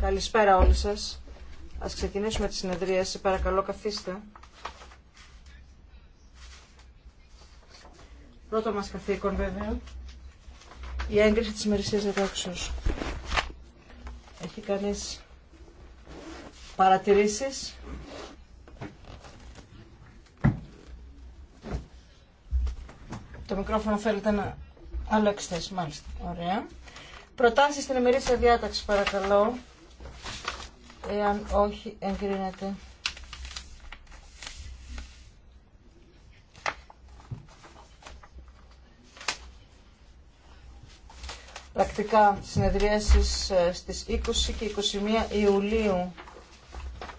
Καλησπέρα όλοι σας. Ας ξεκινήσουμε τη συνεδρίαση. Παρακαλώ καθίστε. Πρώτο μας καθήκον βέβαια. Η έγκριση της μερισίας δεδόξεως. Έχει κανείς παρατηρήσεις. Το μικρόφωνο θέλετε να αλλάξετε, μάλιστα. Ωραία. Προτάσεις στην ημερήσια διάταξη παρακαλώ. Εάν όχι, εγκρίνεται. Πρακτικά συνεδρίασης ε, στις 20 και 21 Ιουλίου.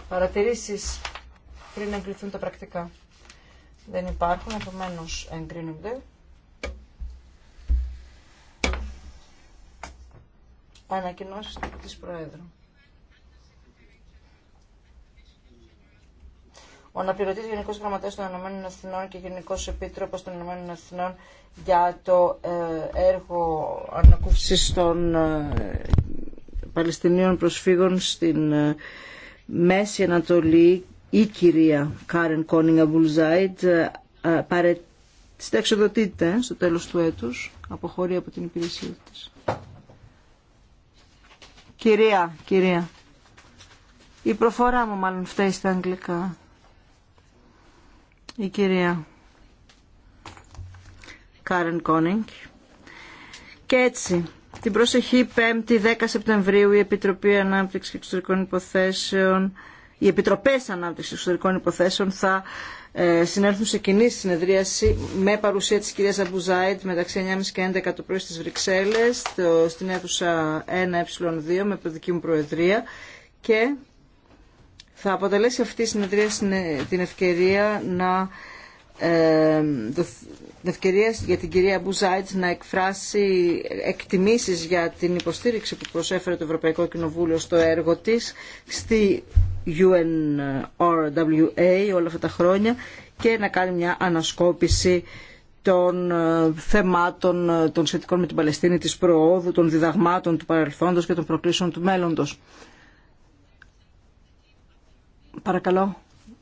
Παρατηρήσεις πριν εγκριθούν τα πρακτικά. Δεν υπάρχουν, επομένως εγκρίνονται. Ανακοινώσεις της Προέδρου. Ο αναπληρωτής Γενικός Γραμματέας των Ηνωμένων Εθνών και Γενικός Επίτροπος των Ηνωμένων Εθνών για το ε, έργο ανακούφισης των ε, Παλαιστινίων προσφύγων στην ε, Μέση Ανατολή, η κυρία Κάρεν Κόνιγκα Μπουλζάιτ, παρετ... συνταξιοδοτείται στο τέλος του έτους, αποχωρεί από την υπηρεσία τη. Κυρία, κυρία. Η προφορά μου μάλλον φταίει στα αγγλικά. Η κυρία. Κάρεν Κόνιγκ. Και έτσι, την προσεχή 5η 10 Σεπτεμβρίου η Επιτροπή Ανάπτυξης αναπτυξη εξωτερικων Υποθέσεων, οι Επιτροπές Ανάπτυξης Εξωτερικών Υποθέσεων θα ε, συνέλθουν σε κοινή συνεδρίαση με παρουσία της κυρίας Αμπουζάιτ μεταξύ 9.30 και 11 το πρωί στις Βρυξέλλες στην αίθουσα 1Ε2 με δική μου προεδρία και θα αποτελέσει αυτή η συνεδρία την ευκαιρία να ε, την ευκαιρία για την κυρία Μπουζάιτ να εκφράσει εκτιμήσεις για την υποστήριξη που προσέφερε το Ευρωπαϊκό Κοινοβούλιο στο έργο της στη UNRWA όλα αυτά τα χρόνια και να κάνει μια ανασκόπηση των ε, θεμάτων ε, των σχετικών με την Παλαιστίνη, της προόδου, των διδαγμάτων του παρελθόντος και των προκλήσεων του μέλλοντος. Παρακαλώ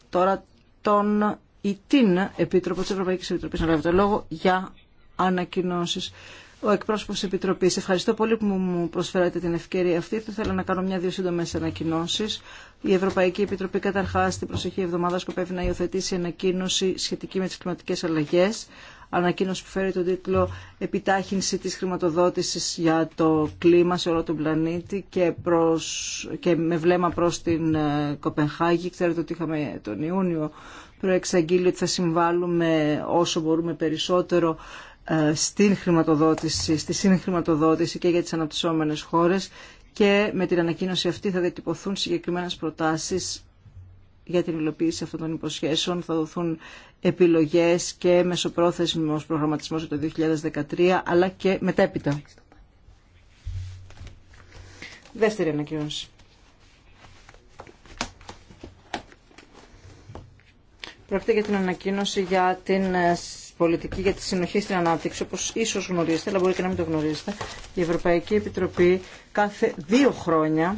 τώρα τον ή την Επίτροπο τη Ευρωπαϊκή Επιτροπή, να λάβει το λόγο για ανακοινώσει. Ο εκπρόσωπο της Επιτροπής, ευχαριστώ πολύ που μου προσφέρατε την ευκαιρία αυτή. Θα ήθελα να κάνω μια-δύο σύντομε ανακοινώσει. Η Ευρωπαϊκή Επιτροπή καταρχά την προσεχή εβδομάδα σκοπεύει να υιοθετήσει ανακοίνωση σχετική με τι κλιματικέ αλλαγέ, ανακοίνωση που φέρει τον τίτλο «Επιτάχυνση τη χρηματοδότηση για το κλίμα σε όλο τον πλανήτη» και, προς, και με βλέμμα προ την ε, Κοπενχάγη. Ξέρετε ότι είχαμε τον Ιούνιο προεξαγγείλει ότι θα συμβάλλουμε όσο μπορούμε περισσότερο ε, στην χρηματοδότηση, στη συγχρηματοδότηση και για τις αναπτυσσόμενες χώρες και με την ανακοίνωση αυτή θα διατυπωθούν συγκεκριμένες προτάσεις για την υλοποίηση αυτών των υποσχέσεων. Θα δοθούν επιλογές και μεσοπρόθεσμος προγραμματισμός για το 2013 αλλά και μετέπειτα. Δεύτερη ανακοίνωση. Πρόκειται για την ανακοίνωση για την ε, πολιτική για τη συνοχή στην ανάπτυξη, όπως ίσως γνωρίζετε, αλλά μπορεί και να μην το γνωρίζετε. Η Ευρωπαϊκή Επιτροπή κάθε δύο χρόνια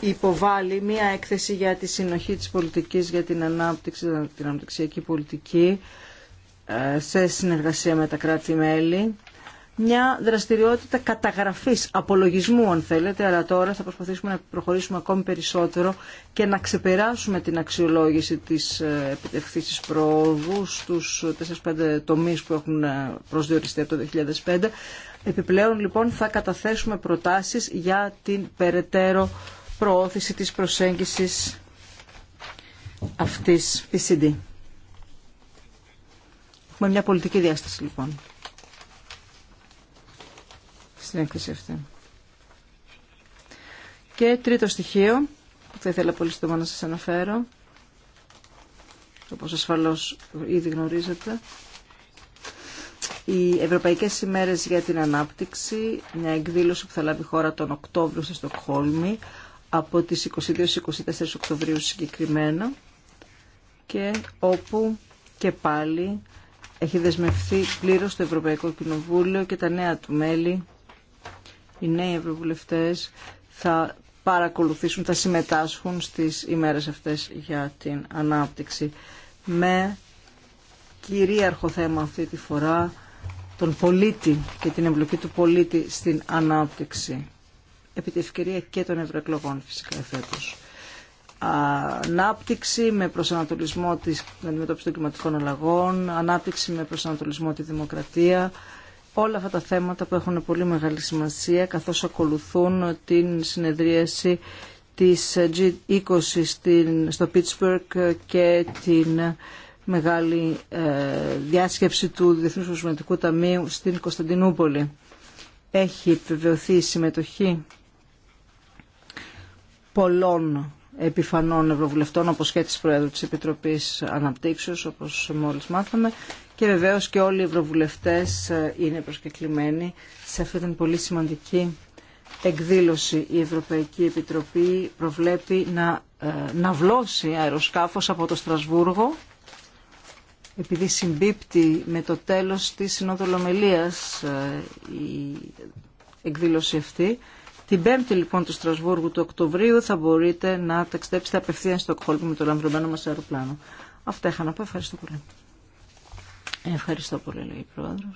υποβάλλει μία έκθεση για τη συνοχή της πολιτικής για την ανάπτυξη, την αναπτυξιακή πολιτική, ε, σε συνεργασία με τα κράτη-μέλη μια δραστηριότητα καταγραφής, απολογισμού αν θέλετε, αλλά τώρα θα προσπαθήσουμε να προχωρήσουμε ακόμη περισσότερο και να ξεπεράσουμε την αξιολόγηση της ε, επιτευχθήσης προόδου στους 4-5 τομείς που έχουν ε, προσδιοριστεί από το 2005. Επιπλέον λοιπόν θα καταθέσουμε προτάσεις για την περαιτέρω προώθηση της προσέγγισης αυτής PCD. Έχουμε μια πολιτική διάσταση λοιπόν στην έκθεση αυτή. Και τρίτο στοιχείο που θα ήθελα πολύ σύντομα να σας αναφέρω όπως ασφαλώς ήδη γνωρίζετε οι Ευρωπαϊκές ημέρες για την ανάπτυξη μια εκδήλωση που θα λάβει χώρα τον Οκτώβριο στη Στοκχόλμη από τις 22-24 Οκτωβρίου συγκεκριμένα και όπου και πάλι έχει δεσμευθεί πλήρως το Ευρωπαϊκό Κοινοβούλιο και τα νέα του μέλη οι νέοι ευρωβουλευτές θα παρακολουθήσουν, θα συμμετάσχουν στις ημέρες αυτές για την ανάπτυξη με κυρίαρχο θέμα αυτή τη φορά τον πολίτη και την εμπλοκή του πολίτη στην ανάπτυξη επί τη ευκαιρία και των ευρωεκλογών φυσικά εφέτος. Ανάπτυξη με προσανατολισμό της αντιμετώπισης των κλιματικών αλλαγών, ανάπτυξη με προσανατολισμό τη δημοκρατία, όλα αυτά τα θέματα που έχουν πολύ μεγάλη σημασία καθώς ακολουθούν την συνεδρίαση της G20 στο Pittsburgh και την μεγάλη ε, διάσκεψη του Διεθνούς Ταμείου στην Κωνσταντινούπολη. Έχει επιβεβαιωθεί η συμμετοχή πολλών επιφανών ευρωβουλευτών όπως και της Προέδρου της Επιτροπής Αναπτύξεως όπως μόλις μάθαμε και βεβαίως και όλοι οι ευρωβουλευτές ε, είναι προσκεκλημένοι σε αυτή την πολύ σημαντική εκδήλωση. Η Ευρωπαϊκή Επιτροπή προβλέπει να ε, ναυλώσει αεροσκάφος από το Στρασβούργο επειδή συμπίπτει με το τέλος της Συνόδου ε, η εκδήλωση αυτή την 5η λοιπόν του Στρασβούργου του Οκτωβρίου θα μπορείτε να ταξιδέψετε απευθείαν στο Κόλπο με το λαμβρωμένο μας αεροπλάνο. Αυτά είχα να πω. Ευχαριστώ πολύ. Ευχαριστώ πολύ, λέει η πρόεδρο.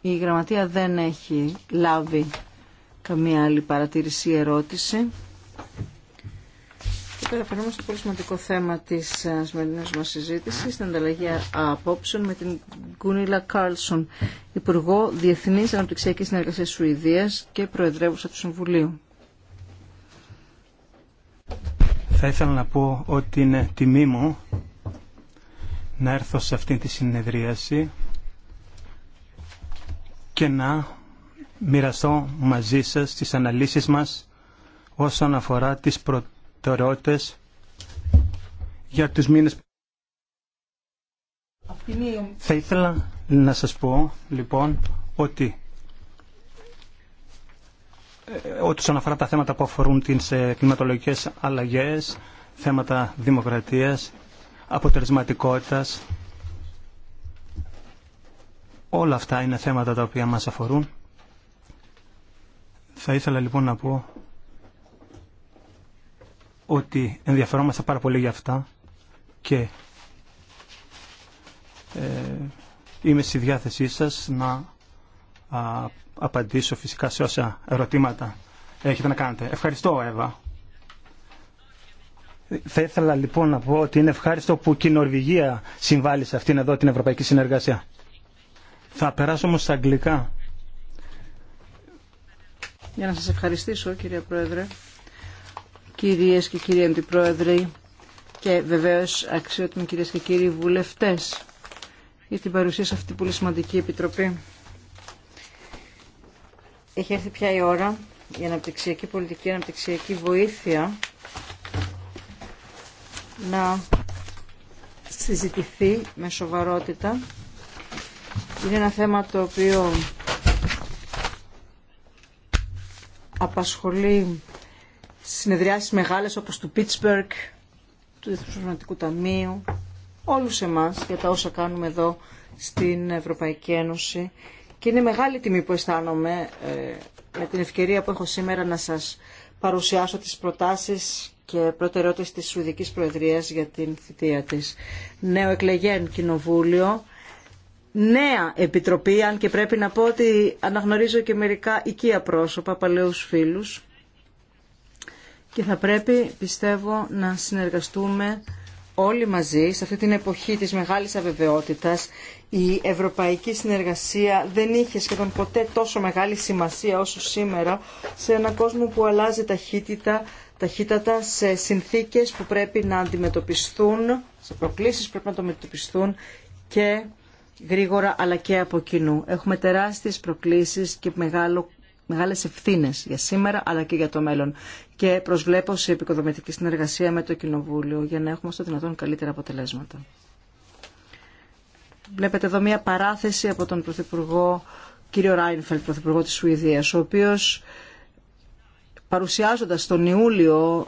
Η Γραμματεία δεν έχει λάβει καμία άλλη παρατήρηση ή ερώτηση. Και τώρα στο πολύ σημαντικό θέμα τη ε, σημερινή μα συζήτηση την ανταλλαγή απόψεων με την Γκούνιλα Κάρλσον, Υπουργό Διεθνή Αναπτυξιακή Συνεργασία Σουηδία και Προεδρεύουσα του Συμβουλίου. Θα ήθελα να πω ότι είναι τιμή μου να έρθω σε αυτή τη συνεδρίαση και να μοιραστώ μαζί σας τις αναλύσεις μας όσον αφορά τι προτεραιότητε για τους μήνες. Θα ήθελα να σας πω λοιπόν ότι ε, όσον αφορά τα θέματα που αφορούν τις ε, κλιματολογικές αλλαγές, θέματα δημοκρατίας, αποτελεσματικότητας, όλα αυτά είναι θέματα τα οποία μας αφορούν. Θα ήθελα λοιπόν να πω ότι ενδιαφερόμαστε πάρα πολύ για αυτά και ε, είμαι στη διάθεσή σας να απαντήσω φυσικά σε όσα ερωτήματα έχετε να κάνετε. Ευχαριστώ, Εύα. Θα ήθελα λοιπόν να πω ότι είναι ευχάριστο που και η Νορβηγία συμβάλλει σε αυτήν εδώ την ευρωπαϊκή συνεργασία. Θα περάσω όμως στα αγγλικά. Για να σας ευχαριστήσω, κύριε Πρόεδρε κυρίες και κύριοι αντιπρόεδροι και βεβαίως αξιότιμοι κυρίες και κύριοι βουλευτές για την παρουσία σε αυτή την πολύ σημαντική επιτροπή. Έχει έρθει πια η ώρα η αναπτυξιακή πολιτική, η αναπτυξιακή βοήθεια να συζητηθεί με σοβαρότητα. Είναι ένα θέμα το οποίο απασχολεί συνεδριάσεις μεγάλες όπως του Pittsburgh, του Διεθνούς Ταμείου, όλους εμάς για τα όσα κάνουμε εδώ στην Ευρωπαϊκή Ένωση. Και είναι μεγάλη τιμή που αισθάνομαι ε, με την ευκαιρία που έχω σήμερα να σας παρουσιάσω τις προτάσεις και προτεραιότητες της Σουηδικής Προεδρίας για την θητεία της. Νέο εκλεγέν κοινοβούλιο, νέα επιτροπή, αν και πρέπει να πω ότι αναγνωρίζω και μερικά οικία πρόσωπα, παλαιούς φίλους, και θα πρέπει, πιστεύω, να συνεργαστούμε όλοι μαζί σε αυτή την εποχή της μεγάλης αβεβαιότητας. Η ευρωπαϊκή συνεργασία δεν είχε σχεδόν ποτέ τόσο μεγάλη σημασία όσο σήμερα σε έναν κόσμο που αλλάζει ταχύτητα, ταχύτατα σε συνθήκες που πρέπει να αντιμετωπιστούν, σε προκλήσεις που πρέπει να αντιμετωπιστούν και γρήγορα αλλά και από κοινού. Έχουμε τεράστιες προκλήσεις και μεγάλο μεγάλες ευθύνες για σήμερα αλλά και για το μέλλον και προσβλέπω σε επικοδομητική συνεργασία με το Κοινοβούλιο για να έχουμε στο δυνατόν καλύτερα αποτελέσματα. Βλέπετε εδώ μια παράθεση από τον Πρωθυπουργό, κύριο Ράινφελτ, Πρωθυπουργό της Σουηδίας, ο οποίος παρουσιάζοντας τον Ιούλιο,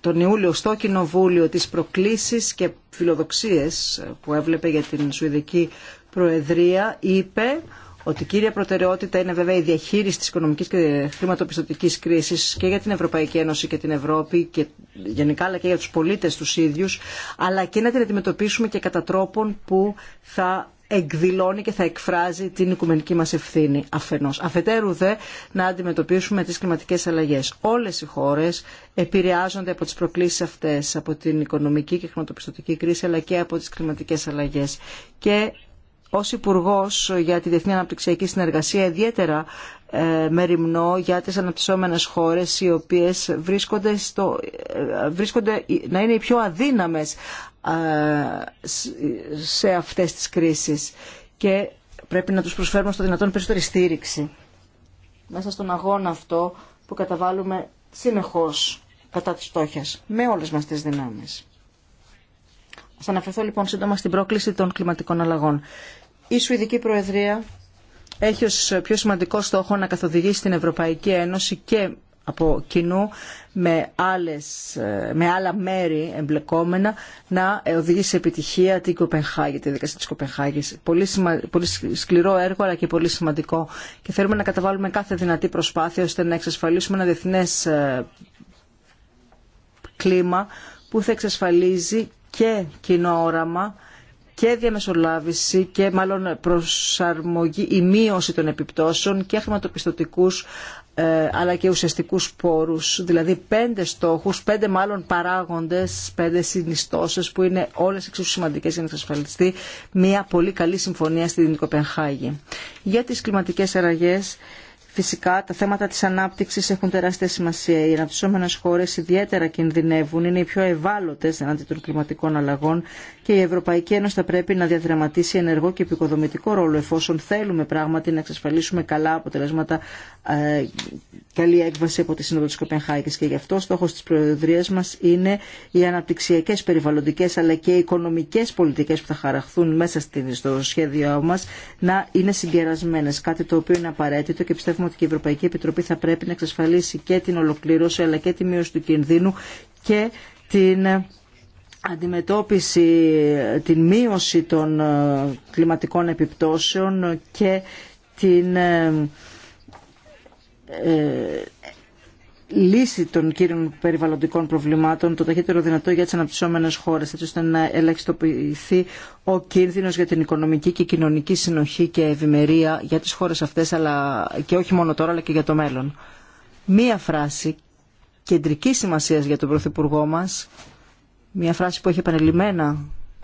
τον Ιούλιο στο Κοινοβούλιο τις προκλήσεις και φιλοδοξίες που έβλεπε για την Σουηδική Προεδρία, είπε ότι η κύρια προτεραιότητα είναι βέβαια η διαχείριση της οικονομικής και χρηματοπιστωτικής κρίσης και για την Ευρωπαϊκή Ένωση και την Ευρώπη και γενικά αλλά και για τους πολίτες τους ίδιους, αλλά και να την αντιμετωπίσουμε και κατά τρόπον που θα εκδηλώνει και θα εκφράζει την οικουμενική μας ευθύνη αφενός. Αφετέρου δε να αντιμετωπίσουμε τις κλιματικές αλλαγές. Όλες οι χώρες επηρεάζονται από τις προκλήσεις αυτές, από την οικονομική και χρηματοπιστωτική κρίση αλλά και από τις κλιματικές αλλαγές. Και ως υπουργό για τη Διεθνή Αναπτυξιακή Συνεργασία ιδιαίτερα ε, μεριμνώ για τις αναπτυσσόμενες χώρες οι οποίες βρίσκονται, στο, ε, βρίσκονται να είναι οι πιο αδύναμες ε, σε αυτές τις κρίσεις και πρέπει να τους προσφέρουμε στο δυνατόν περισσότερη στήριξη μέσα στον αγώνα αυτό που καταβάλουμε συνεχώς κατά τις στόχιας με όλες μας τις δυνάμεις. Θα αναφερθώ λοιπόν σύντομα στην πρόκληση των κλιματικών αλλαγών. Η Σουηδική Προεδρία έχει ως πιο σημαντικό στόχο να καθοδηγήσει την Ευρωπαϊκή Ένωση και από κοινού με, άλλες, με άλλα μέρη εμπλεκόμενα να οδηγήσει σε επιτυχία την Κοπενχάγη, τη δικασία της Κοπενχάγης. Πολύ, σημα, πολύ σκληρό έργο αλλά και πολύ σημαντικό και θέλουμε να καταβάλουμε κάθε δυνατή προσπάθεια ώστε να εξασφαλίσουμε ένα διεθνές ε, κλίμα που θα εξασφαλίζει και κοινό όραμα και διαμεσολάβηση και μάλλον προσαρμογή, η μείωση των επιπτώσεων και χρηματοπιστωτικούς ε, αλλά και ουσιαστικούς πόρους, δηλαδή πέντε στόχους, πέντε μάλλον παράγοντες, πέντε συνιστώσεις που είναι όλες εξίσου σημαντικέ για να εξασφαλιστεί μια πολύ καλή συμφωνία στην Κοπενχάγη. Για τις κλιματικές αραγές Φυσικά τα θέματα τη ανάπτυξη έχουν τεράστια σημασία. Οι αναπτυσσόμενες χώρε ιδιαίτερα κινδυνεύουν, είναι οι πιο ευάλωτε εναντί των κλιματικών αλλαγών και η Ευρωπαϊκή Ένωση θα πρέπει να διαδραματίσει ενεργό και επικοδομητικό ρόλο εφόσον θέλουμε πράγματι να εξασφαλίσουμε καλά αποτελέσματα, ε, καλή έκβαση από τη Σύνοδο τη Κοπενχάγης. Και γι' αυτό στόχο τη προεδρία μα είναι οι αναπτυξιακέ, περιβαλλοντικέ, αλλά και οι οικονομικέ πολιτικέ που θα χαραχθούν μέσα στο σχέδιό μα να είναι συγκερασμένε. κάτι το οποίο είναι απαραίτητο και πιστεύουμε ότι η Ευρωπαϊκή Επιτροπή θα πρέπει να εξασφαλίσει και την ολοκλήρωση αλλά και τη μείωση του κινδύνου και την ε, αντιμετώπιση, ε, την μείωση των ε, κλιματικών επιπτώσεων και την λύση των κύριων περιβαλλοντικών προβλημάτων το ταχύτερο δυνατό για τι αναπτυσσόμενε χώρε, έτσι ώστε να ελαχιστοποιηθεί ο κίνδυνο για την οικονομική και κοινωνική συνοχή και ευημερία για τι χώρε αυτέ, αλλά και όχι μόνο τώρα, αλλά και για το μέλλον. Μία φράση κεντρική σημασία για τον Πρωθυπουργό μα, μία φράση που έχει επανελειμμένα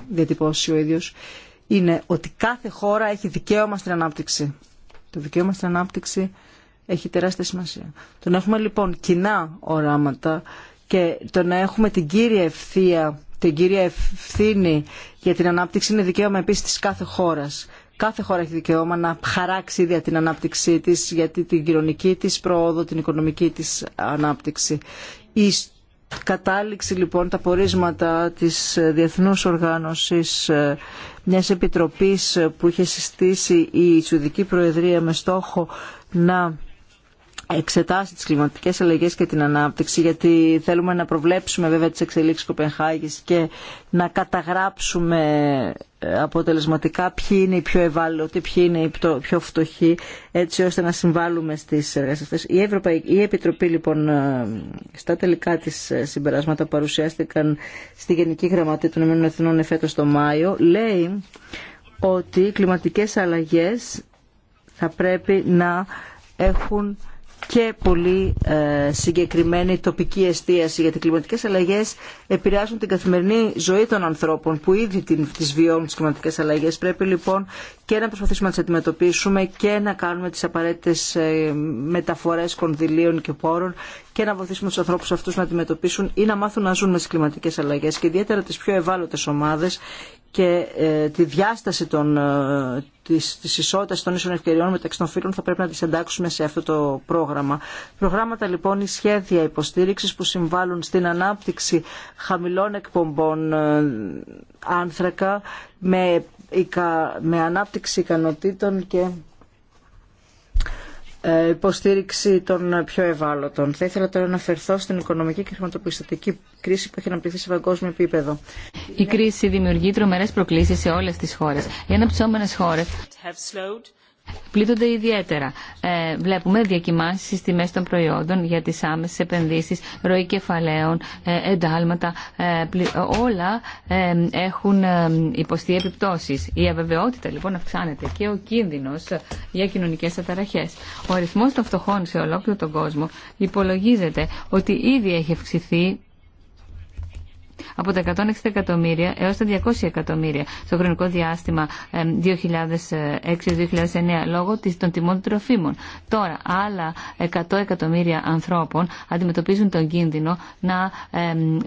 διατυπώσει ο ίδιο, είναι ότι κάθε χώρα έχει δικαίωμα στην ανάπτυξη. Το δικαίωμα στην ανάπτυξη έχει τεράστια σημασία. Το να έχουμε λοιπόν κοινά οράματα και το να έχουμε την κύρια ευθεία, την κύρια ευθύνη για την ανάπτυξη είναι δικαίωμα επίσης της κάθε χώρας. Κάθε χώρα έχει δικαίωμα να χαράξει ίδια την ανάπτυξή της, γιατί την κοινωνική της πρόοδο, την οικονομική της ανάπτυξη. Η κατάληξη λοιπόν τα πορίσματα της Διεθνούς Οργάνωσης ε, μιας επιτροπής που είχε συστήσει η Ισουδική Προεδρία με στόχο να εξετάσει τις κλιματικές αλλαγές και την ανάπτυξη γιατί θέλουμε να προβλέψουμε βέβαια τις εξελίξεις Κοπενχάγης και να καταγράψουμε ε, αποτελεσματικά ποιοι είναι οι πιο ευάλωτοι, ποιοι είναι οι πιο φτωχοί έτσι ώστε να συμβάλλουμε στις εργασίες Η, η Επιτροπή λοιπόν ε, στα τελικά της ε, συμπεράσματα παρουσιάστηκαν στη Γενική Γραμματεία των Εθνών ΕΕ το Μάιο λέει ότι οι κλιματικές αλλαγές θα πρέπει να έχουν και πολύ ε, συγκεκριμένη τοπική εστίαση γιατί οι κλιματικές αλλαγές επηρεάζουν την καθημερινή ζωή των ανθρώπων που ήδη τις βιώνουν τις κλιματικές αλλαγές. Πρέπει λοιπόν και να προσπαθήσουμε να τις αντιμετωπίσουμε και να κάνουμε τις απαραίτητες ε, μεταφορές κονδυλίων και πόρων και να βοηθήσουμε τους ανθρώπους αυτούς να αντιμετωπίσουν ή να μάθουν να ζουν με τις κλιματικές αλλαγές και ιδιαίτερα τις πιο ευάλωτες ομάδες και ε, τη διάσταση των της, της ισότητας των ίσων ευκαιριών μεταξύ των φύλων θα πρέπει να τις εντάξουμε σε αυτό το πρόγραμμα. Προγράμματα λοιπόν ή σχέδια υποστήριξης που συμβάλλουν στην ανάπτυξη χαμηλών εκπομπών ε, άνθρακα με, με ανάπτυξη ικανοτήτων και ε, υποστήριξη των πιο ευάλωτων. Θα ήθελα τώρα να αφαιρθώ στην οικονομική και χρηματοπιστωτική κρίση που έχει αναπτυχθεί σε παγκόσμιο επίπεδο. Η κρίση δημιουργεί τρομερέ προκλήσει σε όλε τι χώρε. Οι αναπτυσσόμενε χώρε πλήττονται ιδιαίτερα. Ε, βλέπουμε διακοιμάνσεις στις τιμές των προϊόντων για τις άμεσες επενδύσεις, ροή κεφαλαίων, ε, εντάλματα, ε, όλα έχουν υποστεί επιπτώσεις. Η αβεβαιότητα λοιπόν αυξάνεται και ο κίνδυνος για κοινωνικές αταραχές. Ο αριθμός των φτωχών σε ολόκληρο τον κόσμο υπολογίζεται ότι ήδη έχει αυξηθεί από τα 160 εκατομμύρια έως τα 200 εκατομμύρια στο χρονικό διάστημα 2006-2009 λόγω των τιμών των τροφίμων. Τώρα, άλλα 100 εκατομμύρια ανθρώπων αντιμετωπίζουν τον κίνδυνο να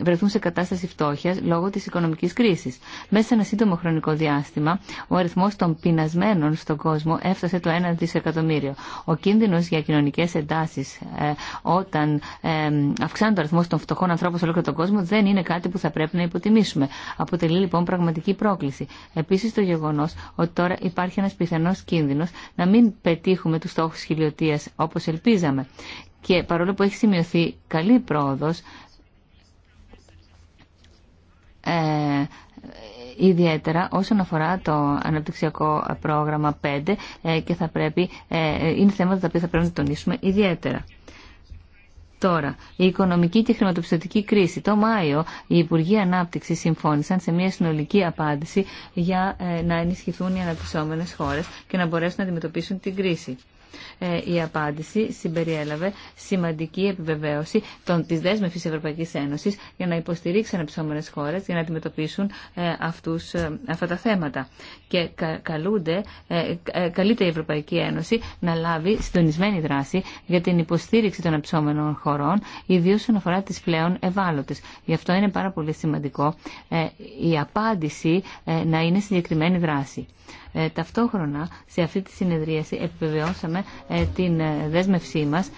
βρεθούν σε κατάσταση φτώχεια λόγω της οικονομικής κρίσης. Μέσα σε ένα σύντομο χρονικό διάστημα, ο αριθμός των πεινασμένων στον κόσμο έφτασε το 1 δισεκατομμύριο. Ο κίνδυνος για κοινωνικές εντάσεις ε, όταν αυξάνεται ο αριθμό των φτωχών ανθρώπων σε όλο τον κόσμο δεν είναι κάτι που θα πρέπει να υποτιμήσουμε. Αποτελεί λοιπόν πραγματική πρόκληση. Επίση το γεγονό ότι τώρα υπάρχει ένα πιθανό κίνδυνο να μην πετύχουμε του στόχου χιλιοτία όπω ελπίζαμε. Και παρόλο που έχει σημειωθεί καλή πρόοδο, ε, ιδιαίτερα όσον αφορά το αναπτυξιακό πρόγραμμα 5 ε, και θα πρέπει, ε, ε, είναι θέματα τα οποία θα πρέπει να τονίσουμε ιδιαίτερα. Τώρα, η οικονομική και χρηματοπιστωτική κρίση. Το Μάιο, οι Υπουργοί Ανάπτυξη συμφώνησαν σε μια συνολική απάντηση για ε, να ενισχυθούν οι αναπτυσσόμενε χώρε και να μπορέσουν να αντιμετωπίσουν την κρίση. Ε, η απάντηση συμπεριέλαβε σημαντική επιβεβαίωση τη δέσμευση Ευρωπαϊκή Ένωση για να υποστηρίξει αναπτυσσόμενε χώρε για να αντιμετωπίσουν ε, αυτούς, ε, αυτά τα θέματα. Και καλούνται, καλείται η Ευρωπαϊκή Ένωση να λάβει συντονισμένη δράση για την υποστήριξη των αναπτυσσόμενων χωρών, ιδίω όσον αφορά τι πλέον ευάλωτε. Γι' αυτό είναι πάρα πολύ σημαντικό η απάντηση να είναι συγκεκριμένη δράση. Ε, ταυτόχρονα σε αυτή τη συνεδρίαση επιβεβαιώσαμε ε, την ε, δέσμευσή μας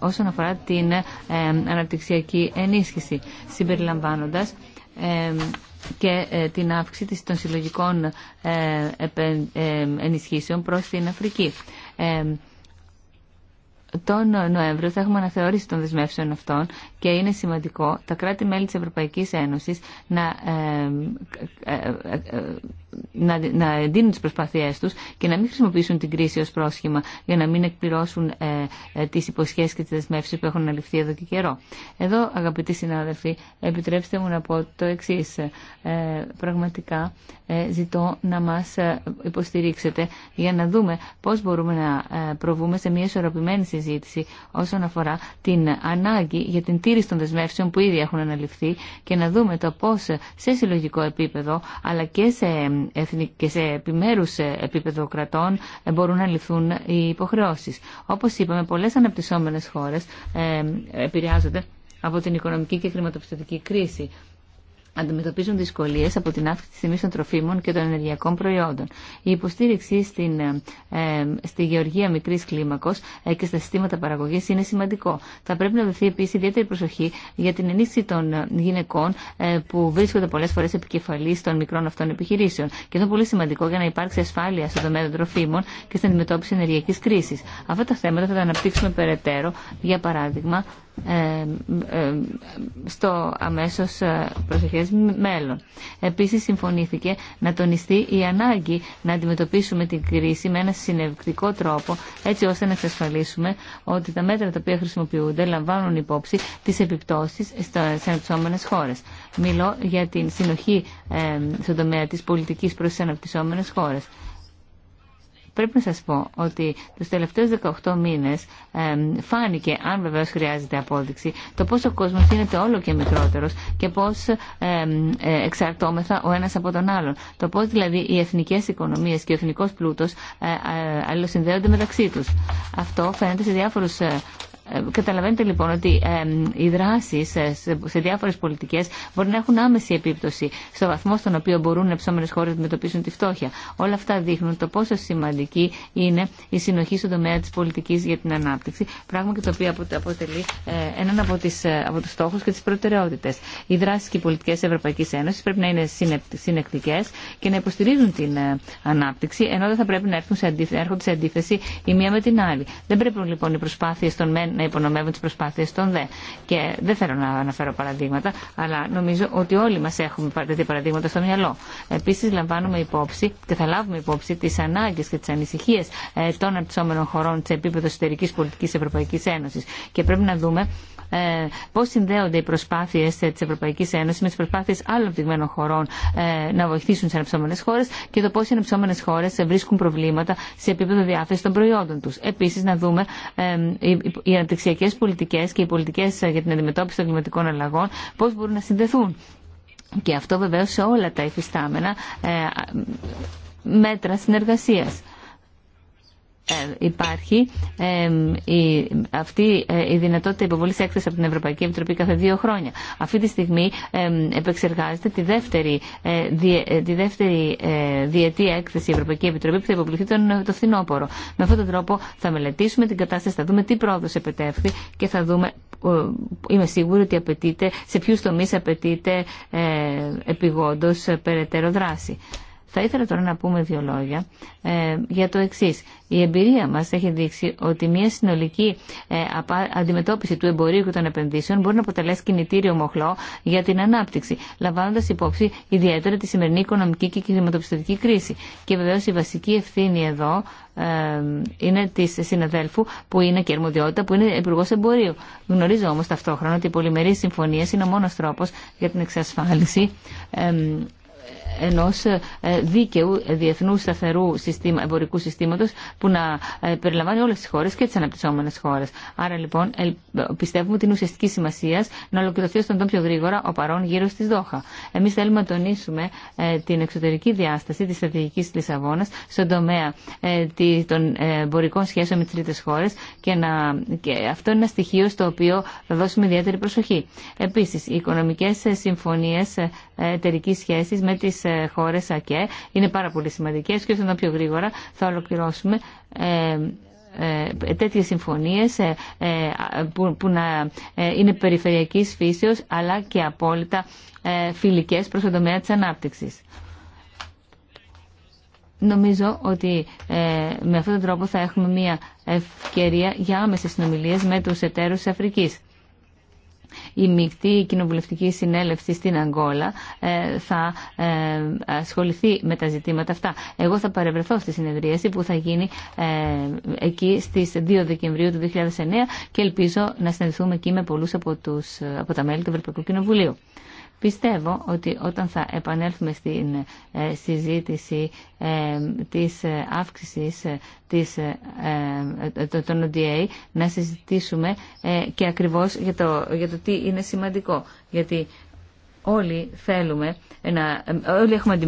όσον αφορά την αναπτυξιακή ενίσχυση, συμπεριλαμβάνοντας και την αύξηση των συλλογικών ενισχύσεων προς την Αφρική. Τον Νοέμβριο θα έχουμε αναθεώρηση των δεσμεύσεων αυτών και είναι σημαντικό τα κράτη-μέλη της Ευρωπαϊκής Ένωσης να να, να εντείνουν τις προσπάθειές τους και να μην χρησιμοποιήσουν την κρίση ως πρόσχημα για να μην εκπληρώσουν ε, ε, τις υποσχέσεις και τις δεσμεύσεις που έχουν αναλυφθεί εδώ και καιρό. Εδώ, αγαπητοί συνάδελφοι, επιτρέψτε μου να πω το εξή. Ε, πραγματικά ε, ζητώ να μας ε, υποστηρίξετε για να δούμε πώς μπορούμε να προβούμε σε μια ισορροπημένη συζήτηση όσον αφορά την ανάγκη για την τήρηση των δεσμεύσεων που ήδη έχουν αναλυφθεί και να δούμε το πώς σε συλλογικό επίπεδο αλλά και σε και σε επιμέρους ε, επίπεδο κρατών ε, μπορούν να λυθούν οι υποχρεώσει. Όπως είπαμε, πολλές αναπτυσσόμενες χώρες ε, επηρεάζονται από την οικονομική και χρηματοπιστωτική κρίση αντιμετωπίζουν δυσκολίε από την αύξηση τη τιμή των τροφίμων και των ενεργειακών προϊόντων. Η υποστήριξη στην, ε, στη γεωργία μικρή κλίμακο ε, και στα συστήματα παραγωγή είναι σημαντικό. Θα πρέπει να δοθεί επίση ιδιαίτερη προσοχή για την ενίσχυση των γυναικών ε, που βρίσκονται πολλέ φορέ επικεφαλή των μικρών αυτών επιχειρήσεων. Και αυτό είναι πολύ σημαντικό για να υπάρξει ασφάλεια στο τομέα των τροφίμων και στην αντιμετώπιση ενεργειακή κρίση. Αυτά τα θέματα θα τα αναπτύξουμε περαιτέρω, για παράδειγμα, ε, ε, στο αμέσως ε, προσεχές μέλλον. Επίσης συμφωνήθηκε να τονιστεί η ανάγκη να αντιμετωπίσουμε την κρίση με ένα συνευκτικό τρόπο έτσι ώστε να εξασφαλίσουμε ότι τα μέτρα τα οποία χρησιμοποιούνται λαμβάνουν υπόψη τις επιπτώσεις σε αναπτυσσόμενες χώρες. Μιλώ για την συνοχή στον τομέα της πολιτικής προς τις αναπτυσσόμενες χώρες. Πρέπει να σας πω ότι τους τελευταίους 18 μήνες φάνηκε, αν βεβαίως χρειάζεται απόδειξη, το πόσο ο κόσμος γίνεται όλο και μικρότερος και πώς ε, εξαρτώμεθα ο ένας από τον άλλον. Το πώς δηλαδή οι εθνικές οικονομίες και ο εθνικός πλούτος ε, ε, αλληλοσυνδέονται μεταξύ τους. Αυτό φαίνεται σε διάφορους ε, καταλαβαίνετε λοιπόν ότι οι δράσει ε, σε διάφορε πολιτικέ μπορεί να έχουν άμεση επίπτωση στο βαθμό στον οποίο μπορούν οι ψώμενε χώρε να αντιμετωπίσουν τη φτώχεια. Όλα αυτά δείχνουν το πόσο σημαντική είναι η συνοχή στον τομέα τη πολιτική για την ανάπτυξη, πράγμα και το οποίο αποτελεί ε, έναν από, τις, από του στόχου και τι προτεραιότητε. Οι δράσει και οι πολιτικέ Ευρωπαϊκή Ένωση πρέπει να είναι συνεκτικέ και να υποστηρίζουν την ανάπτυξη, ενώ δεν θα πρέπει να έρχονται σε αντίθεση η μία με την άλλη. Δεν πρέπει λοιπόν οι προσπάθειε των μεν να υπονομεύουν τι προσπάθειε των ΔΕ. Και δεν θέλω να αναφέρω παραδείγματα, αλλά νομίζω ότι όλοι μα έχουμε τέτοια παραδείγματα στο μυαλό. Επίση, λαμβάνουμε υπόψη και θα λάβουμε υπόψη τι ανάγκε και τι ανησυχίε ε, των αναπτυσσόμενων χωρών σε επίπεδο εσωτερική πολιτική Ευρωπαϊκή Ένωση. Και πρέπει να δούμε ε, πώς συνδέονται οι προσπάθειες της Ευρωπαϊκής Ένωσης με τις προσπάθειες άλλων πληγμένων χωρών ε, να βοηθήσουν τις ανεψόμενες χώρες και το πώς οι ανεψόμενες χώρες βρίσκουν προβλήματα σε επίπεδο διάθεσης των προϊόντων τους. Επίσης να δούμε ε, οι αναπτυξιακές πολιτικές και οι πολιτικές για την αντιμετώπιση των κλιματικών αλλαγών πώς μπορούν να συνδεθούν. Και αυτό βεβαίως σε όλα τα υφιστάμενα μέτρα συνεργασίας. Ε, υπάρχει ε, η, αυτή ε, η δυνατότητα υποβολής έκθεση από την Ευρωπαϊκή Επιτροπή κάθε δύο χρόνια. Αυτή τη στιγμή επεξεργάζεται τη δεύτερη, τη δεύτερη διετή έκθεση η Ευρωπαϊκή Επιτροπή που θα υποβληθεί τον, το φθινόπωρο. Με αυτόν τον τρόπο θα μελετήσουμε την κατάσταση, θα δούμε τι πρόοδος επετεύχθη και θα δούμε είμαι σίγουρη ότι σε ποιους τομείς απαιτείται ε, περαιτέρω δράση. Θα ήθελα τώρα να πούμε δύο λόγια ε, για το εξή. Η εμπειρία μα έχει δείξει ότι μια συνολική ε, αντιμετώπιση του εμπορίου και των επενδύσεων μπορεί να αποτελέσει κινητήριο μοχλό για την ανάπτυξη, λαμβάνοντα υπόψη ιδιαίτερα τη σημερινή οικονομική και χρηματοπιστωτική κρίση. Και βεβαίω η βασική ευθύνη εδώ ε, είναι τη συναδέλφου που είναι και αρμοδιότητα, που είναι υπουργό εμπορίου. Γνωρίζω όμω ταυτόχρονα ότι οι πολυμερεί συμφωνίε είναι ο μόνο τρόπο για την εξασφάλιση ε, ενός ε, δίκαιου ε, διεθνού σταθερού συστήμα, εμπορικού συστήματος που να ε, περιλαμβάνει όλες τις χώρες και τις αναπτυσσόμενες χώρες. Άρα λοιπόν πιστεύουμε την ουσιαστική σημασία να ολοκληρωθεί στον τόπο πιο γρήγορα ο παρόν γύρω της Δόχα. Εμείς θέλουμε να τονίσουμε την εξωτερική διάσταση της στρατηγικής της Λισαβόνας στον τομέα των εμπορικών σχέσεων με τις τρίτες χώρες και, να, και αυτό είναι ένα στοιχείο στο οποίο θα δώσουμε ιδιαίτερη προσοχή. Επίσης, οι οικονομικές συμφωνίες εταιρικής σχέσης με τις χώρε χώρες ΑΚΕ είναι πάρα πολύ σημαντικέ και όσο να πιο γρήγορα θα ολοκληρώσουμε ε, ε, τέτοιες συμφωνίες ε, που είναι περιφερειακής φύσεως αλλά και απόλυτα φιλικές προς το τομέα της ανάπτυξης. Νομίζω ότι με αυτόν τον τρόπο θα έχουμε μια ευκαιρία για άμεσες συνομιλίες με τους εταίρους της Αφρικής η μεικτή κοινοβουλευτική συνέλευση στην Αγγόλα ε, θα ε, ασχοληθεί με τα ζητήματα αυτά. Εγώ θα παρευρεθώ στη συνεδρίαση που θα γίνει ε, εκεί στις 2 Δεκεμβρίου του 2009 και ελπίζω να συνεδριθούμε εκεί με πολλούς από, τους, από τα μέλη του Ευρωπαϊκού Κοινοβουλίου. Πιστεύω ότι όταν θα επανέλθουμε στην ε, συζήτηση ε, της ε, αύξησης της, των ODA να συζητήσουμε και ακριβώς για το, για το τι είναι σημαντικό. Γιατί όλοι θέλουμε όλοι έχουμε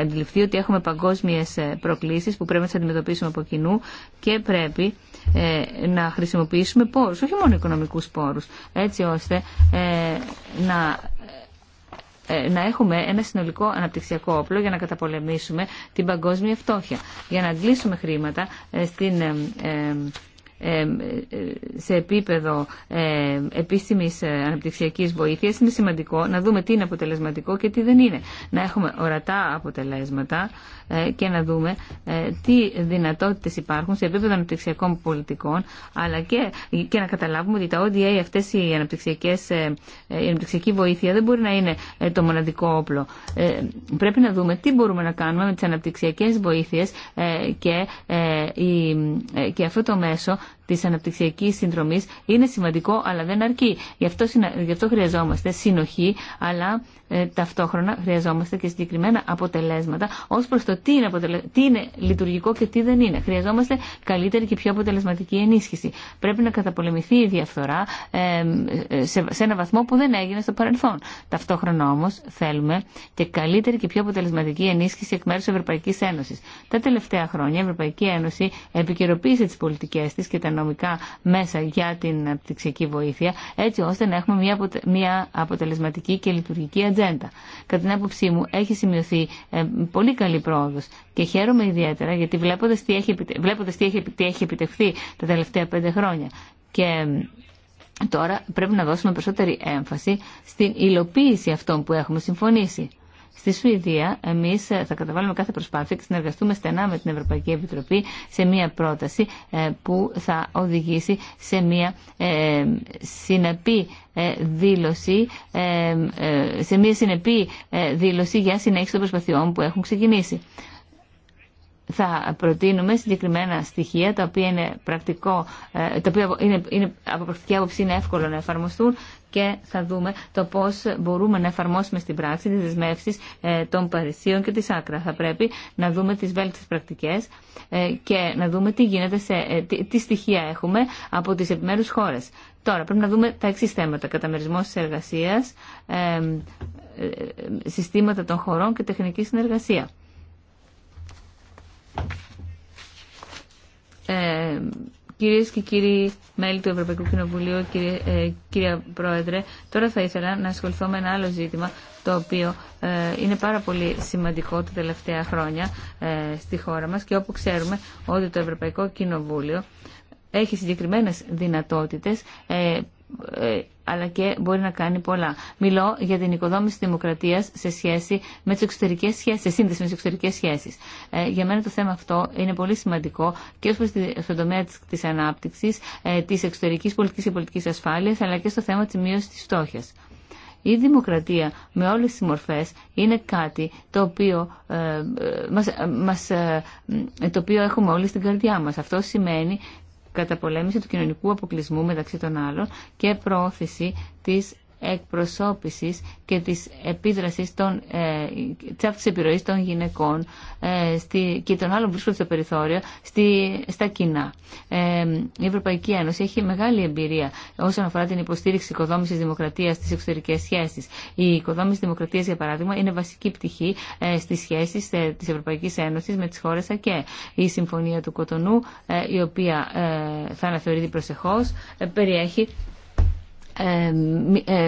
αντιληφθεί ότι έχουμε παγκόσμιες προκλήσεις που πρέπει να τις αντιμετωπίσουμε από κοινού και πρέπει να χρησιμοποιήσουμε πόρους, όχι μόνο οικονομικούς πόρους, έτσι ώστε να ε, να έχουμε ένα συνολικό αναπτυξιακό όπλο για να καταπολεμήσουμε την παγκόσμια φτώχεια, για να αντλήσουμε χρήματα ε, στην ε, σε επίπεδο επίσημης ε, αναπτυξιακής βοήθειας είναι σημαντικό να δούμε τι είναι αποτελεσματικό και τι δεν είναι. Να έχουμε ορατά αποτελέσματα ε, και να δούμε ε, τι δυνατότητες υπάρχουν σε επίπεδο αναπτυξιακών πολιτικών αλλά και, και να καταλάβουμε ότι τα ODA αυτές οι αναπτυξιακές η αναπτυξιακή βοήθεια δεν μπορεί να είναι το μοναδικό όπλο. Πρέπει να δούμε τι μπορούμε να κάνουμε με τις αναπτυξιακές βοήθειες και, και αυτό το μέσο Υπότιτλοι AUTHORWAVE της αναπτυξιακής συνδρομής είναι σημαντικό αλλά δεν αρκεί. Γι' αυτό, γι αυτό χρειαζόμαστε συνοχή αλλά ε, ταυτόχρονα χρειαζόμαστε και συγκεκριμένα αποτελέσματα ως προς το τι είναι, αποτελε... τι είναι λειτουργικό και τι δεν είναι. Χρειαζόμαστε καλύτερη και πιο αποτελεσματική ενίσχυση. Πρέπει να καταπολεμηθεί η διαφθορά ε, σε, σε ένα βαθμό που δεν έγινε στο παρελθόν. Ταυτόχρονα όμως θέλουμε και καλύτερη και πιο αποτελεσματική ενίσχυση εκ μέρους της Ευρωπαϊκής Ένωσης. Τα τελευταία χρόνια η Ευρωπαϊκή Ένωση επικαιροποίησε τις πολιτικές της και τα νομικά μέσα για την απτυξιακή βοήθεια, έτσι ώστε να έχουμε μια, αποτελεσματική και λειτουργική ατζέντα. Κατά την άποψή μου, έχει σημειωθεί ε, πολύ καλή πρόοδο και χαίρομαι ιδιαίτερα γιατί βλέποντα τι, έχει... βλέποντας τι, έχει... τι έχει επιτευχθεί τα τελευταία πέντε χρόνια. Και ε, τώρα πρέπει να δώσουμε περισσότερη έμφαση στην υλοποίηση αυτών που έχουμε συμφωνήσει. Στη Σουηδία, εμεί ε, θα καταβάλουμε κάθε προσπάθεια και συνεργαστούμε στενά με την Ευρωπαϊκή Επιτροπή σε μια πρόταση ε, που θα οδηγήσει σε μια ε, συνεπή δήλωση, σε μια συνεπή δήλωση για συνέχιση των προσπαθειών που έχουν ξεκινήσει θα προτείνουμε συγκεκριμένα στοιχεία τα οποία είναι, πρακτικό, ε, τα είναι, είναι από πρακτική άποψη είναι εύκολο να εφαρμοστούν και θα δούμε το πώ μπορούμε να εφαρμόσουμε στην πράξη τι δεσμεύσει ε, των Παρισίων και τη Άκρα. Θα πρέπει να δούμε τι βέλτιστε πρακτικέ ε, και να δούμε τι γίνεται, σε, τι, τι στοιχεία έχουμε από τι επιμέρου χώρε. Τώρα, πρέπει να δούμε τα εξή θέματα. Καταμερισμό τη εργασία, συστήματα των χωρών και τεχνική συνεργασία. Ε, κυρίες και κύριοι μέλη του Ευρωπαϊκού Κοινοβουλίου, κύριε, ε, κυρία Πρόεδρε, τώρα θα ήθελα να ασχοληθώ με ένα άλλο ζήτημα, το οποίο ε, είναι πάρα πολύ σημαντικό τα τελευταία χρόνια ε, στη χώρα μας και όπου ξέρουμε ότι το Ευρωπαϊκό Κοινοβούλιο έχει συγκεκριμένες δυνατότητες ε, αλλά και μπορεί να κάνει πολλά. Μιλώ για την οικοδόμηση τη δημοκρατία σε σχέση με τι εξωτερικέ σχέσει, σε σύνδεση με τι εξωτερικέ σχέσει. Ε, για μένα το θέμα αυτό είναι πολύ σημαντικό και ω προ τομέα τη ανάπτυξη, ανάπτυξης, ε, της εξωτερικής πολιτικής και πολιτική ασφάλεια, αλλά και στο θέμα τη μείωση τη φτώχεια. Η δημοκρατία με όλες τις μορφές είναι κάτι το οποίο, ε, ε μας, ε, μας, ε, το οποίο έχουμε όλοι στην καρδιά μας. Αυτό σημαίνει καταπολέμηση του κοινωνικού αποκλεισμού μεταξύ των άλλων και προώθηση της εκπροσώπησης και της επίδρασης των, ε, της επιρροής των γυναικών ε, στη, και των άλλων που βρίσκονται στο περιθώριο στη, στα κοινά. Ε, η Ευρωπαϊκή Ένωση έχει μεγάλη εμπειρία όσον αφορά την υποστήριξη οικοδόμησης δημοκρατίας στις εξωτερικές σχέσεις. Η οικοδόμηση δημοκρατίας, για παράδειγμα, είναι βασική πτυχή ε, στις σχέσεις ε, της Ευρωπαϊκής Ένωσης με τις χώρες ΑΚΕ. Η Συμφωνία του Κοτονού, ε, η οποία θα αναθεωρείται προσεχώς, περιέχει ε,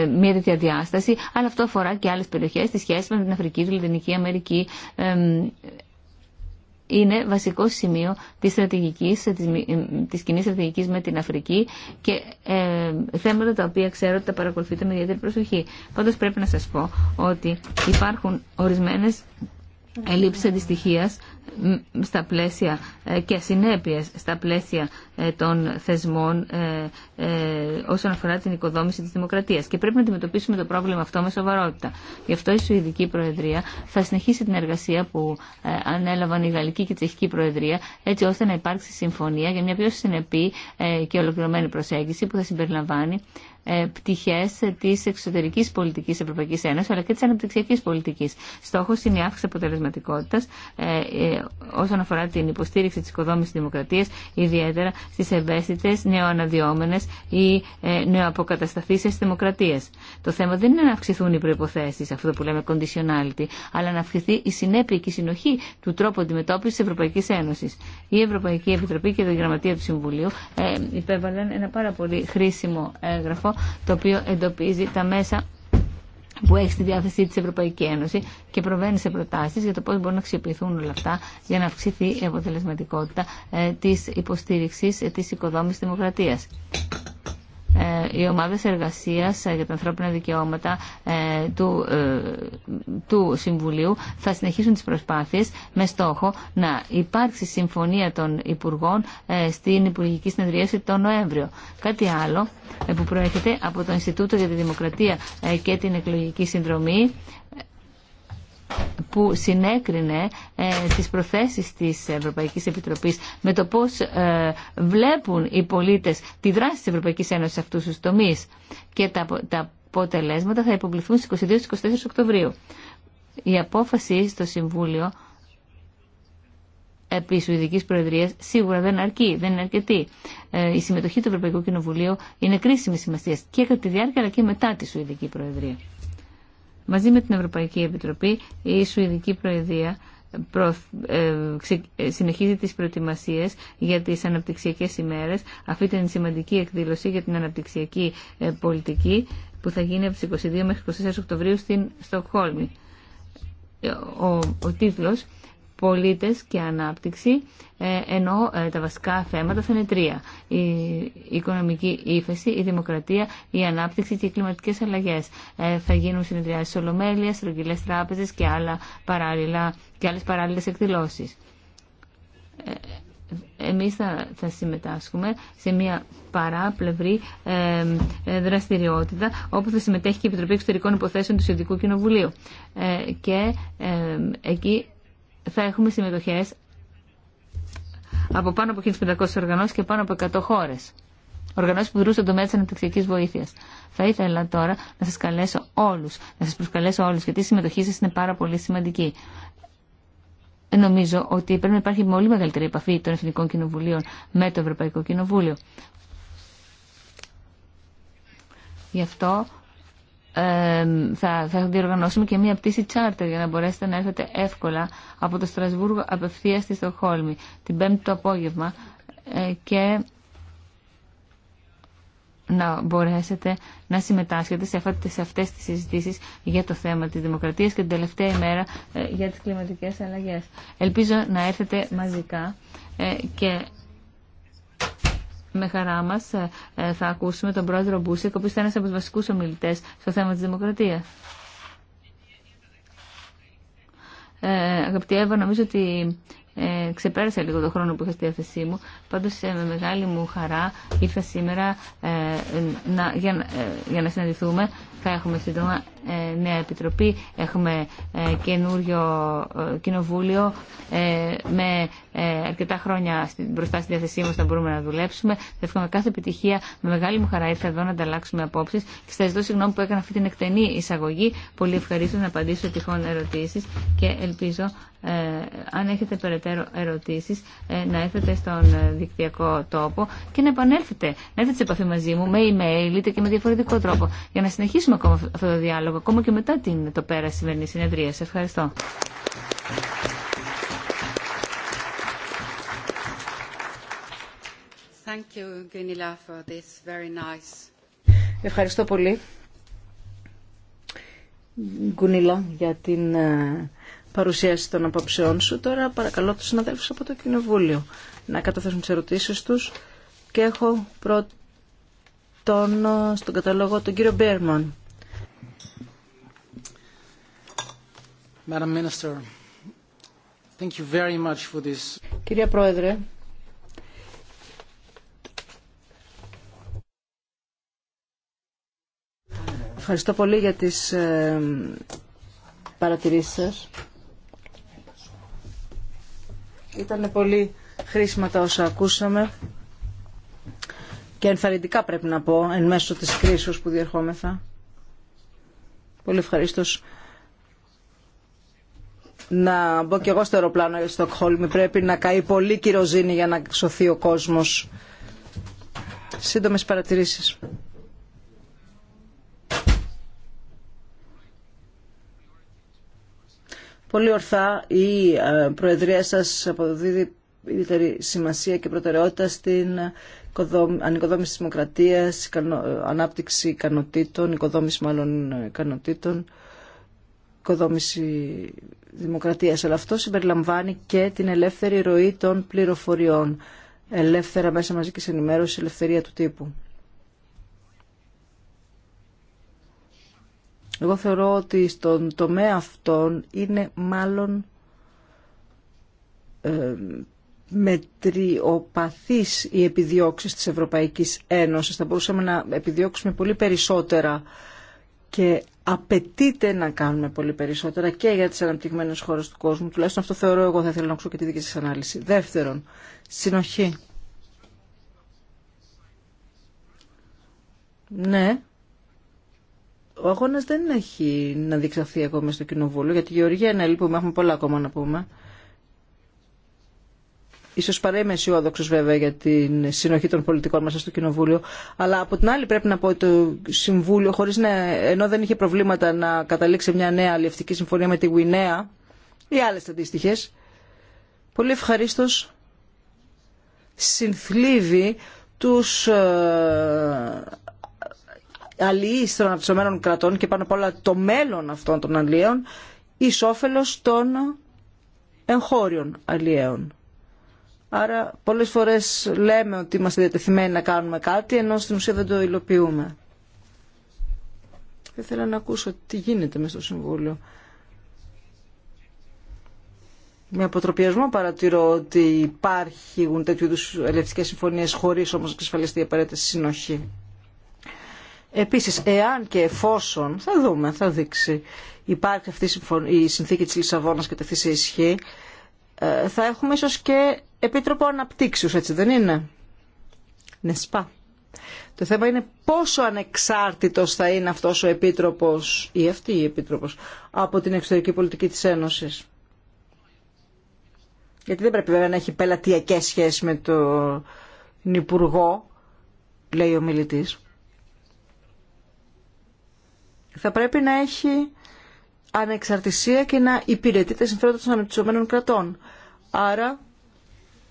μια ε, τέτοια διάσταση, αλλά αυτό αφορά και άλλες περιοχές, τη σχέση με την Αφρική, τη Λατινική Αμερική. Ε, είναι βασικό σημείο της, στρατηγικής, της, της κοινής στρατηγικής με την Αφρική και θέματα τα οποία ξέρω ότι τα παρακολουθείτε με ιδιαίτερη προσοχή. Πάντως πρέπει να σας πω ότι υπάρχουν ορισμένες έλλειψη αντιστοιχία στα πλαίσια ε, και ασυνέπειες στα πλαίσια ε, των θεσμών ε, όσον αφορά την οικοδόμηση της δημοκρατίας. Και πρέπει να αντιμετωπίσουμε το πρόβλημα αυτό με σοβαρότητα. Γι' αυτό η Σουηδική Προεδρία θα συνεχίσει την εργασία που ανέλαβαν η Γαλλική και η Τσεχική Προεδρία έτσι ώστε να υπάρξει συμφωνία για μια πιο συνεπή και ολοκληρωμένη προσέγγιση που θα συμπεριλαμβάνει ε, πτυχέ τη εξωτερική πολιτική Ευρωπαϊκή Ένωση αλλά και τη αναπτυξιακή πολιτική. Στόχο είναι η αύξηση αποτελεσματικότητα ε, ε, όσον αφορά την υποστήριξη τη οικοδόμηση δημοκρατία, ιδιαίτερα στι ευαίσθητε, νεοαναδιόμενε ή νεοαποκατασταθήσει τη δημοκρατία. Το θέμα δεν είναι να αυξηθούν οι προποθέσει, αυτό που λέμε conditionality, αλλά να αυξηθεί η νεοαποκατασταθησει δημοκρατιε δημοκρατια το θεμα δεν ειναι να αυξηθουν οι προποθεσει αυτο που λεμε conditionality αλλα να αυξηθει η συνεπεια και η συνοχή του τρόπου αντιμετώπιση τη Ευρωπαϊκή Ένωση. Η Ευρωπαϊκή Επιτροπή και η Γραμματεία του Συμβουλίου υπέβαλαν ένα πάρα πολύ χρήσιμο έγγραφο το οποίο εντοπίζει τα μέσα που έχει στη διάθεσή της Ευρωπαϊκή Ένωση και προβαίνει σε προτάσεις για το πώς μπορούν να αξιοποιηθούν όλα αυτά για να αυξηθεί η αποτελεσματικότητα ε, της υποστήριξης ε, της οικοδόμησης δημοκρατίας. Ε, οι ομάδες εργασίας ε, για τα ανθρώπινα δικαιώματα ε, του, του Συμβουλίου θα συνεχίσουν τις προσπάθειες με στόχο να υπάρξει συμφωνία των Υπουργών στην Υπουργική Συνεδρίαση τον Νοέμβριο. Κάτι άλλο που προέρχεται από το Ινστιτούτο για τη Δημοκρατία και την Εκλογική Συνδρομή που συνέκρινε ε, τις προθέσεις της Ευρωπαϊκής Επιτροπής με το πώς ε, βλέπουν οι πολίτες τη δράση της Ευρωπαϊκής Ένωσης σε αυτούς τους τομείς και τα αποτελέσματα θα υποβληθούν στις 22-24 Οκτωβρίου. Η απόφαση στο Συμβούλιο επί Σουηδικής Προεδρίας σίγουρα δεν αρκεί, δεν είναι αρκετή. Ε, η συμμετοχή του Ευρωπαϊκού Κοινοβουλίου είναι κρίσιμη σημασία και κατά τη διάρκεια αλλά και μετά τη Σουηδική Προεδρία. Μαζί με την Ευρωπαϊκή Επιτροπή, η Σουηδική Προεδρία ε, ε, συνεχίζει τις προετοιμασίες για τις αναπτυξιακές ημέρες. Αυτή ήταν η σημαντική εκδήλωση για την αναπτυξιακή ε, πολιτική που θα γίνει από τις 22 μέχρι 24 Οκτωβρίου στην Στοκχόλμη. Ο, ο τίτλος πολίτες και ανάπτυξη, ε, ενώ ε, τα βασικά θέματα θα είναι τρία. Η οικονομική ύφεση, η δημοκρατία, η ανάπτυξη και οι κλιματικές αλλαγές. Ε, θα γίνουν συνεδριάσεις ολομέλεια, στρογγυλές τράπεζες και, άλλα παράλληλα, και άλλες παράλληλες εκδηλώσεις. Εμείς θα, θα συμμετάσχουμε σε μια παράπλευρη ε, δραστηριότητα όπου θα συμμετέχει και η Επιτροπή Εξωτερικών Υποθέσεων του Συνδικού Κοινοβουλίου. Ε, και εκεί θα έχουμε συμμετοχές από πάνω από 1.500 οργανώσει και πάνω από 100 χώρε. Οργανώσει που δρούν στον τομέα τη αναπτυξιακή βοήθεια. Θα ήθελα τώρα να σα καλέσω όλου, να σα προσκαλέσω όλου, γιατί η συμμετοχή σα είναι πάρα πολύ σημαντική. Νομίζω ότι πρέπει να υπάρχει πολύ μεγαλύτερη επαφή των Εθνικών Κοινοβουλίων με το Ευρωπαϊκό Κοινοβούλιο. Γι' αυτό θα, θα διοργανώσουμε και μία πτήση τσάρτερ για να μπορέσετε να έρθετε εύκολα από το Στρασβούργο απευθείας στη Στοχόλμη την πέμπτη το απόγευμα ε, και να μπορέσετε να συμμετάσχετε σε αυτές τις συζητήσεις για το θέμα της δημοκρατίας και την τελευταία ημέρα ε, για τις κλιματικές αλλαγές. Ελπίζω να έρθετε μαζικά ε, και με χαρά μα ε, ε, θα ακούσουμε τον πρόεδρο Μπούσεκ, ο οποίο ήταν ένα από του βασικού ομιλητέ στο θέμα τη δημοκρατία. Ε, αγαπητή Εύα, νομίζω ότι ε, λίγο το χρόνο που είχα στη διάθεσή μου. Πάντως ε, με μεγάλη μου χαρά ήρθα σήμερα ε, να, για, ε, για, να συναντηθούμε. Θα έχουμε σύντομα ε, νέα επιτροπή, έχουμε ε, καινούριο κοινοβούλιο με αρκετά χρόνια μπροστά στη διάθεσή μα να μπορούμε να δουλέψουμε. Θα εύχομαι κάθε επιτυχία. Με μεγάλη μου χαρά ήρθα εδώ να ανταλλάξουμε απόψει και σα ζητώ συγγνώμη που έκανα αυτή την εκτενή εισαγωγή. Πολύ ευχαρίστω να απαντήσω τυχόν ερωτήσει και ελπίζω ε, αν έχετε περαιτέρω ερωτήσεις ε, να έρθετε στον ε, δικτυακό τόπο και να επανέλθετε, να έρθετε σε επαφή μαζί μου με email είτε και με διαφορετικό τρόπο για να συνεχίσουμε ακόμα αυτό το διάλογο ακόμα και μετά την, το πέρα σημερινή συνεδρία. Σε ευχαριστώ. Thank you, Gunilla, for this very nice... Ευχαριστώ πολύ, Γκουνίλα, για την ε, παρουσίαση των απόψεών σου. Τώρα παρακαλώ τους συναδέλφους από το Κοινοβούλιο να καταθέσουν τις ερωτήσεις τους και έχω πρώτον ε, στον καταλόγο τον κύριο Μπέρμαν. Madam Minister, thank you very much for this. Κυρία Πρόεδρε, ευχαριστώ πολύ για τις ε, παρατηρήσεις σας. Ήταν πολύ χρήσιμα τα όσα ακούσαμε και ενθαρρυντικά πρέπει να πω εν μέσω της κρίσης που διερχόμεθα. Πολύ ευχαριστώ να μπω και εγώ στο αεροπλάνο για Στοκχόλμη. Πρέπει να καεί πολύ κυροζήνη για να σωθεί ο κόσμος. Σύντομες παρατηρήσεις. Πολύ ορθά η ε, Προεδρία σας αποδίδει ιδιαίτερη σημασία και προτεραιότητα στην ανοικοδόμηση της δημοκρατίας, ε, ανάπτυξη ικανοτήτων, οικοδόμηση μάλλον ε, ικανοτήτων, οικοδόμηση δημοκρατίας. Αλλά αυτό συμπεριλαμβάνει και την ελεύθερη ροή των πληροφοριών, ελεύθερα μέσα μαζικής ενημέρωσης, ελευθερία του τύπου. Εγώ θεωρώ ότι στον τομέα αυτόν είναι μάλλον ε, μετριοπαθείς οι επιδιώξεις της Ευρωπαϊκής Ένωσης. Θα μπορούσαμε να επιδιώξουμε πολύ περισσότερα και απαιτείται να κάνουμε πολύ περισσότερα και για τις αναπτυγμένες χώρες του κόσμου. Τουλάχιστον αυτό θεωρώ εγώ, θα ήθελα να ακούσω και τη δική σας ανάλυση. Δεύτερον, συνοχή. Ναι, ο αγώνας δεν έχει να διεξαχθεί ακόμα στο Κοινοβούλιο, γιατί Γεωργία, ναι, λοιπόν έχουμε πολλά ακόμα να πούμε. Ίσως παρέμει αισιόδοξο βέβαια για την συνοχή των πολιτικών μας στο Κοινοβούλιο. Αλλά από την άλλη πρέπει να πω ότι το Συμβούλιο, χωρίς να, ενώ δεν είχε προβλήματα να καταλήξει μια νέα αλληλευτική συμφωνία με τη Γουινέα ή άλλες αντίστοιχε. πολύ ευχαρίστω συνθλίβει τους ε, αλληλείς των αναπτυσσομένων κρατών και πάνω απ' όλα το μέλλον αυτών των αλληλείων εις όφελος των εγχώριων αλλιέων. Άρα πολλές φορές λέμε ότι είμαστε διατεθειμένοι να κάνουμε κάτι ενώ στην ουσία δεν το υλοποιούμε. Θα ήθελα να ακούσω τι γίνεται με στο Συμβούλιο. Με αποτροπιασμό παρατηρώ ότι υπάρχουν τέτοιου είδους ελευθερικές συμφωνίε χωρί όμω να εξασφαλιστεί η απαραίτητη συνοχή. Επίσης, εάν και εφόσον, θα δούμε, θα δείξει, υπάρχει αυτή η συνθήκη της Λισαβόνας και τεθεί σε ισχύ, ε, θα έχουμε ίσως και επίτροπο αναπτύξεως, έτσι δεν είναι. Ναι, σπα. Το θέμα είναι πόσο ανεξάρτητος θα είναι αυτός ο επίτροπος ή αυτή η επίτροπος από την εξωτερική πολιτική της Ένωσης. Γιατί δεν πρέπει βέβαια να έχει πελατειακές σχέσεις με τον Υπουργό, λέει ο μιλητής θα πρέπει να έχει ανεξαρτησία και να υπηρετεί τα συμφέροντα των αναπτυσσομένων κρατών. Άρα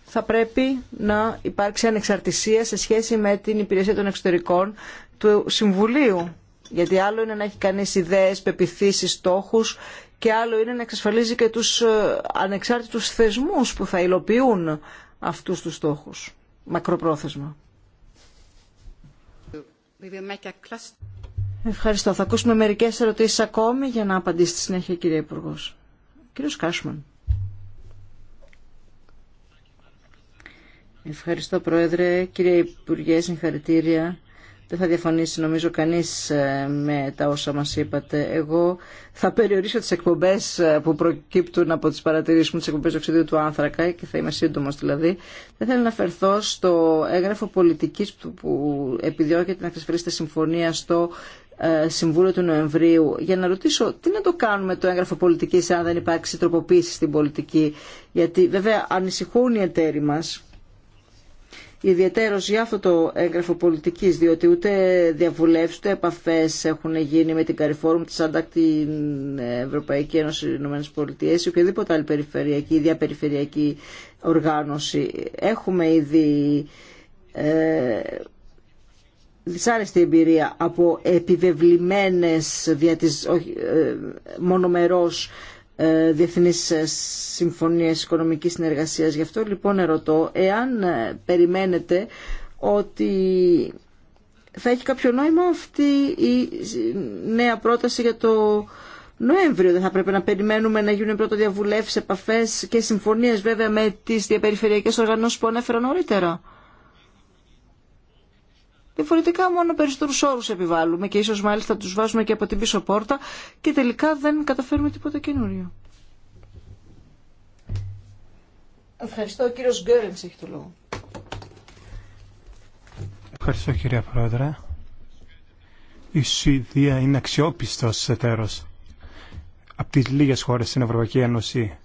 θα πρέπει να υπάρξει ανεξαρτησία σε σχέση με την υπηρεσία των εξωτερικών του Συμβουλίου. Γιατί άλλο είναι να έχει κανείς ιδέες, πεπιθήσεις, στόχους και άλλο είναι να εξασφαλίζει και τους ε, ανεξάρτητους θεσμούς που θα υλοποιούν αυτούς τους στόχους μακροπρόθεσμα. Ευχαριστώ. Θα ακούσουμε μερικές ερωτήσεις ακόμη για να απαντήσει στη συνέχεια κυρία Υπουργό. Κύριο Κάσμαν. Ευχαριστώ Πρόεδρε. Κύριε Υπουργέ, συγχαρητήρια. Δεν θα διαφωνήσει νομίζω κανείς ε, με τα όσα μας είπατε. Εγώ θα περιορίσω τις εκπομπές ε, που προκύπτουν από τις παρατηρήσεις μου, τις εκπομπές οξυδίου του άνθρακα και θα είμαι σύντομο δηλαδή. Δεν θέλω να αφαιρθώ στο έγγραφο πολιτικής που επιδιώκεται να εξασφαλίσει συμφωνία στο ε, Συμβούλιο του Νοεμβρίου για να ρωτήσω τι να το κάνουμε το έγγραφο πολιτικής αν δεν υπάρξει τροποποίηση στην πολιτική γιατί βέβαια ανησυχούν οι εταίροι μα, ιδιαίτερω για αυτό το έγγραφο πολιτικής διότι ούτε διαβουλεύσει ούτε επαφές έχουν γίνει με την Καριφόρουμ της Άντακτη Ευρωπαϊκή Ένωση Ηνωμένε Πολιτείε, ή οποιαδήποτε άλλη περιφερειακή ή διαπεριφερειακή οργάνωση έχουμε ήδη ε, δυσάρεστη εμπειρία από επιβεβλημένες δια της, όχι, ε, μονομερός ε, διεθνείς ε, συμφωνίες οικονομικής συνεργασίας. Γι' αυτό λοιπόν ερωτώ εάν ε, περιμένετε ότι θα έχει κάποιο νόημα αυτή η νέα πρόταση για το Νοέμβριο. Δεν θα πρέπει να περιμένουμε να γίνουν πρώτα διαβουλεύσεις, επαφές και συμφωνίες βέβαια με τις διαπεριφερειακές οργανώσεις που ανέφερα νωρίτερα. Διαφορετικά μόνο περισσότερους όρους επιβάλλουμε και ίσως μάλιστα τους βάζουμε και από την πίσω πόρτα και τελικά δεν καταφέρουμε τίποτα καινούριο. Ευχαριστώ. Ο κύριος Γκέρενς έχει το λόγο. Ευχαριστώ κυρία Πρόεδρε. Η Σουηδία είναι αξιόπιστος εταίρος από τις λίγες χώρες στην Ευρωπαϊκή Ένωση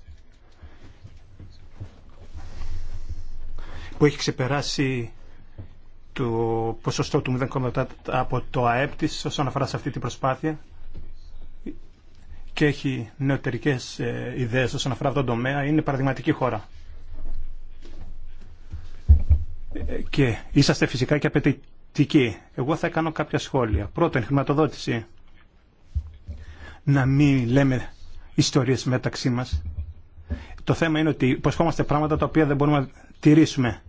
που έχει ξεπεράσει το ποσοστό του 0,7 από το ΑΕΠ της όσον αφορά σε αυτή την προσπάθεια και έχει νεωτερικές ε, ιδέες όσον αφορά αυτόν τον τομέα, είναι παραδειγματική χώρα. Ε, και είσαστε φυσικά και απαιτητικοί. Εγώ θα κάνω κάποια σχόλια. Πρώτον, χρηματοδότηση. Να μην λέμε ιστορίες μεταξύ μας. Το θέμα είναι ότι υποσχόμαστε πράγματα τα οποία δεν μπορούμε να τηρήσουμε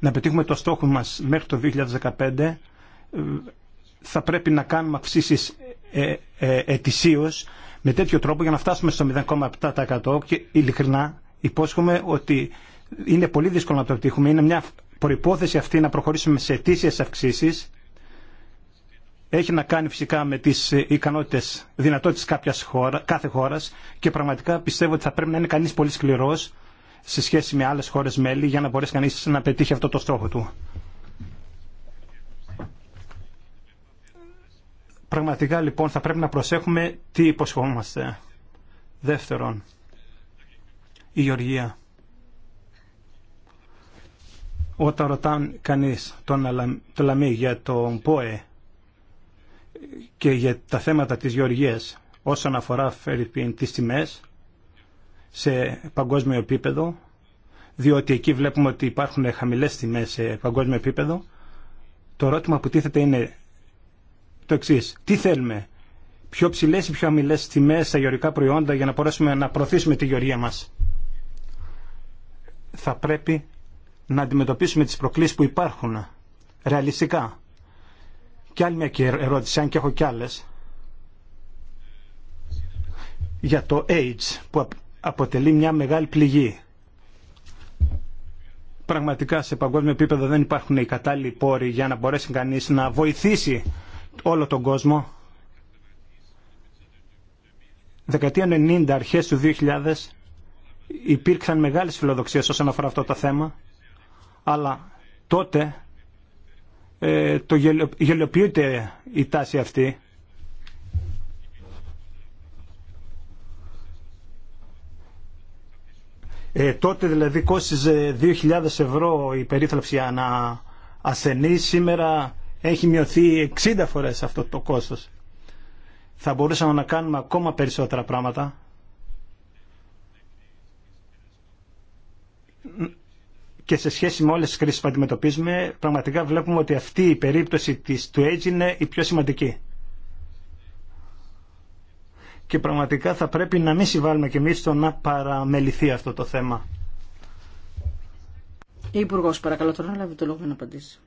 να πετύχουμε το στόχο μας μέχρι το 2015 θα πρέπει να κάνουμε αυξήσεις ε, ε, ετησίως με τέτοιο τρόπο για να φτάσουμε στο 0,7% και ειλικρινά υπόσχομαι ότι είναι πολύ δύσκολο να το πετύχουμε. Είναι μια προϋπόθεση αυτή να προχωρήσουμε σε ετήσιες αυξήσεις. Έχει να κάνει φυσικά με τις ικανότητες, δυνατότητες κάποιας χώρα, κάθε χώρας και πραγματικά πιστεύω ότι θα πρέπει να είναι κανείς πολύ σκληρός σε σχέση με άλλες χώρες μέλη για να μπορέσει κανείς να πετύχει αυτό το στόχο του. Πραγματικά λοιπόν θα πρέπει να προσέχουμε τι υποσχόμαστε. Δεύτερον, η Γεωργία. Όταν ρωτάνε κανείς τον Λαμί για τον ΠΟΕ και για τα θέματα της Γεωργίας όσον αφορά φερειπίν τις τιμές, σε παγκόσμιο επίπεδο, διότι εκεί βλέπουμε ότι υπάρχουν χαμηλές τιμές σε παγκόσμιο επίπεδο, το ερώτημα που τίθεται είναι το εξή. Τι θέλουμε, πιο ψηλές ή πιο χαμηλές τιμές στα γεωρικά προϊόντα για να μπορέσουμε να προωθήσουμε τη γεωρία μας. Θα πρέπει να αντιμετωπίσουμε τις προκλήσεις που υπάρχουν, ρεαλιστικά. Και άλλη μια ερώτηση, αν και έχω κι άλλες, για το AIDS που αποτελεί μια μεγάλη πληγή. Πραγματικά σε παγκόσμιο επίπεδο δεν υπάρχουν οι κατάλληλοι πόροι για να μπορέσει κανείς να βοηθήσει όλο τον κόσμο. Δεκαετία 90, αρχές του 2000, υπήρξαν μεγάλες φιλοδοξίες όσον αφορά αυτό το θέμα, αλλά τότε ε, το γελιο, γελιοποιείται η τάση αυτή Ε, τότε δηλαδή κόστιζε 2.000 ευρώ η περίθαλψη ανά ασθενή. Σήμερα έχει μειωθεί 60 φορές αυτό το κόστος. Θα μπορούσαμε να κάνουμε ακόμα περισσότερα πράγματα. Και σε σχέση με όλες τις κρίσεις που αντιμετωπίζουμε, πραγματικά βλέπουμε ότι αυτή η περίπτωση της, του AIDS είναι η πιο σημαντική και πραγματικά θα πρέπει να μην συμβάλλουμε κι εμείς στο να παραμεληθεί αυτό το θέμα. παρακαλώ τώρα να λάβει το λόγο να απαντήσει.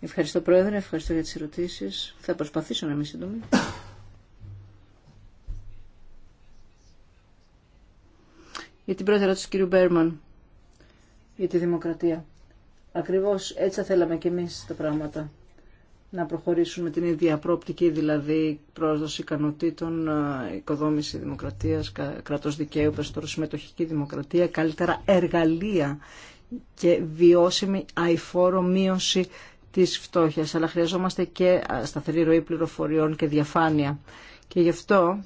Ευχαριστώ Πρόεδρε, ευχαριστώ για τις ερωτήσεις. Θα προσπαθήσω να είμαι σύντομη. για την πρώτη του κύριου Μπέρμαν για τη δημοκρατία. Ακριβώς έτσι θα θέλαμε κι εμείς τα πράγματα να προχωρήσουν με την ίδια πρόπτικη, δηλαδή πρόσδοση ικανοτήτων, ε, οικοδόμηση δημοκρατίας, κρατός δικαίου, περισσότερο συμμετοχική δημοκρατία, καλύτερα εργαλεία και βιώσιμη αηφόρο μείωση της φτώχειας. Αλλά χρειαζόμαστε και ε, σταθερή ροή πληροφοριών και διαφάνεια. Και γι' αυτό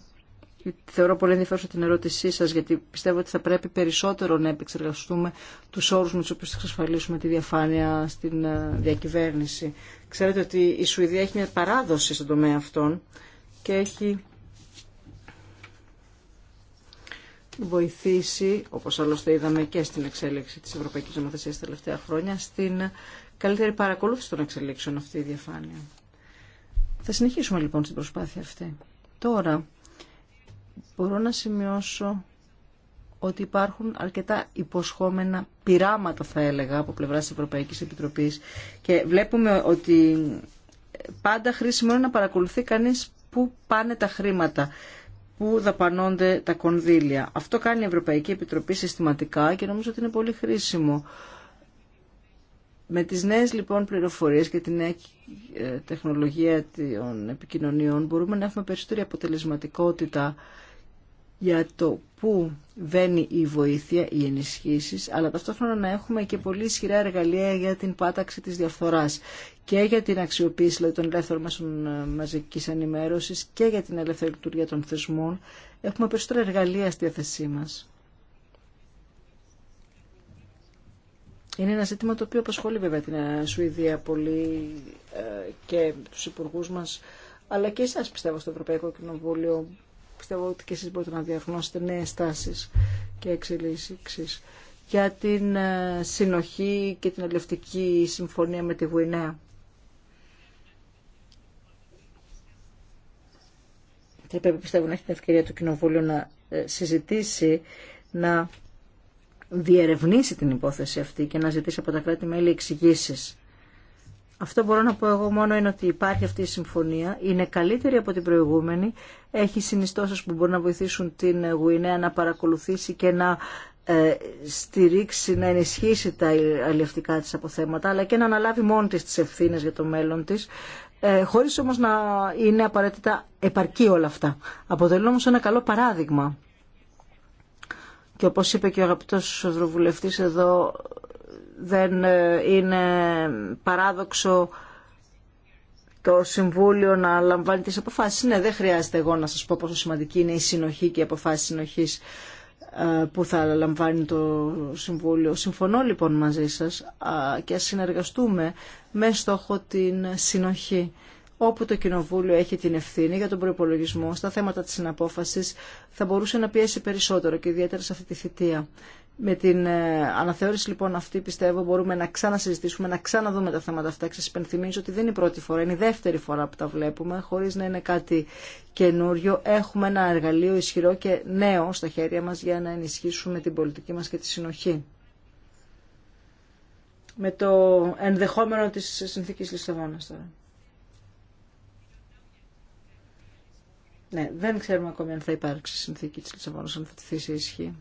θεωρώ πολύ ενδιαφέρουσα την ερώτησή σας, γιατί πιστεύω ότι θα πρέπει περισσότερο να επεξεργαστούμε τους όρους με τους οποίους θα εξασφαλίσουμε τη διαφάνεια στην ε, διακυβέρνηση. Ξέρετε ότι η Σουηδία έχει μια παράδοση στον τομέα αυτών και έχει βοηθήσει, όπως άλλωστε είδαμε και στην εξέλιξη της Ευρωπαϊκής Νομοθεσίας τα τελευταία χρόνια, στην καλύτερη παρακολούθηση των εξελίξεων αυτή η διαφάνεια. Θα συνεχίσουμε λοιπόν στην προσπάθεια αυτή. Τώρα, μπορώ να σημειώσω ότι υπάρχουν αρκετά υποσχόμενα πειράματα, θα έλεγα, από πλευρά τη Ευρωπαϊκή Επιτροπή. Και βλέπουμε ότι πάντα χρήσιμο είναι να παρακολουθεί κανεί πού πάνε τα χρήματα, πού δαπανώνται τα κονδύλια. Αυτό κάνει η Ευρωπαϊκή Επιτροπή συστηματικά και νομίζω ότι είναι πολύ χρήσιμο. Με τις νέες λοιπόν πληροφορίες και τη νέα ε, τεχνολογία των επικοινωνιών μπορούμε να έχουμε περισσότερη αποτελεσματικότητα για το πού βαίνει η βοήθεια, οι ενισχύσεις, αλλά ταυτόχρονα να έχουμε και πολύ ισχυρά εργαλεία για την πάταξη της διαφθοράς και για την αξιοποίηση δηλαδή, των ελεύθερων μέσων ε, μαζικής ενημέρωσης και για την ελεύθερη λειτουργία των θεσμών. Έχουμε περισσότερα εργαλεία στη διάθεσή μας. Είναι ένα ζήτημα το οποίο απασχολεί βέβαια την ε, Σουηδία πολύ ε, και τους υπουργούς μας, αλλά και εσάς πιστεύω στο Ευρωπαϊκό Κοινοβούλιο Πιστεύω ότι και εσείς μπορείτε να διαγνώσετε νέες τάσεις και εξελίξεις για την ε, συνοχή και την αλληλευτική συμφωνία με τη Γουινέα. Θα πρέπει πιστεύω να έχει την ευκαιρία του Κοινοβούλιο να ε, συζητήσει, να διερευνήσει την υπόθεση αυτή και να ζητήσει από τα κράτη-μέλη εξηγήσει αυτό μπορώ να πω εγώ μόνο είναι ότι υπάρχει αυτή η συμφωνία, είναι καλύτερη από την προηγούμενη, έχει συνιστώσεις που μπορούν να βοηθήσουν την Γουινέα να παρακολουθήσει και να ε, στηρίξει, να ενισχύσει τα αλληλευτικά της αποθέματα, αλλά και να αναλάβει μόνη της τις ευθύνες για το μέλλον της, ε, χωρίς όμως να είναι απαραίτητα επαρκή όλα αυτά. Αποτελούν όμως ένα καλό παράδειγμα. Και όπως είπε και ο αγαπητός ευρωβουλευτής εδώ, δεν ε, είναι παράδοξο το Συμβούλιο να λαμβάνει τις αποφάσεις. Ναι, δεν χρειάζεται εγώ να σας πω πόσο σημαντική είναι η συνοχή και η αποφάση συνοχής ε, που θα λαμβάνει το Συμβούλιο. Συμφωνώ λοιπόν μαζί σας και ας συνεργαστούμε με στόχο την συνοχή όπου το Κοινοβούλιο έχει την ευθύνη για τον προπολογισμό στα θέματα της συναπόφασης θα μπορούσε να πιέσει περισσότερο και ιδιαίτερα σε αυτή τη θητεία. Με την ε, αναθεώρηση λοιπόν αυτή πιστεύω μπορούμε να ξανασυζητήσουμε, να ξαναδούμε τα θέματα αυτά. υπενθυμίζω ότι δεν είναι η πρώτη φορά, είναι η δεύτερη φορά που τα βλέπουμε, χωρίς να είναι κάτι καινούριο. Έχουμε ένα εργαλείο ισχυρό και νέο στα χέρια μας για να ενισχύσουμε την πολιτική μας και τη συνοχή. Με το ενδεχόμενο της συνθήκης Λισαβόνας τώρα. Ναι, δεν ξέρουμε ακόμη αν θα υπάρξει συνθήκη της Λισαβόνας, αν θα τη θέσει ισχύ.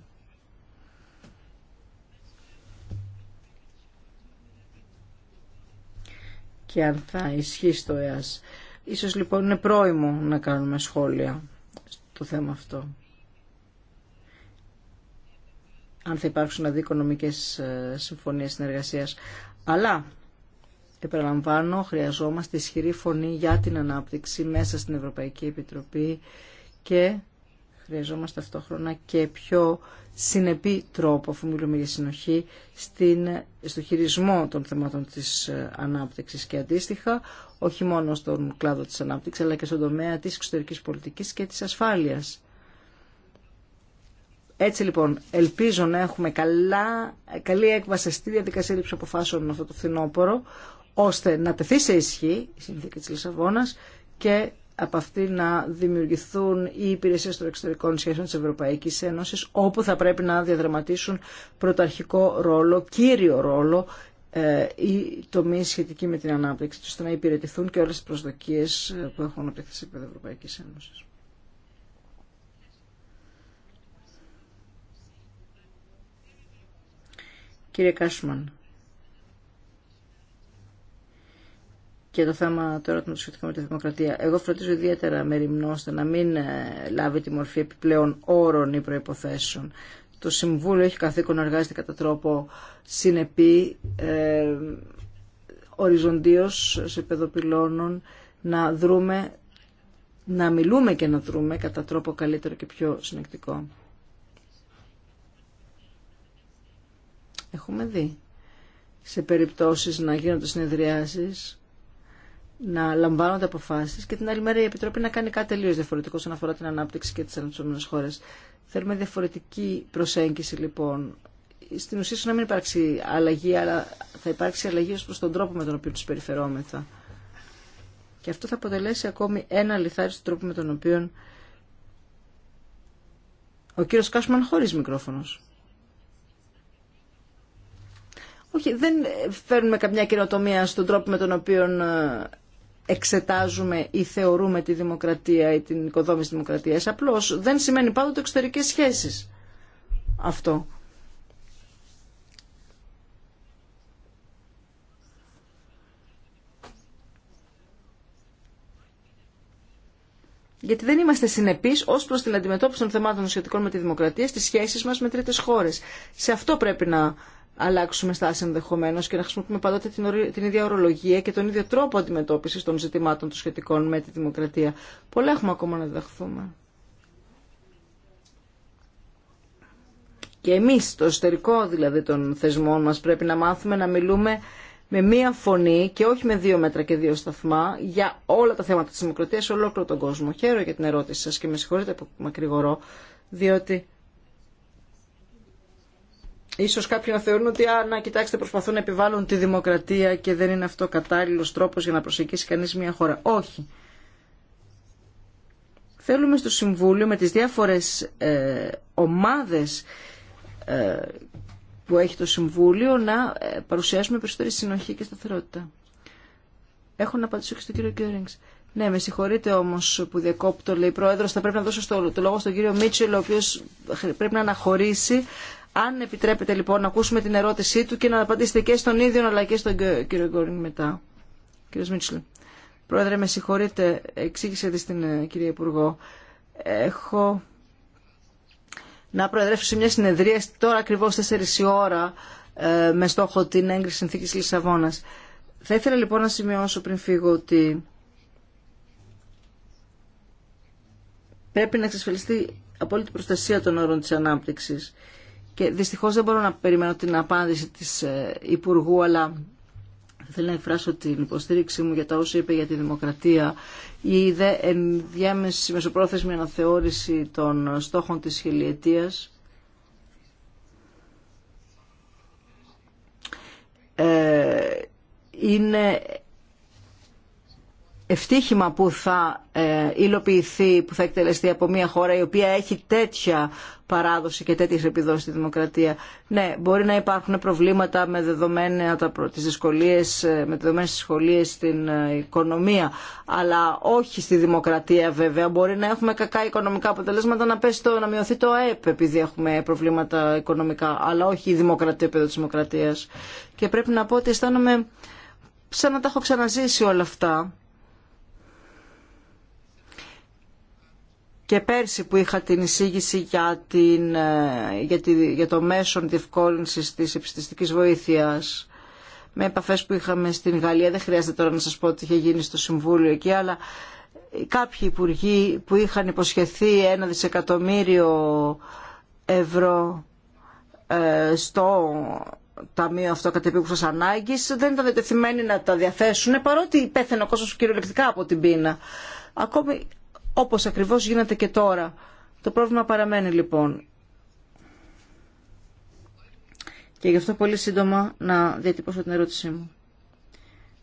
και αν θα ισχύσει το ΕΑΣ. Ίσως λοιπόν είναι πρόημο να κάνουμε σχόλια στο θέμα αυτό. Αν θα υπάρξουν δηλαδή οικονομικές ε, συμφωνίες συνεργασίας. Αλλά, επαναλαμβάνω, χρειαζόμαστε ισχυρή φωνή για την ανάπτυξη μέσα στην Ευρωπαϊκή Επιτροπή και χρειαζόμαστε ταυτόχρονα και πιο συνεπή τρόπο, αφού μιλούμε για συνοχή, στην, στο χειρισμό των θεμάτων της ανάπτυξης και αντίστοιχα, όχι μόνο στον κλάδο της ανάπτυξης, αλλά και στον τομέα της εξωτερικής πολιτικής και της ασφάλειας. Έτσι λοιπόν, ελπίζω να έχουμε καλά, καλή έκβαση στη διαδικασία λήψη αποφάσεων αυτό το φθινόπωρο, ώστε να τεθεί σε ισχύ η συνθήκη της Λισαβόνας και από αυτή να δημιουργηθούν οι υπηρεσίες των εξωτερικών σχέσεων της Ευρωπαϊκής Ένωσης όπου θα πρέπει να διαδραματίσουν πρωταρχικό ρόλο, κύριο ρόλο ε, οι τομεί σχετικοί με την ανάπτυξη τους, ώστε να υπηρετηθούν και όλες τις προσδοκίες ε, που έχουν απευθυνθεί σε επίπεδο Ευρωπαϊκή Ένωση. Κύριε Κάσμαν, και το θέμα τώρα του σχετικό με τη δημοκρατία. Εγώ φροντίζω ιδιαίτερα με ρημνώστε να μην ε, λάβει τη μορφή επιπλέον όρων ή προϋποθέσεων. Το Συμβούλιο έχει καθήκον να εργάζεται κατά τρόπο συνεπή, ε, οριζοντίως σε παιδοπυλώνων, να δρούμε, να μιλούμε και να δρούμε κατά τρόπο καλύτερο και πιο συνεκτικό. Έχουμε δει σε περιπτώσεις να γίνονται συνεδριάσεις να λαμβάνονται αποφάσει και την άλλη μέρα η Επιτροπή να κάνει κάτι τελείω διαφορετικό όσον αφορά την ανάπτυξη και τι αναπτυσσόμενε χώρε. Θέλουμε διαφορετική προσέγγιση λοιπόν. Στην ουσία να μην υπάρξει αλλαγή, αλλά θα υπάρξει αλλαγή ω προς τον τρόπο με τον οποίο του περιφερόμεθα. Και αυτό θα αποτελέσει ακόμη ένα λιθάρι στον τρόπο με τον οποίο ο κύριος Κάσμαν χωρίς μικρόφωνο. Όχι, δεν φέρνουμε καμιά καινοτομία στον τρόπο με τον οποίο ε, εξετάζουμε ή θεωρούμε τη δημοκρατία ή την οικοδόμηση της δημοκρατίας. Απλώς δεν σημαίνει πάντοτε εξωτερικές σχέσεις αυτό. Γιατί δεν είμαστε συνεπεί ω προ την αντιμετώπιση των θεμάτων σχετικών με τη δημοκρατία στι σχέσει μα με τρίτε χώρε. Σε αυτό πρέπει να αλλάξουμε στάση ενδεχομένω και να χρησιμοποιούμε πάντοτε την, την ίδια ορολογία και τον ίδιο τρόπο αντιμετώπιση των ζητημάτων των σχετικών με τη δημοκρατία. Πολλά έχουμε ακόμα να διδαχθούμε. Και εμείς το εσωτερικό δηλαδή των θεσμών μας πρέπει να μάθουμε να μιλούμε με μία φωνή και όχι με δύο μέτρα και δύο σταθμά για όλα τα θέματα της δημοκρατίας σε ολόκληρο τον κόσμο. Χαίρομαι για την ερώτηση σας και με συγχωρείτε που μακρηγορώ, διότι Ίσως κάποιοι να θεωρούν ότι, α, να κοιτάξτε, προσπαθούν να επιβάλλουν τη δημοκρατία και δεν είναι αυτό κατάλληλος τρόπος για να προσεγγίσει κανείς μια χώρα. Όχι. Θέλουμε στο Συμβούλιο με τις διάφορες ε, ομάδες ε, που έχει το Συμβούλιο να ε, παρουσιάσουμε περισσότερη συνοχή και σταθερότητα. Έχω να απαντήσω και στον κύριο Κιόρινγκς. Ναι, με συγχωρείτε όμω που διακόπτω, λέει η πρόεδρο. Θα πρέπει να δώσω το λόγο στον κύριο Μίτσελ, ο οποίο πρέπει να αναχωρήσει. Αν επιτρέπετε λοιπόν να ακούσουμε την ερώτησή του και να απαντήσετε και στον ίδιο αλλά και στον κύριο Γκόριν μετά. Κύριο Μίτσλ. Πρόεδρε, με συγχωρείτε, εξήγησε τη στην ε, κυρία Υπουργό. Έχω να προεδρεύσω σε μια συνεδρία τώρα ακριβώ 4 η ώρα ε, με στόχο την έγκριση συνθήκη Λισαβόνα. Θα ήθελα λοιπόν να σημειώσω πριν φύγω ότι πρέπει να εξασφαλιστεί απόλυτη προστασία των όρων της ανάπτυξης και δυστυχώς δεν μπορώ να περιμένω την απάντηση της ε, Υπουργού, αλλά θέλω να εκφράσω την υποστήριξή μου για τα όσα είπε για τη δημοκρατία. Η δε ενδιάμεση μεσοπρόθεσμη αναθεώρηση των στόχων της Ε, είναι ευτύχημα που θα ε, υλοποιηθεί, που θα εκτελεστεί από μια χώρα η οποία έχει τέτοια παράδοση και τέτοιες επιδόσεις στη δημοκρατία. Ναι, μπορεί να υπάρχουν προβλήματα με δεδομένα τα, τις δυσκολίες, ε, με δεδομένες δυσκολίες στην ε, οικονομία, αλλά όχι στη δημοκρατία βέβαια. Μπορεί να έχουμε κακά οικονομικά αποτελέσματα να, πέσει το, να μειωθεί το ΑΕΠ επειδή έχουμε προβλήματα οικονομικά, αλλά όχι η δημοκρατία επίπεδο της δημοκρατίας. Και πρέπει να πω ότι αισθάνομαι σαν να τα έχω ξαναζήσει όλα αυτά και πέρσι που είχα την εισήγηση για, την, ε, για, τη, για το μέσον διευκόλυνσης της επιστηστικής βοήθειας με επαφές που είχαμε στην Γαλλία. Δεν χρειάζεται τώρα να σας πω τι είχε γίνει στο Συμβούλιο εκεί, αλλά κάποιοι υπουργοί που είχαν υποσχεθεί ένα δισεκατομμύριο ευρώ ε, στο ταμείο αυτό κατ' ανάγκη δεν ήταν διατεθειμένοι να τα διαθέσουν παρότι πέθανε ο κόσμο κυριολεκτικά από την πείνα. Ακόμη όπως ακριβώς γίνεται και τώρα. Το πρόβλημα παραμένει λοιπόν. Και γι' αυτό πολύ σύντομα να διατυπώσω την ερώτησή μου.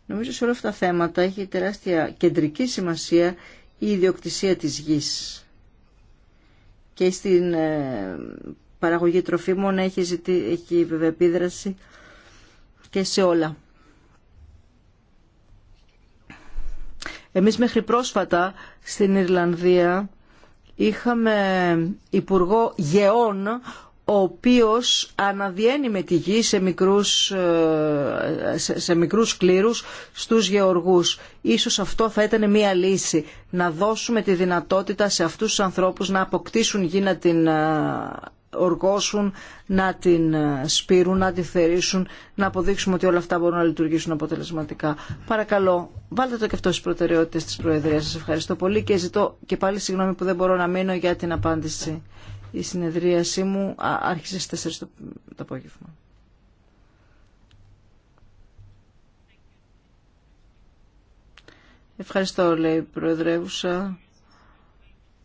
Νομίζω σε όλα αυτά τα θέματα έχει τεράστια κεντρική σημασία η ιδιοκτησία της γης. Και στην ε, παραγωγή τροφίμων έχει, έχει βέβαια επίδραση και σε όλα. Εμείς μέχρι πρόσφατα στην Ιρλανδία είχαμε υπουργό γεών ο οποίος αναδιένει με τη γη σε μικρούς, ε, σε μικρούς κλήρους στους γεωργούς. Ίσως αυτό θα ήταν μια λύση, να δώσουμε τη δυνατότητα σε αυτούς τους ανθρώπους να αποκτήσουν γη να την ε, οργώσουν, να την σπείρουν, να τη θερήσουν, να αποδείξουμε ότι όλα αυτά μπορούν να λειτουργήσουν αποτελεσματικά. Παρακαλώ, βάλτε το και αυτό στι προτεραιότητε τη Προεδρία. Σα ευχαριστώ πολύ και ζητώ και πάλι συγγνώμη που δεν μπορώ να μείνω για την απάντηση. Η συνεδρίασή μου άρχισε στι 4 το απόγευμα. Ευχαριστώ, λέει η Προεδρεύουσα.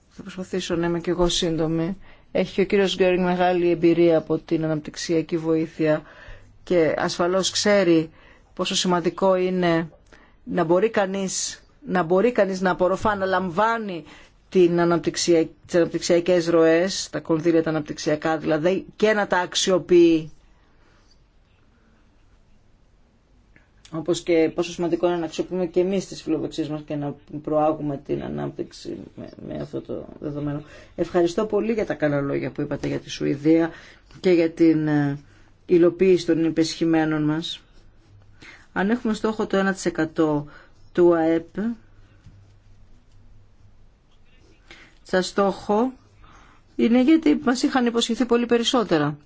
Θα προσπαθήσω να είμαι και εγώ σύντομη. Έχει και ο κύριος Γκέρινγκ μεγάλη εμπειρία από την αναπτυξιακή βοήθεια και ασφαλώς ξέρει πόσο σημαντικό είναι να μπορεί κανείς να, μπορεί κανείς να απορροφά, να λαμβάνει την αναπτυξια... τις αναπτυξιακές ροές, τα κονδύλια τα αναπτυξιακά δηλαδή, και να τα αξιοποιεί Όπω και πόσο σημαντικό είναι να αξιοποιούμε και εμείς τις φιλοδοξίε μα και να προάγουμε την ανάπτυξη με, αυτό το δεδομένο. Ευχαριστώ πολύ για τα καλά λόγια που είπατε για τη Σουηδία και για την ε, υλοποίηση των υπεσχημένων μας. Αν έχουμε στόχο το 1% του ΑΕΠ, σαν στόχο είναι γιατί μας είχαν υποσχεθεί πολύ περισσότερα.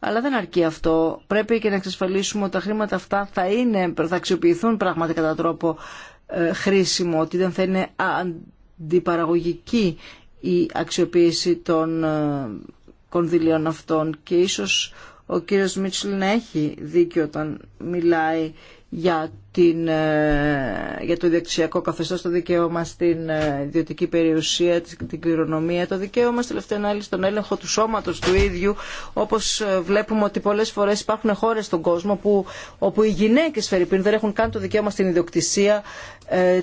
Αλλά δεν αρκεί αυτό. Πρέπει και να εξασφαλίσουμε ότι τα χρήματα αυτά θα, είναι, θα αξιοποιηθούν πράγματι κατά τρόπο ε, χρήσιμο, ότι δεν θα είναι αντιπαραγωγική η αξιοποίηση των ε, κονδυλίων αυτών. Και ίσως ο κύριος Μίτσλ να έχει δίκιο όταν μιλάει για, την, ε, για το ιδιοκτησιακό καθεστώς, το δικαίωμα στην ε, ιδιωτική περιουσία, την κληρονομία, το δικαίωμα στη τελευταία ανάλυση στον έλεγχο του σώματος του ίδιου, όπως ε, βλέπουμε ότι πολλές φορές υπάρχουν χώρες στον κόσμο που, όπου οι γυναίκες φερειπίν δεν έχουν καν το δικαίωμα στην ιδιοκτησία,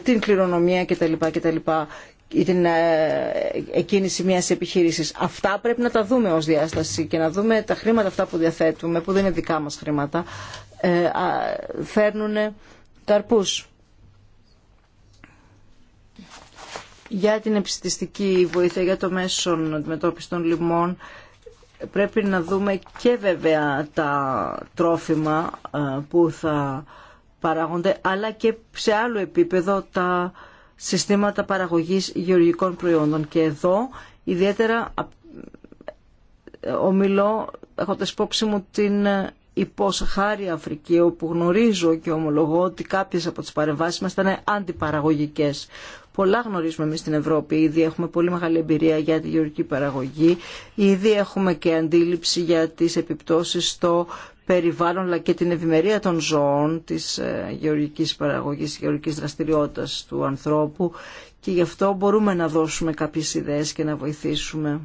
την κληρονομία κτλ. κτλ ή την ε, εκκίνηση μιας επιχείρησης. Αυτά πρέπει να τα δούμε ως διάσταση και να δούμε τα χρήματα αυτά που διαθέτουμε, που δεν είναι δικά μας χρήματα, ε, φέρνουν καρπούς. Για την επιστηστική βοήθεια, για το μέσον αντιμετώπιση των λοιμών, πρέπει να δούμε και βέβαια τα τρόφιμα ε, που θα παράγονται, αλλά και σε άλλο επίπεδο τα συστήματα παραγωγής γεωργικών προϊόντων. Και εδώ ιδιαίτερα ομιλώ έχοντας υπόψη μου την ε, υπόσχαρη Αφρική όπου γνωρίζω και ομολογώ ότι κάποιες από τις παρεμβάσεις μας ήταν αντιπαραγωγικές. Πολλά γνωρίζουμε εμείς στην Ευρώπη. Ήδη έχουμε πολύ μεγάλη εμπειρία για τη γεωργική παραγωγή. Ήδη έχουμε και αντίληψη για τις επιπτώσεις στο περιβάλλον αλλά και την ευημερία των ζώων, της ε, γεωργικής παραγωγής, της γεωργικής δραστηριότητας του ανθρώπου και γι' αυτό μπορούμε να δώσουμε κάποιες ιδέες και να βοηθήσουμε.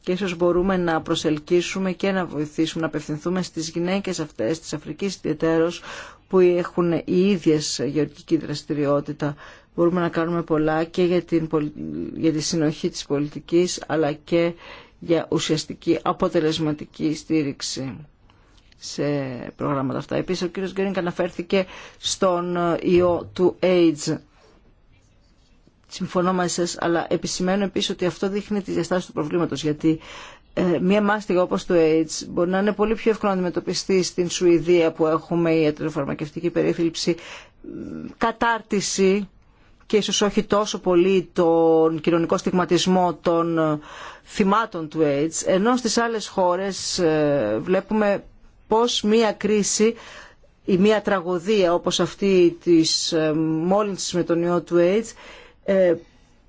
Και ίσως μπορούμε να προσελκύσουμε και να βοηθήσουμε, να απευθυνθούμε στις γυναίκες αυτές, της Αφρικής ιδιαίτερως, που έχουν οι ίδιες γεωργική δραστηριότητα. Μπορούμε να κάνουμε πολλά και για, την, τη συνοχή της πολιτικής, αλλά και για ουσιαστική αποτελεσματική στήριξη σε προγράμματα αυτά. Επίσης, ο κύριος Γκέρινγκ αναφέρθηκε στον ε, ιό του AIDS. Συμφωνώ μαζί σας, αλλά επισημαίνω επίσης ότι αυτό δείχνει τις διαστάσεις του προβλήματος, γιατί ε, μία μάστιγα όπως το AIDS μπορεί να είναι πολύ πιο εύκολο να αντιμετωπιστεί στην Σουηδία που έχουμε η ιατροφαρμακευτική περίθαλψη κατάρτιση και ίσως όχι τόσο πολύ τον κοινωνικό στιγματισμό των ε, θυμάτων του AIDS, ενώ στις άλλες χώρες ε, βλέπουμε πως μία κρίση ή μία τραγωδία όπως αυτή της ε, μόλυνσης με τον ιό του AIDS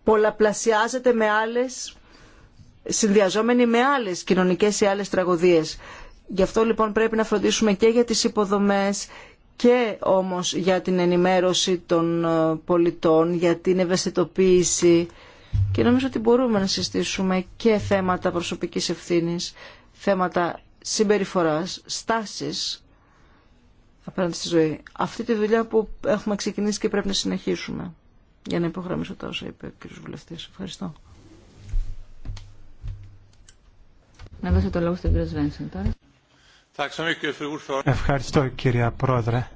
πολλαπλασιάζεται με άλλες, συνδυαζόμενη με άλλες κοινωνικές ή άλλες τραγωδίες. Γι' αυτό λοιπόν πρέπει να φροντίσουμε και για τις υποδομές και όμως για την ενημέρωση των ε, πολιτών, για την ευαισθητοποίηση και νομίζω ότι μπορούμε να συστήσουμε και θέματα προσωπικής ευθύνης, θέματα συμπεριφοράς, στάσεις απέναντι στη ζωή. Αυτή τη δουλειά που έχουμε ξεκινήσει και πρέπει να συνεχίσουμε. Για να υπογραμμίσω τα όσα είπε ο κ. Βουλευτής. Ευχαριστώ. Να το λόγο κ. Ευχαριστώ κύριε Πρόεδρε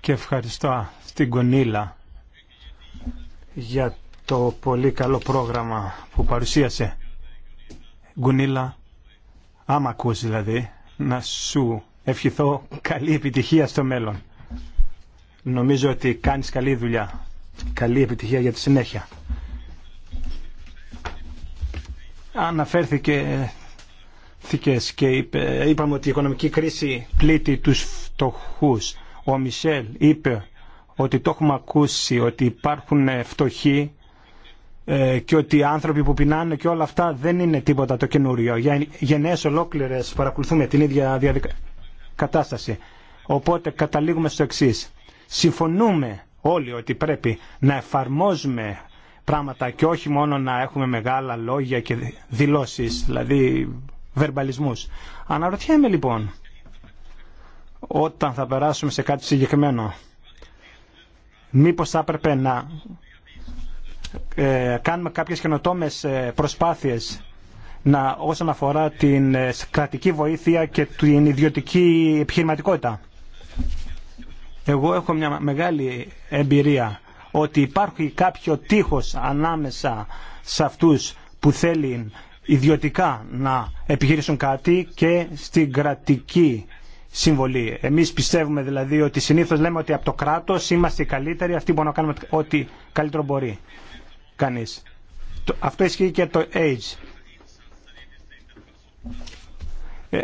και ευχαριστώ στην Κονίλα για το πολύ καλό πρόγραμμα που παρουσίασε. Γκουνίλα, άμα ακούς δηλαδή, να σου ευχηθώ καλή επιτυχία στο μέλλον. Νομίζω ότι κάνεις καλή δουλειά. Καλή επιτυχία για τη συνέχεια. Αναφέρθηκε και είπε, είπαμε ότι η οικονομική κρίση πλήττει τους φτωχούς. Ο Μισελ είπε ότι το έχουμε ακούσει ότι υπάρχουν φτωχοί ε, και ότι οι άνθρωποι που πεινάνε και όλα αυτά δεν είναι τίποτα το καινούριο. Για γενναίες ολόκληρες παρακολουθούμε την ίδια κατάσταση. Οπότε καταλήγουμε στο εξή. Συμφωνούμε όλοι ότι πρέπει να εφαρμόζουμε πράγματα και όχι μόνο να έχουμε μεγάλα λόγια και δηλώσεις. Δηλαδή βερμπαλισμούς. Αναρωτιέμαι λοιπόν, όταν θα περάσουμε σε κάτι συγκεκριμένο, μήπως θα έπρεπε να ε, κάνουμε κάποιες καινοτόμες ε, προσπάθειες να, όσον αφορά την ε, κρατική βοήθεια και την ιδιωτική επιχειρηματικότητα. Εγώ έχω μια μεγάλη εμπειρία ότι υπάρχει κάποιο τείχος ανάμεσα σε αυτούς που θέλουν ιδιωτικά να επιχειρήσουν κάτι και στην κρατική συμβολή. Εμείς πιστεύουμε δηλαδή ότι συνήθως λέμε ότι από το κράτος είμαστε οι καλύτεροι, αυτοί μπορούν να κάνουμε ό,τι καλύτερο μπορεί κανείς. Αυτό ισχύει και το age. Ε,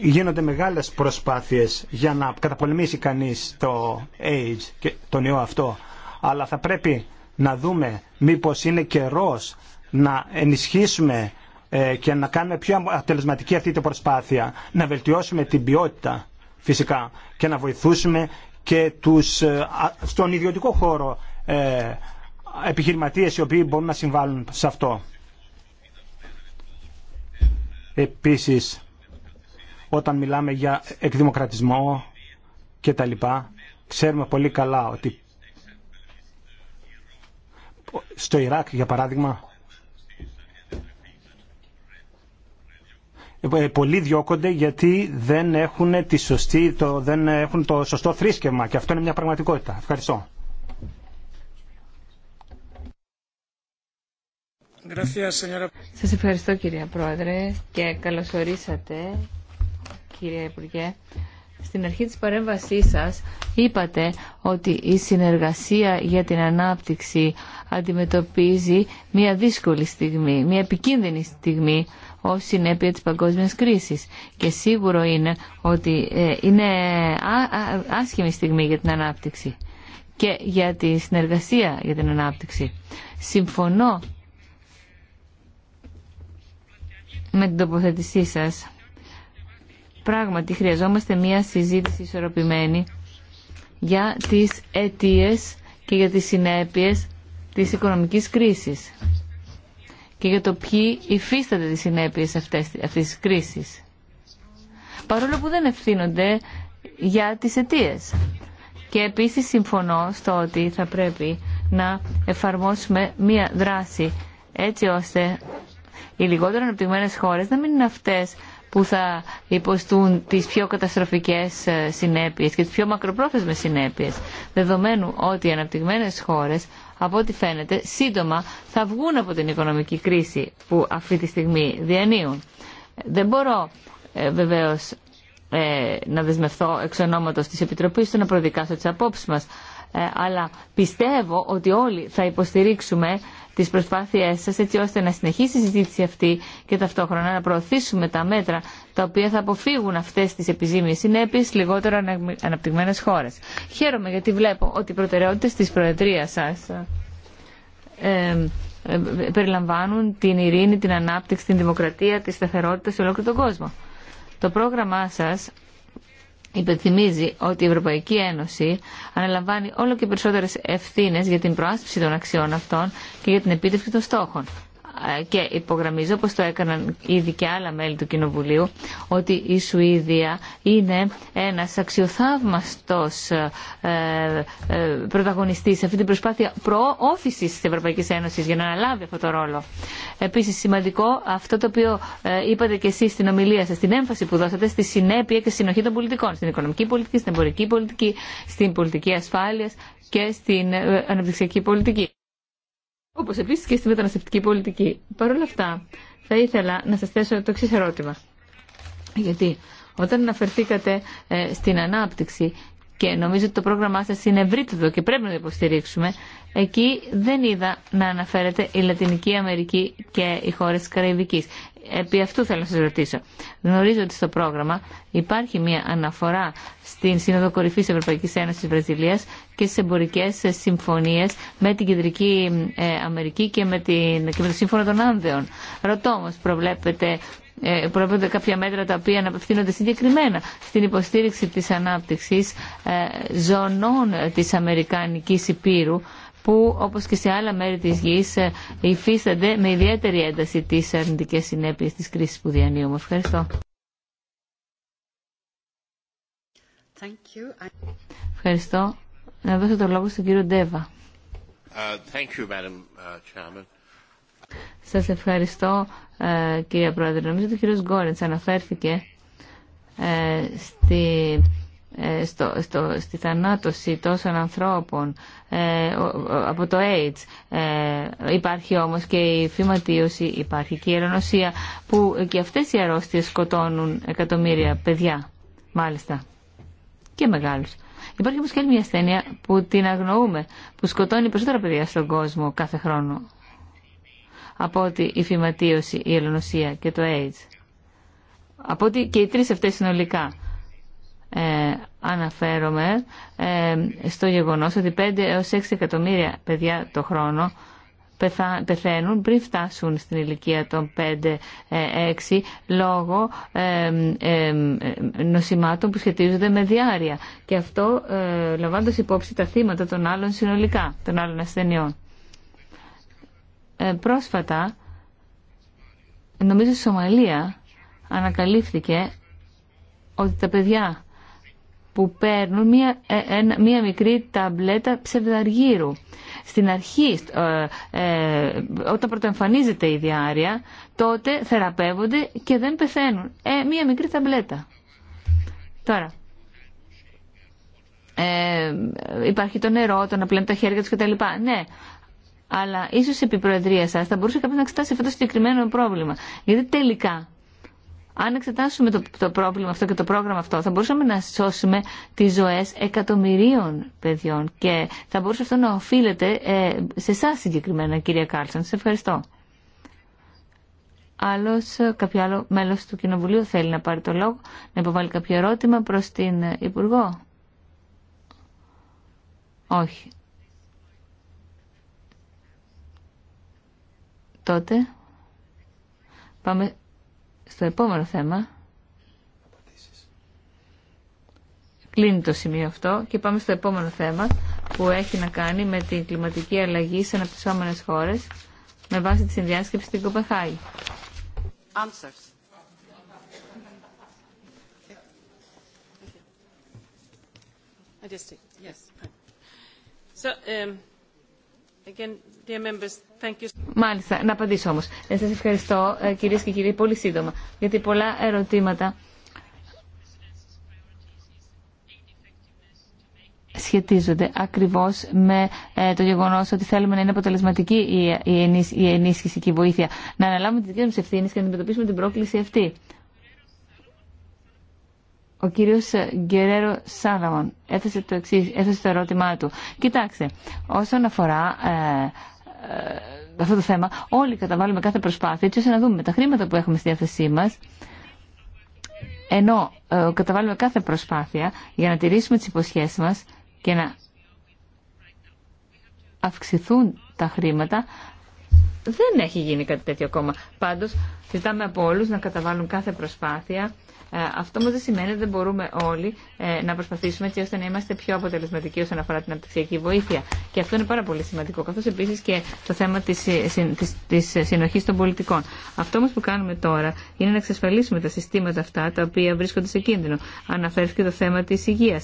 γίνονται μεγάλες προσπάθειες για να καταπολεμήσει κανείς το AIDS και τον ιό αυτό αλλά θα πρέπει να δούμε μήπως είναι καιρός να ενισχύσουμε ε, και να κάνουμε πιο αποτελεσματική αυτή την προσπάθεια, να βελτιώσουμε την ποιότητα φυσικά και να βοηθούσουμε και τους, ε, στον ιδιωτικό χώρο ε, επιχειρηματίες οι οποίοι μπορούν να συμβάλλουν σε αυτό. Επίσης, όταν μιλάμε για εκδημοκρατισμό και τα λοιπά, ξέρουμε πολύ καλά ότι στο Ιράκ για παράδειγμα ε, ε, πολλοί διώκονται γιατί δεν έχουν, τη σωστή, το, δεν έχουν το σωστό θρήσκευμα και αυτό είναι μια πραγματικότητα. Ευχαριστώ. Σας ευχαριστώ κυρία Πρόεδρε και καλωσορίσατε κύριε Υπουργέ. Στην αρχή της παρέμβασής σας είπατε ότι η συνεργασία για την ανάπτυξη αντιμετωπίζει μια δύσκολη στιγμή, μια επικίνδυνη στιγμή ως συνέπεια της παγκόσμιας κρίσης. Και σίγουρο είναι ότι ε, είναι άσχημη στιγμή για την ανάπτυξη και για τη συνεργασία για την ανάπτυξη. Συμφωνώ με την τοποθετησή σας Πράγματι, χρειαζόμαστε μια συζήτηση ισορροπημένη για τις αιτίες και για τις συνέπειες της οικονομικής κρίσης και για το ποιοι υφίσταται τις συνέπειες αυτές, αυτής της κρίσης. Παρόλο που δεν ευθύνονται για τις αιτίε. Και επίσης συμφωνώ στο ότι θα πρέπει να εφαρμόσουμε μία δράση έτσι ώστε οι λιγότερο αναπτυγμένες χώρες να μην είναι αυτές που θα υποστούν τις πιο καταστροφικές ε, συνέπειες και τις πιο μακροπρόθεσμες συνέπειες. Δεδομένου ότι οι αναπτυγμένες χώρες, από ό,τι φαίνεται, σύντομα θα βγουν από την οικονομική κρίση που αυτή τη στιγμή διανύουν. Δεν μπορώ ε, βεβαίως ε, να δεσμευθώ εξ ονόματος της Επιτροπής στο να προδικάσω τις απόψεις μας. Ε, αλλά πιστεύω ότι όλοι θα υποστηρίξουμε τις προσπάθειές σας έτσι ώστε να συνεχίσει η συζήτηση αυτή και ταυτόχρονα να προωθήσουμε τα μέτρα τα οποία θα αποφύγουν αυτές τις επιζήμιες συνέπειες λιγότερο αναπτυγμένες χώρες. Χαίρομαι γιατί βλέπω ότι οι προτεραιότητες της Προεδρίας σας ε, ε περιλαμβάνουν την ειρήνη, την ανάπτυξη, την δημοκρατία, τη σταθερότητα σε ολόκληρο τον κόσμο. Το πρόγραμμά σας υπενθυμίζει ότι η Ευρωπαϊκή Ένωση αναλαμβάνει όλο και περισσότερες ευθύνες για την προάσπιση των αξιών αυτών και για την επίτευξη των στόχων και υπογραμμίζω όπως το έκαναν ήδη και άλλα μέλη του Κοινοβουλίου ότι η Σουηδία είναι ένας αξιοθαύμαστος ε, ε, πρωταγωνιστής σε αυτή την προσπάθεια προώθησης της Ευρωπαϊκής Ένωσης για να αναλάβει αυτό το ρόλο. Επίσης σημαντικό αυτό το οποίο ε, είπατε και εσείς στην ομιλία σας, στην έμφαση που δώσατε στη συνέπεια και συνοχή των πολιτικών, στην οικονομική πολιτική, στην εμπορική πολιτική, στην πολιτική ασφάλειας και στην αναπτυξιακή πολιτική. Όπω επίση και στη μεταναστευτική πολιτική. Παρ' όλα αυτά, θα ήθελα να σας θέσω το εξή ερώτημα. Γιατί όταν αναφερθήκατε ε, στην ανάπτυξη και νομίζω ότι το πρόγραμμά σα είναι ευρύτερο και πρέπει να το υποστηρίξουμε, εκεί δεν είδα να αναφέρεται η Λατινική Αμερική και οι χώρε τη Καραϊβική. Επί αυτού θέλω να σας ρωτήσω. Γνωρίζω ότι στο πρόγραμμα υπάρχει μια αναφορά στην Σύνοδο Κορυφής Ευρωπαϊκής Ένωσης Βραζιλίας και στις εμπορικές συμφωνίες με την Κεντρική ε, Αμερική και με, την, και το Σύμφωνο των Άνδεων. Ρωτώ όμως, προβλέπετε ε, κάποια μέτρα τα οποία αναπευθύνονται συγκεκριμένα στην υποστήριξη της ανάπτυξης ε, ζωνών της Αμερικανικής Υπήρου που όπως και σε άλλα μέρη της γης ε, υφίστανται με ιδιαίτερη ένταση τις αρνητικές συνέπειες της κρίσης που διανύουμε. Ευχαριστώ. Ευχαριστώ. Να δώσω το λόγο στον κύριο Ντέβα. Uh, uh Σας ευχαριστώ κύριε Πρόεδρε. Νομίζω ότι ο κύριος Γκόρεντς αναφέρθηκε ε, στη ε, στο, στο, στη θανάτωση τόσων ανθρώπων ε, από το AIDS. Ε, υπάρχει όμως και η φυματίωση, υπάρχει και η αιρονοσία που και αυτές οι αρρώστιες σκοτώνουν εκατομμύρια παιδιά μάλιστα και μεγάλους. Υπάρχει όμως και μια ασθένεια που την αγνοούμε, που σκοτώνει περισσότερα παιδιά στον κόσμο κάθε χρόνο από ότι η φυματίωση, η αιρονοσία και το AIDS. Από ότι και οι τρεις αυτές συνολικά ε, αναφέρομαι ε, στο γεγονός ότι 5 έως 6 εκατομμύρια παιδιά το χρόνο πεθαίνουν πριν φτάσουν στην ηλικία των 5-6 ε, λόγω ε, νοσημάτων που σχετίζονται με διάρρεια. Και αυτό λαμβάνοντας υπόψη τα θύματα των άλλων συνολικά, των άλλων ασθενειών. Πρόσφατα, νομίζω στη Σομαλία ανακαλύφθηκε ότι τα παιδιά που παίρνουν μία, ε, μία μικρή ταμπλέτα ψευδαργύρου. Στην αρχή, ε, ε όταν πρωτοεμφανίζεται η διάρρεια, τότε θεραπεύονται και δεν πεθαίνουν. Ε, μία μικρή ταμπλέτα. Τώρα, ε, υπάρχει το νερό, το να πλένουν τα χέρια τους κτλ. Ναι, αλλά ίσως επί προεδρία σας θα μπορούσε κάποιος να εξετάσει αυτό το συγκεκριμένο πρόβλημα. Γιατί τελικά αν εξετάσουμε το, το πρόβλημα αυτό και το πρόγραμμα αυτό, θα μπορούσαμε να σώσουμε τι ζωέ εκατομμυρίων παιδιών και θα μπορούσε αυτό να οφείλεται ε, σε εσά συγκεκριμένα, κυρία Κάλσον. Σα ευχαριστώ. Άλλος, ε, κάποιο άλλο μέλος του Κοινοβουλίου θέλει να πάρει το λόγο, να υποβάλει κάποιο ερώτημα προς την ε, Υπουργό. Όχι. Τότε πάμε στο επόμενο θέμα. Κλείνει το σημείο αυτό και πάμε στο επόμενο θέμα που έχει να κάνει με την κλιματική αλλαγή σε αναπτυσσόμενες χώρες με βάση τη συνδιάσκεψη στην Κοπεχάγη. Um, again, Μάλιστα, να απαντήσω όμως. Ε, σας ευχαριστώ ε, κυρίες και κύριοι πολύ σύντομα, γιατί πολλά ερωτήματα σχετίζονται ακριβώς με ε, το γεγονός ότι θέλουμε να είναι αποτελεσματική η, ενίσχυση και η βοήθεια. Να αναλάβουμε τις δικές μας ευθύνες και να αντιμετωπίσουμε την πρόκληση αυτή. Ο κύριος ε, Γκερέρο Σάλαμον έθεσε το, το ερώτημά του. Κοιτάξτε, όσον αφορά ε, ε, αυτό το θέμα, όλοι καταβάλουμε κάθε προσπάθεια έτσι ώστε να δούμε τα χρήματα που έχουμε στη διάθεσή μας ενώ ε, καταβάλουμε κάθε προσπάθεια για να τηρήσουμε τις υποσχέσεις μας και να αυξηθούν τα χρήματα, δεν έχει γίνει κάτι τέτοιο ακόμα. Πάντω, ζητάμε από όλου να καταβάλουν κάθε προσπάθεια. Ε, αυτό όμω δεν σημαίνει ότι δεν μπορούμε όλοι ε, να προσπαθήσουμε έτσι ώστε να είμαστε πιο αποτελεσματικοί όσον αφορά την αναπτυξιακή βοήθεια. Και αυτό είναι πάρα πολύ σημαντικό, καθώ επίση και το θέμα τη ε, της, της συνοχή των πολιτικών. Αυτό όμω που κάνουμε τώρα είναι να εξασφαλίσουμε τα συστήματα αυτά τα οποία βρίσκονται σε κίνδυνο. Αναφέρθηκε το θέμα τη υγεία,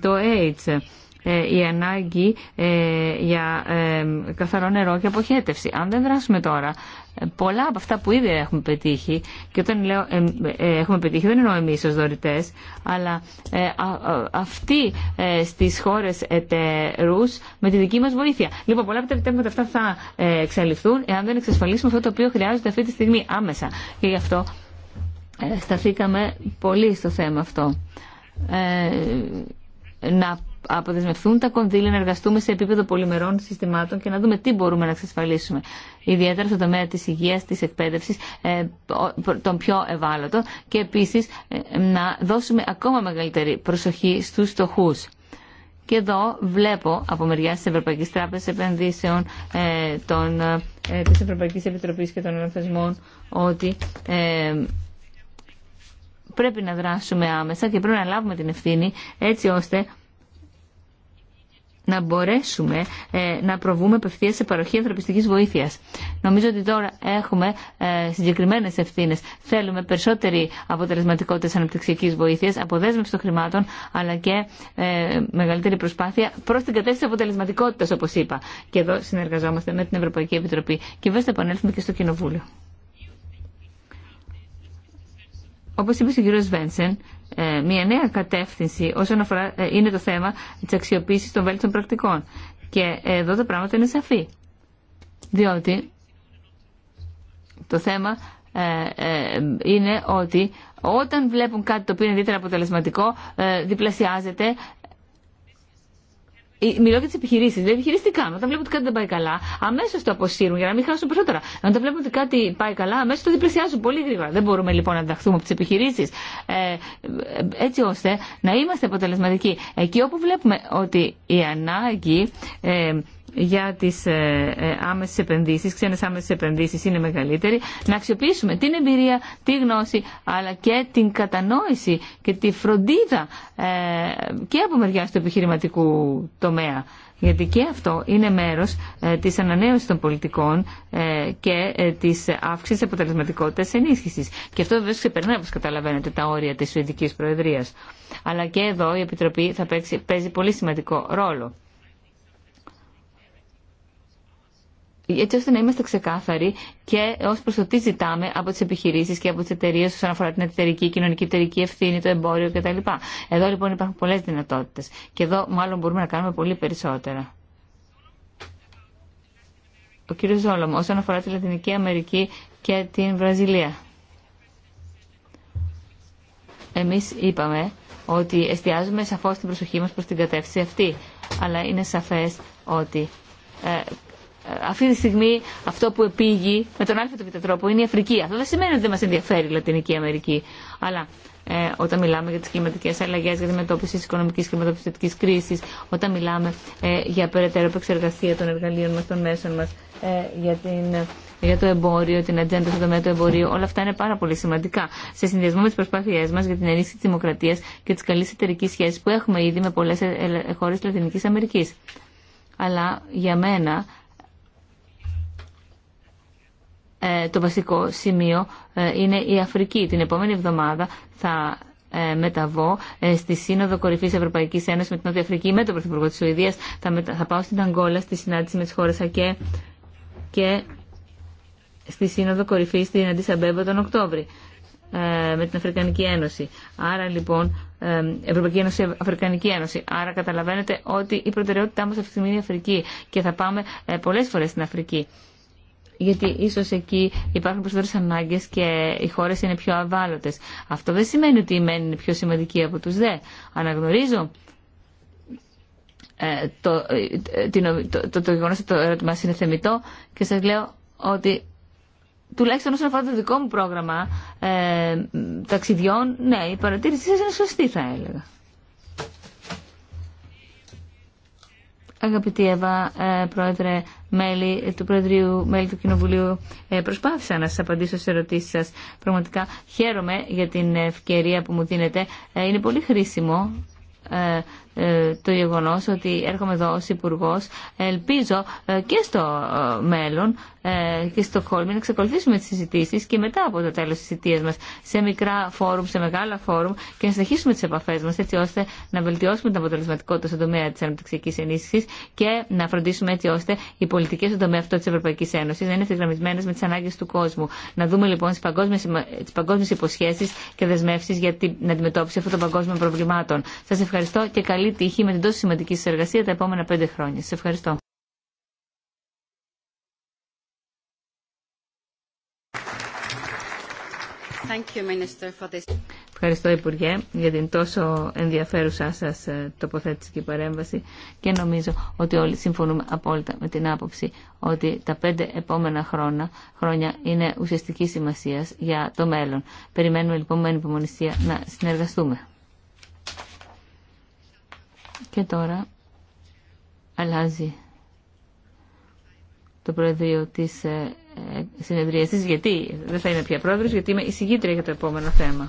το AIDS ε, η ανάγκη ε, για ε, καθαρό νερό και αποχέτευση. Αν δεν δράσουμε τώρα, πολλά από αυτά που ήδη έχουμε πετύχει, και όταν λέω έχουμε πετύχει δεν εννοώ εμεί ω δωρητέ, αλλά αυτοί στι χώρε εταιρού με τη δική μα βοήθεια. Λοιπόν, πολλά από τα επιτεύγματα αυτά θα εξαλειφθούν εάν δεν εξασφαλίσουμε αυτό το οποίο χρειάζεται αυτή τη στιγμή άμεσα. Και γι' αυτό σταθήκαμε πολύ στο θέμα αυτό. να αποδεσμευθούν τα κονδύλια, να εργαστούμε σε επίπεδο πολυμερών συστημάτων και να δούμε τι μπορούμε να εξασφαλίσουμε. Ιδιαίτερα στο τομέα τη υγεία, τη εκπαίδευση, ε, τον πιο ευάλωτο και επίση ε, να δώσουμε ακόμα μεγαλύτερη προσοχή στου στοχού. Και εδώ βλέπω από μεριά τη Ευρωπαϊκή Τράπεζα Επενδύσεων, ε, των, ε, της Ευρωπαϊκής Επιτροπής και των Ελευθεσμών ότι ε, πρέπει να δράσουμε άμεσα και πρέπει να λάβουμε την ευθύνη έτσι ώστε να μπορέσουμε ε, να προβούμε απευθεία σε παροχή ανθρωπιστικής βοήθειας. Νομίζω ότι τώρα έχουμε ε, συγκεκριμένες ευθύνες. Θέλουμε περισσότερη αποτελεσματικότητα της αναπτυξιακής βοήθειας, αποδέσμευση των χρημάτων, αλλά και ε, μεγαλύτερη προσπάθεια προς την κατεύθυνση αποτελεσματικότητας, όπως είπα. Και εδώ συνεργαζόμαστε με την Ευρωπαϊκή Επιτροπή. Και βέβαια θα επανέλθουμε και στο Κοινοβούλιο. Όπως είπε ο κ. Βένσεν, ε, μια νέα κατεύθυνση όσον αφορά ε, είναι το θέμα της αξιοποίησης των βέλτιστων πρακτικών. Και εδώ τα πράγματα είναι σαφή. Διότι το θέμα ε, είναι ότι όταν βλέπουν κάτι το οποίο είναι ιδιαίτερα αποτελεσματικό, διπλασιάζεται ε, Μιλώ για τι επιχειρήσει. Δηλαδή, κάνουν. όταν βλέπουν ότι κάτι δεν πάει καλά, αμέσω το αποσύρουν για να μην χάσουν περισσότερα. Όταν βλέπουν ότι κάτι πάει καλά, αμέσω το διπλασιάζουν πολύ γρήγορα. Δεν μπορούμε λοιπόν να ανταχθούμε από τι επιχειρήσει. Ε, ε, έτσι ώστε να είμαστε αποτελεσματικοί. Εκεί όπου βλέπουμε ότι η ανάγκη. Ε, για τις ε, ε, άμεσες επενδύσεις, ξένες άμεσε επενδύσει είναι μεγαλύτερη, να αξιοποιήσουμε την εμπειρία, τη γνώση, αλλά και την κατανόηση και τη φροντίδα ε, και από μεριά του επιχειρηματικού τομέα. Γιατί και αυτό είναι μέρος της ανανέωσης των πολιτικών και της αύξησης αποτελεσματικότητας ενίσχυσης. Και αυτό βεβαίως ξεπερνά, όπως καταλαβαίνετε, τα όρια της Σουηδικής Προεδρίας. Αλλά και εδώ η Επιτροπή θα παίξει, παίζει πολύ σημαντικό ρόλο. έτσι ώστε να είμαστε ξεκάθαροι και ω προ το τι ζητάμε από τι επιχειρήσει και από τι εταιρείε όσον αφορά την εταιρική, κοινωνική εταιρική ευθύνη, το εμπόριο κτλ. Εδώ λοιπόν υπάρχουν πολλέ δυνατότητε και εδώ μάλλον μπορούμε να κάνουμε πολύ περισσότερα. Ο κύριο Ζόλομ, όσον αφορά τη Λατινική Αμερική και την Βραζιλία. Εμείς είπαμε ότι εστιάζουμε σαφώς την προσοχή μας προς την κατεύθυνση αυτή, αλλά είναι σαφές ότι ε, αυτή τη στιγμή αυτό που επήγει με τον άλφα τρόπο είναι η Αφρική. Αυτό δεν σημαίνει ότι δεν μα ενδιαφέρει η Λατινική Αμερική. Αλλά ε, όταν μιλάμε για τι κλιματικέ αλλαγέ, για τη μετώπιση τη οικονομική και μεταπιστωτικής κρίση, όταν μιλάμε ε, για περαιτέρω επεξεργασία των εργαλείων μα των μέσων μα ε, για για το εμπόριο, την ατζέντα στον τομέα του εμπορίου. Όλα αυτά είναι πάρα πολύ σημαντικά. Σε συνδυασμό με τι προσπάθειέ μα για την ενίσχυση τη δημοκρατία και τι καλή εταιρικέ σχέσει που έχουμε ήδη με πολλέ ε, χώρε Λατινική Αμερική. Αλλά για μένα ε, το βασικό σημείο ε, είναι η Αφρική. Την επόμενη εβδομάδα θα ε, μεταβώ στη Σύνοδο Κορυφή Ευρωπαϊκή Ένωση με την Νότια Αφρική με τον Πρωθυπουργό τη Σουηδία. Θα, θα πάω στην Αγκόλα στη συνάντηση με τι χώρε ΑΚΕ και στη Σύνοδο Κορυφή στην Αντισαμπέμπα τον Οκτώβρη με την Αφρικανική Ένωση. Άρα λοιπόν, Ευρωπαϊκή Ένωση, Αφρικανική Ένωση. Άρα καταλαβαίνετε ότι η προτεραιότητά μα αυτή τη στιγμή είναι η Αφρική και θα πάμε πολλέ φορέ στην Αφρική γιατί ίσως εκεί υπάρχουν περισσότερες ανάγκες και οι χώρες είναι πιο αβάλλοντες. Αυτό δεν σημαίνει ότι η ΜΕΝ είναι πιο σημαντική από τους ΔΕ. Αναγνωρίζω ε, το, ε, το, το, το γεγονός ότι το ερώτημά είναι θεμητό και σας λέω ότι τουλάχιστον όσον αφορά το δικό μου πρόγραμμα ε, ταξιδιών, ναι, η παρατήρησή σας είναι σωστή θα έλεγα. Αγαπητή Εύα, ε, Πρόεδρε, μέλη του Προεδρείου, μέλη του Κοινοβουλίου ε, προσπάθησα να σα απαντήσω σε ερωτήσει σα Πραγματικά χαίρομαι για την ευκαιρία που μου δίνετε. Ε, είναι πολύ χρήσιμο ε, ε, το γεγονός ότι έρχομαι εδώ ως υπουργό. Ελπίζω ε, και στο ε, μέλλον και στο Χόλμη να ξεκολουθήσουμε τις συζητήσεις και μετά από το τέλος της θητείας μας σε μικρά φόρουμ, σε μεγάλα φόρουμ και να συνεχίσουμε τις επαφές μας έτσι ώστε να βελτιώσουμε την αποτελεσματικότητα στον τομέα της αναπτυξιακής ενίσχυσης και να φροντίσουμε έτσι ώστε οι πολιτικές στον τομέα αυτό της Ευρωπαϊκής Ένωσης να είναι ευθυγραμμισμένες με τις ανάγκες του κόσμου. Να δούμε λοιπόν τις παγκόσμιες, τις και δεσμεύσεις για την αντιμετώπιση αυτών των παγκόσμιων προβλημάτων. Σας ευχαριστώ και καλή καλή τύχη με την τόσο σημαντική συνεργασία τα επόμενα πέντε χρόνια. Σε ευχαριστώ. Ευχαριστώ, Υπουργέ, για την τόσο ενδιαφέρουσα σα ε, τοποθέτηση και παρέμβαση και νομίζω ότι όλοι συμφωνούμε απόλυτα με την άποψη ότι τα πέντε επόμενα χρόνια, είναι ουσιαστική σημασία για το μέλλον. Περιμένουμε λοιπόν με ανυπομονησία να συνεργαστούμε. Και τώρα αλλάζει το Προεδρείο της ε, ε, συνεδρίας της, γιατί δεν θα είναι πια πρόεδρος, γιατί είμαι εισηγήτρια για το επόμενο θέμα.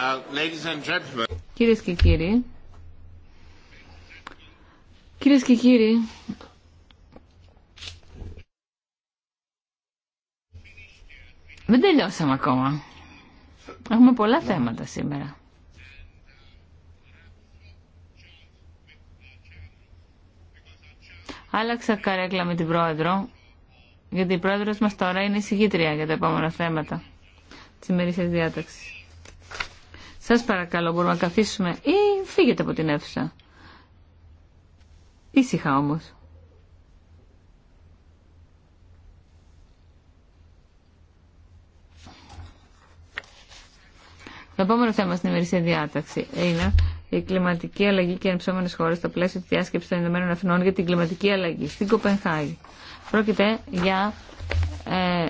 Uh, κυρίες και κύριοι, Κυρίες και κύριοι, δεν τελειώσαμε ακόμα. Έχουμε πολλά θέματα σήμερα. Άλλαξα καρέκλα με την πρόεδρο, γιατί η πρόεδρος μας τώρα είναι η για τα επόμενα θέματα της ημερήσιας διάταξης. Σας παρακαλώ, μπορούμε να καθίσουμε ή φύγετε από την αίθουσα. Ήσυχα όμως. Το επόμενο θέμα στην ημερήσια διάταξη είναι η κλιματική αλλαγή και οι ενυψόμενε χώρε στο πλαίσιο τη διάσκεψη των Ηνωμένων Εθνών για την κλιματική αλλαγή στην Κοπενχάγη. Πρόκειται για ε,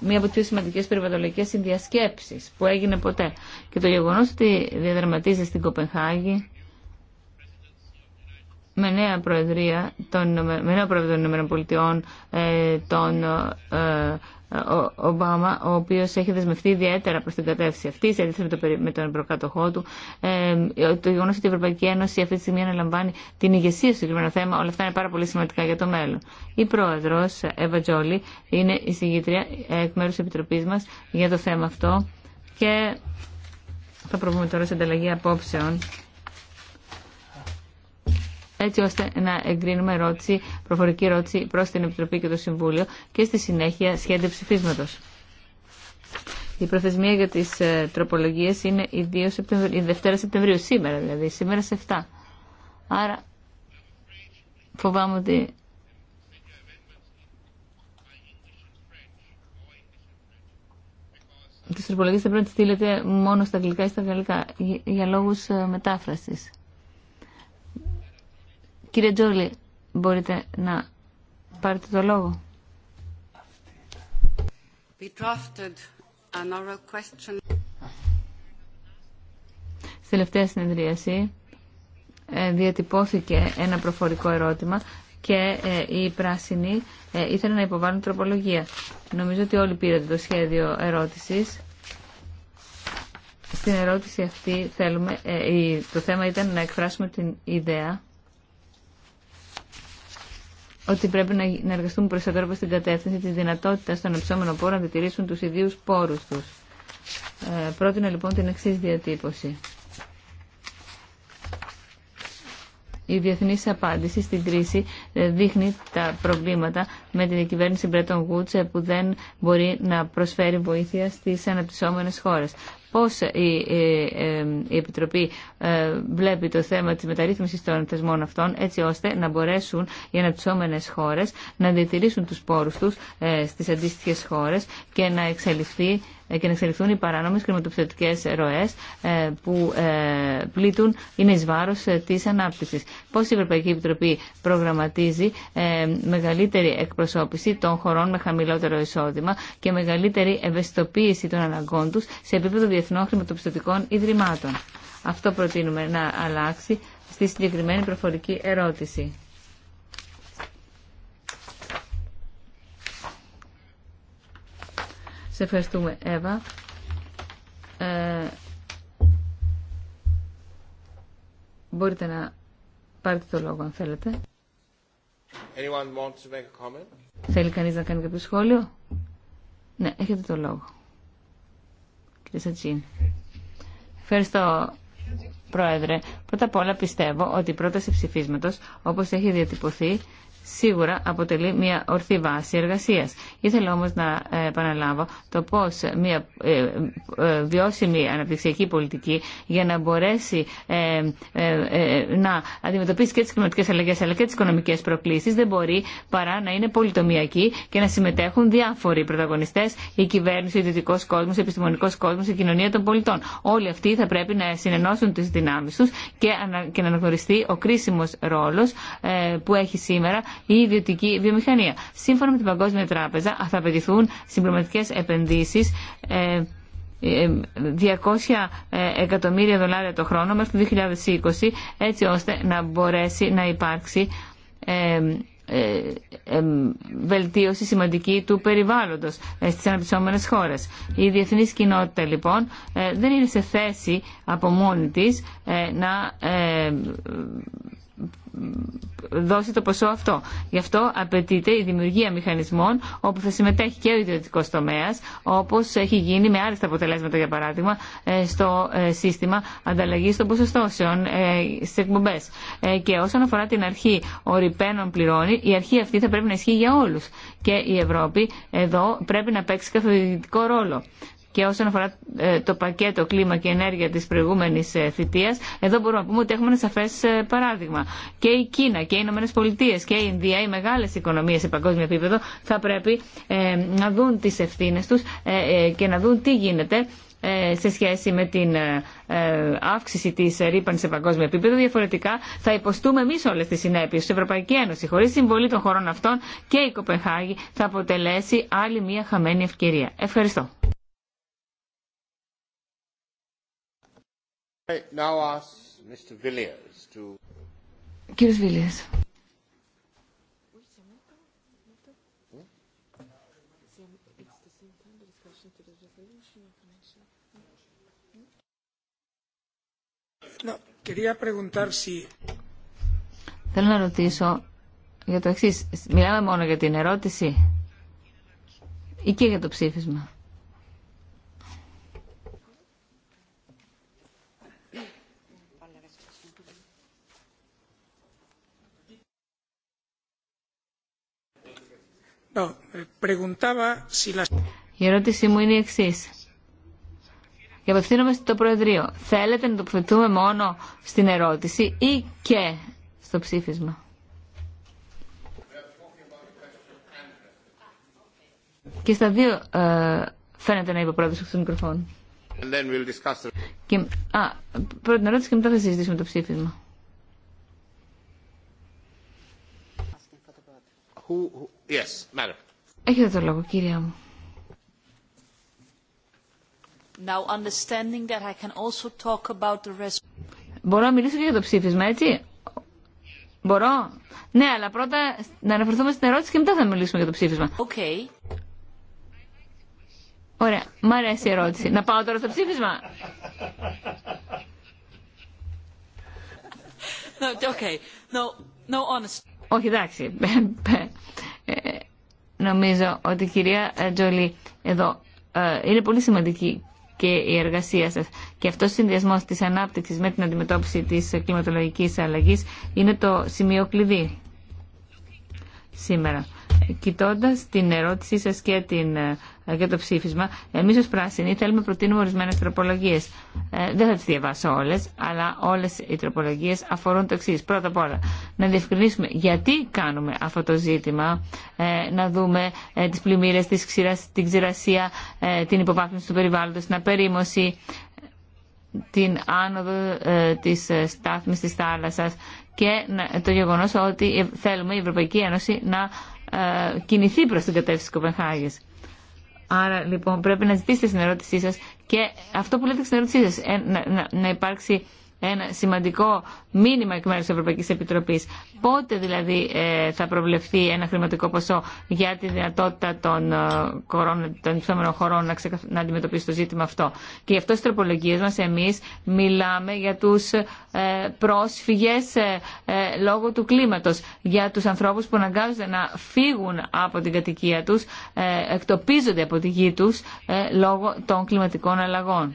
μία από τι πιο σημαντικέ περιβαλλοντικέ συνδιασκέψει που έγινε ποτέ. Και το γεγονό ότι διαδραματίζει στην Κοπενχάγη με νέα προεδρία των, με νέα προεδρία των ΗΠΑ, των ο Ομπάμα, ο οποίο έχει δεσμευτεί ιδιαίτερα προ την κατεύθυνση αυτή, σε αντίθεση με τον προκατοχό του, το γεγονό ότι η Ευρωπαϊκή Ένωση αυτή τη στιγμή αναλαμβάνει την ηγεσία στο συγκεκριμένο θέμα, όλα αυτά είναι πάρα πολύ σημαντικά για το μέλλον. Η πρόεδρος, Εύα Τζόλι, είναι η συγγήτρια εκ μέρου της Επιτροπής μας για το θέμα αυτό και θα προβούμε τώρα σε ανταλλαγή απόψεων έτσι ώστε να εγκρίνουμε ερώτηση, προφορική ερώτηση προ την Επιτροπή και το Συμβούλιο και στη συνέχεια σχέδιο ψηφίσματος. Η προθεσμία για τις ε, τροπολογίες είναι η, 2 Σεπτεμβρίου, η Δευτέρα Σεπτεμβρίου, σήμερα δηλαδή, σήμερα σε 7. Άρα φοβάμαι ότι τις τροπολογίες θα πρέπει να τις στείλετε μόνο στα αγγλικά ή στα γαλλικά για λόγους ε, μετάφρασης. Κύριε Τζόλι, μπορείτε να πάρετε το λόγο. Στη τελευταία συνεδρίαση ε, διατυπώθηκε ένα προφορικό ερώτημα και ε, οι πράσινοι ε, ήθελαν να υποβάλουν τροπολογία. Νομίζω ότι όλοι πήρατε το σχέδιο ερώτησης. Στην ερώτηση αυτή θέλουμε, το θέμα ήταν να εκφράσουμε την ιδέα ότι πρέπει να εργαστούν περισσότερο στην κατεύθυνση της δυνατότητας των εψόμενων πόρων να διατηρήσουν τους ιδίους πόρους τους. Ε, πρότεινα λοιπόν την εξή διατύπωση. Η διεθνή απάντηση στην κρίση ε, δείχνει τα προβλήματα με την κυβέρνηση Bretton Woods ε, που δεν μπορεί να προσφέρει βοήθεια στι αναπτυσσόμενε χώρε πώς η ε, ε, Επιτροπή ε, βλέπει το θέμα της μεταρρύθμισης των θεσμών αυτών έτσι ώστε να μπορέσουν οι αναπτυσσόμενες χώρες να διατηρήσουν τους πόρους τους στις αντίστοιχες χώρες και να εξελιχθεί ε, και να εξελιχθούν οι παράνομε χρηματοπιστωτικέ ροέ ε, που ε, πλήττουν, είναι ει βάρο τη ανάπτυξη. Πώς η Ευρωπαϊκή Επιτροπή προγραμματίζει μεγαλύτερη εκπροσώπηση των χωρών με χαμηλότερο εισόδημα και μεγαλύτερη ευαισθητοποίηση των αναγκών του σε επίπεδο διεθνών χρηματοπιστωτικών ιδρυμάτων. Αυτό προτείνουμε να αλλάξει στη συγκεκριμένη προφορική ερώτηση. Σε ευχαριστούμε, Εύα. Ε, μπορείτε να πάρετε το λόγο αν θέλετε. Θέλει κανείς να κάνει κάποιο σχόλιο. Ναι, έχετε το λόγο. Κύριε Σατσίν. Ευχαριστώ, Πρόεδρε. Πρώτα απ' όλα πιστεύω ότι η πρόταση ψηφίσματος, όπως έχει διατυπωθεί, σίγουρα αποτελεί μια ορθή βάση εργασίας. Ήθελα όμως να ε, επαναλάβω το πώς μια ε, ε, βιώσιμη αναπτυξιακή πολιτική για να μπορέσει να αντιμετωπίσει και τις κλιματικές αλλαγές αλλά και τις οικονομικές προκλήσεις δεν μπορεί παρά να είναι πολυτομιακή και να συμμετέχουν διάφοροι πρωταγωνιστές, η κυβέρνηση, ο ιδιωτικό κόσμο, ο επιστημονικό κόσμο, η κοινωνία των πολιτών. Όλοι αυτοί θα πρέπει να συνενώσουν τις δυνάμεις τους και να αναγνωριστεί ο κρίσιμος ρόλος που έχει σήμερα η ιδιωτική βιομηχανία. Σύμφωνα με την Παγκόσμια Τράπεζα θα απαιτηθούν συμπληρωματικέ επενδύσει 200 ε, ε, ε, εκατομμύρια δολάρια το χρόνο μέχρι το 2020 έτσι ώστε να μπορέσει να υπάρξει βελτίωση σημαντική του περιβάλλοντος στις αναπτυσσόμενες χώρες. Η διεθνής κοινότητα λοιπόν δεν είναι σε θέση από μόνη της να δώσει το ποσό αυτό. Γι' αυτό απαιτείται η δημιουργία μηχανισμών όπου θα συμμετέχει και ο ιδιωτικό τομέα, όπω έχει γίνει με άριστα αποτελέσματα, για παράδειγμα, ε, στο ε, σύστημα ανταλλαγή των ποσοστώσεων ε, στι εκπομπέ. Και όσον αφορά την αρχή Ριπένον πληρώνει, η αρχή αυτή θα πρέπει να ισχύει για όλου. Και η Ευρώπη εδώ πρέπει να παίξει καθοδηγητικό ρόλο και όσον αφορά ε, το πακέτο κλίμα και ενέργεια της προηγούμενης ε, θητείας, εδώ μπορούμε να πούμε ότι έχουμε ένα σαφές ε, παράδειγμα. Και η Κίνα και οι Ηνωμένε Πολιτείε και η Ινδία, οι μεγάλες οικονομίες σε παγκόσμιο επίπεδο, θα πρέπει να δουν τις ευθύνε τους και να δουν τι γίνεται σε σχέση με την αύξηση τη ρήπανση σε παγκόσμιο επίπεδο. Διαφορετικά θα υποστούμε εμεί όλε τι συνέπειε. Στην Ευρωπαϊκή Ένωση, χωρί συμβολή των χωρών αυτών και η Κοπενχάγη θα αποτελέσει άλλη μια χαμένη ευκαιρία. Ευχαριστώ. Κύριος Βίλιας. Θέλω να ρωτήσω για το εξής. Μιλάμε μόνο για την ερώτηση ή και για το ψήφισμα. Eh, η ερώτησή μου είναι η εξή. Και απευθύνομαι στο Προεδρείο. Θέλετε να τοποθετούμε μόνο στην ερώτηση ή και στο ψήφισμα. Και στα δύο ε, φαίνεται να είπε ο πρόεδρος εξ We'll Και, α, πρώτη ερώτηση και μετά θα συζητήσουμε το ψήφισμα. Yes, madam. Έχετε το λόγο, κυρία μου. Now understanding that I can also talk about the rest... Μπορώ να μιλήσω και για το ψήφισμα, έτσι. Μπορώ. Ναι, αλλά πρώτα να αναφερθούμε στην ερώτηση και μετά θα μιλήσουμε για το ψήφισμα. Okay. Ωραία. Μ' αρέσει η ερώτηση. Να πάω τώρα στο ψήφισμα. No, okay. no, no, Όχι, εντάξει. Νομίζω ότι η κυρία ε, Τζολή, εδώ ε, είναι πολύ σημαντική και η εργασία σας. Και αυτός ο συνδυασμός της ανάπτυξης με την αντιμετώπιση της κλιματολογικής αλλαγής είναι το σημείο κλειδί σήμερα. Κοιτώντα την ερώτησή σα και, ε, το ψήφισμα, εμεί ω πράσινοι θέλουμε να προτείνουμε ορισμένε τροπολογίε. Ε, δεν θα τι διαβάσω όλε, αλλά όλε οι τροπολογίε αφορούν το εξή. Πρώτα απ' όλα, να διευκρινίσουμε γιατί κάνουμε αυτό το ζήτημα, ε, να δούμε ε, τι πλημμύρε, την ξηρασία, την υποβάθμιση του περιβάλλοντο, την απερίμωση, την άνοδο της στάθμης της θάλασσας και το γεγονός ότι θέλουμε η Ευρωπαϊκή Ένωση να ε, κινηθεί προς την κατεύθυνση της Άρα λοιπόν πρέπει να ζητήσετε στην ερώτησή σας και αυτό που λέτε στην ερώτησή σας, ε, να, να, να υπάρξει ένα σημαντικό μήνυμα εκ μέρους της Ευρωπαϊκής Επιτροπής. Πότε δηλαδή ε, θα προβλεφθεί ένα χρηματικό ποσό για τη δυνατότητα των, ε, κορών, των υψόμενων χωρών να, αντιμετωπίσει το ζήτημα αυτό. Και γι' αυτό στις τροπολογίε μας εμείς μιλάμε για του ε, πρόσφυγε λόγω του κλίματος. για του ανθρώπους που αναγκάζονται να φύγουν από την κατοικία τους, εκτοπίζονται από τη γη του λόγω των κλιματικών αλλαγών.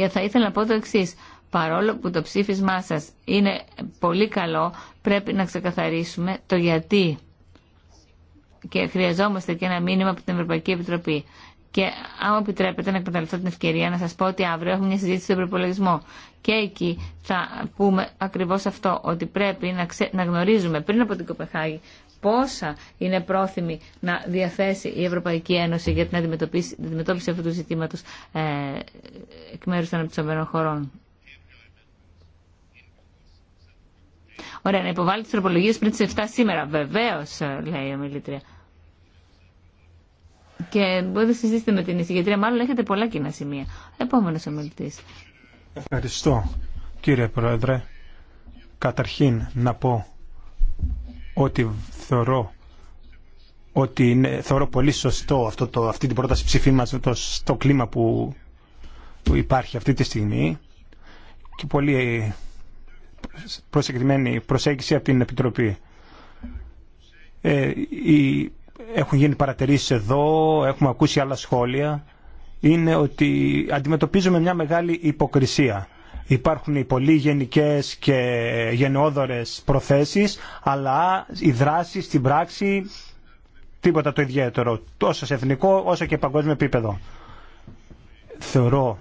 Και θα ήθελα να πω το εξή. Παρόλο που το ψήφισμά σα είναι πολύ καλό, πρέπει να ξεκαθαρίσουμε το γιατί. Και χρειαζόμαστε και ένα μήνυμα από την Ευρωπαϊκή Επιτροπή. Και άμα επιτρέπετε να εκμεταλλευτώ την ευκαιρία να σας πω ότι αύριο έχουμε μια συζήτηση στον προπολογισμό. Και εκεί θα πούμε ακριβώς αυτό, ότι πρέπει να, να γνωρίζουμε πριν από την Κοπεχάγη πόσα είναι πρόθυμη να διαθέσει η Ευρωπαϊκή Ένωση για την αντιμετώπιση αυτού του ζητήματο ε, εκ μέρου των αναπτυσσόμενων χωρών. Ωραία, να υποβάλει τι τροπολογίε πριν τι 7 σήμερα. Βεβαίω, ε, λέει η ομιλήτρια. Και μπορείτε να συζητήσετε με την εισηγητρία. Μάλλον έχετε πολλά κοινά σημεία. Επόμενο ομιλητή. Ευχαριστώ, κύριε Πρόεδρε. Καταρχήν να πω ότι θεωρώ ότι είναι, θεωρώ πολύ σωστό αυτό το, αυτή την πρόταση ψηφίματος στο κλίμα που, που υπάρχει αυτή τη στιγμή και πολύ ε, προσεκτημένη προσέγγιση από την Επιτροπή. Ε, έχουν γίνει παρατηρήσεις εδώ, έχουμε ακούσει άλλα σχόλια. Είναι ότι αντιμετωπίζουμε μια μεγάλη υποκρισία υπάρχουν οι πολύ γενικές και γενναιόδορες προθέσεις, αλλά η δράση στην πράξη τίποτα το ιδιαίτερο, τόσο σε εθνικό όσο και παγκόσμιο επίπεδο. Θεωρώ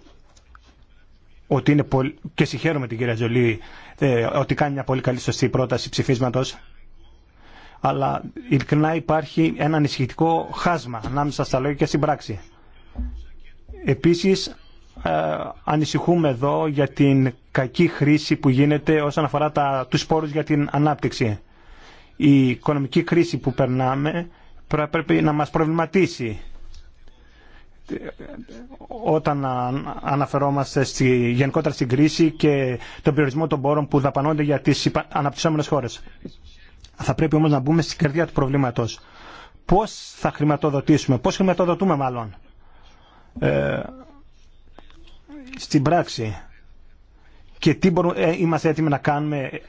ότι είναι πολύ... και συγχαίρομαι την κυρία Ζολή ε, ότι κάνει μια πολύ καλή σωστή πρόταση ψηφίσματος αλλά ειλικρινά υπάρχει ένα ανησυχητικό χάσμα ανάμεσα στα λόγια και στην πράξη. Επίσης ε, ανησυχούμε εδώ για την κακή χρήση που γίνεται όσον αφορά τα, τους σπόρους για την ανάπτυξη. Η οικονομική κρίση που περνάμε πρέπει να μας προβληματίσει όταν αναφερόμαστε στη, γενικότερα στην κρίση και τον περιορισμό των πόρων που δαπανώνται για τις αναπτυσσόμενες χώρες. Θα πρέπει όμως να μπούμε στην καρδιά του προβλήματος. Πώς θα χρηματοδοτήσουμε, πώς χρηματοδοτούμε μάλλον. Ε, στην πράξη και τι μπορούμε, ε, είμαστε έτοιμοι να κάνουμε ε,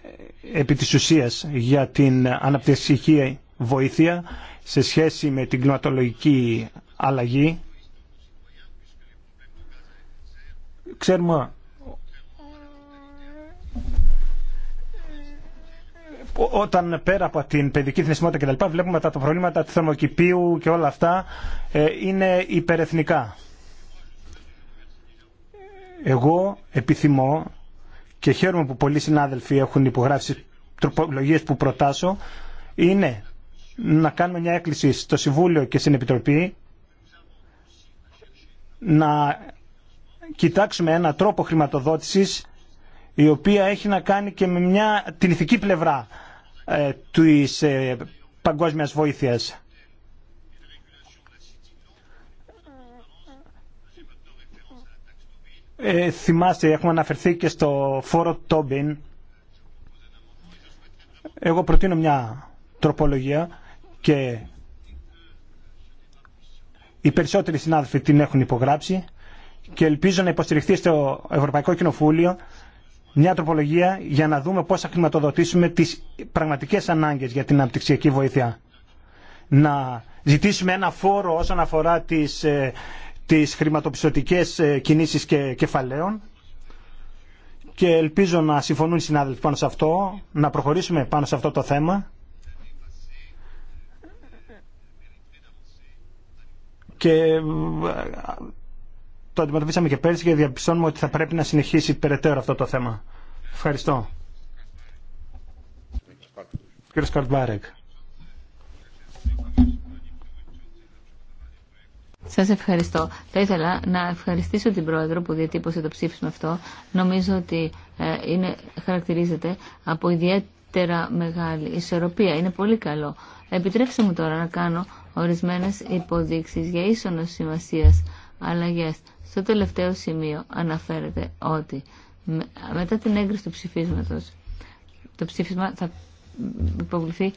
επί της ουσίας για την αναπτυξιακή βοήθεια σε σχέση με την κλιματολογική αλλαγή. Ξέρουμε όταν πέρα από την παιδική θνησιμότητα λοιπά βλέπουμε τα προβλήματα του θερμοκηπίου και όλα αυτά ε, είναι υπερεθνικά. Εγώ επιθυμώ και χαίρομαι που πολλοί συνάδελφοι έχουν υπογράψει τροπολογίες που προτάσω είναι να κάνουμε μια έκκληση στο Συμβούλιο και στην Επιτροπή να κοιτάξουμε ένα τρόπο χρηματοδότησης η οποία έχει να κάνει και με μια, την ηθική πλευρά ε, της ε, παγκόσμιας βοήθειας. Ε, θυμάστε, έχουμε αναφερθεί και στο φόρο Τόμπιν. Εγώ προτείνω μια τροπολογία και οι περισσότεροι συνάδελφοι την έχουν υπογράψει και ελπίζω να υποστηριχθεί στο Ευρωπαϊκό Κοινοβούλιο μια τροπολογία για να δούμε πώς θα χρηματοδοτήσουμε τις πραγματικές ανάγκες για την αναπτυξιακή βοήθεια. Να ζητήσουμε ένα φόρο όσον αφορά τις ε, τις χρηματοπιστωτικές ε, κινήσεις και κεφαλαίων και ελπίζω να συμφωνούν οι συνάδελφοι πάνω σε αυτό, να προχωρήσουμε πάνω σε αυτό το θέμα και ε, το αντιμετωπίσαμε και πέρσι και διαπιστώνουμε ότι θα πρέπει να συνεχίσει περαιτέρω αυτό το θέμα. Ευχαριστώ. Κύριος σας ευχαριστώ. Θα ήθελα να ευχαριστήσω την Πρόεδρο που διατύπωσε το ψήφισμα αυτό. Νομίζω ότι ε, είναι, χαρακτηρίζεται από ιδιαίτερα μεγάλη ισορροπία. Είναι πολύ καλό. Επιτρέψτε μου τώρα να κάνω ορισμένες υποδείξεις για ίσονος σημασίας αλλαγές. Στο τελευταίο σημείο αναφέρεται ότι μετά την έγκριση του ψηφίσματος το ψήφισμα θα υποβληθεί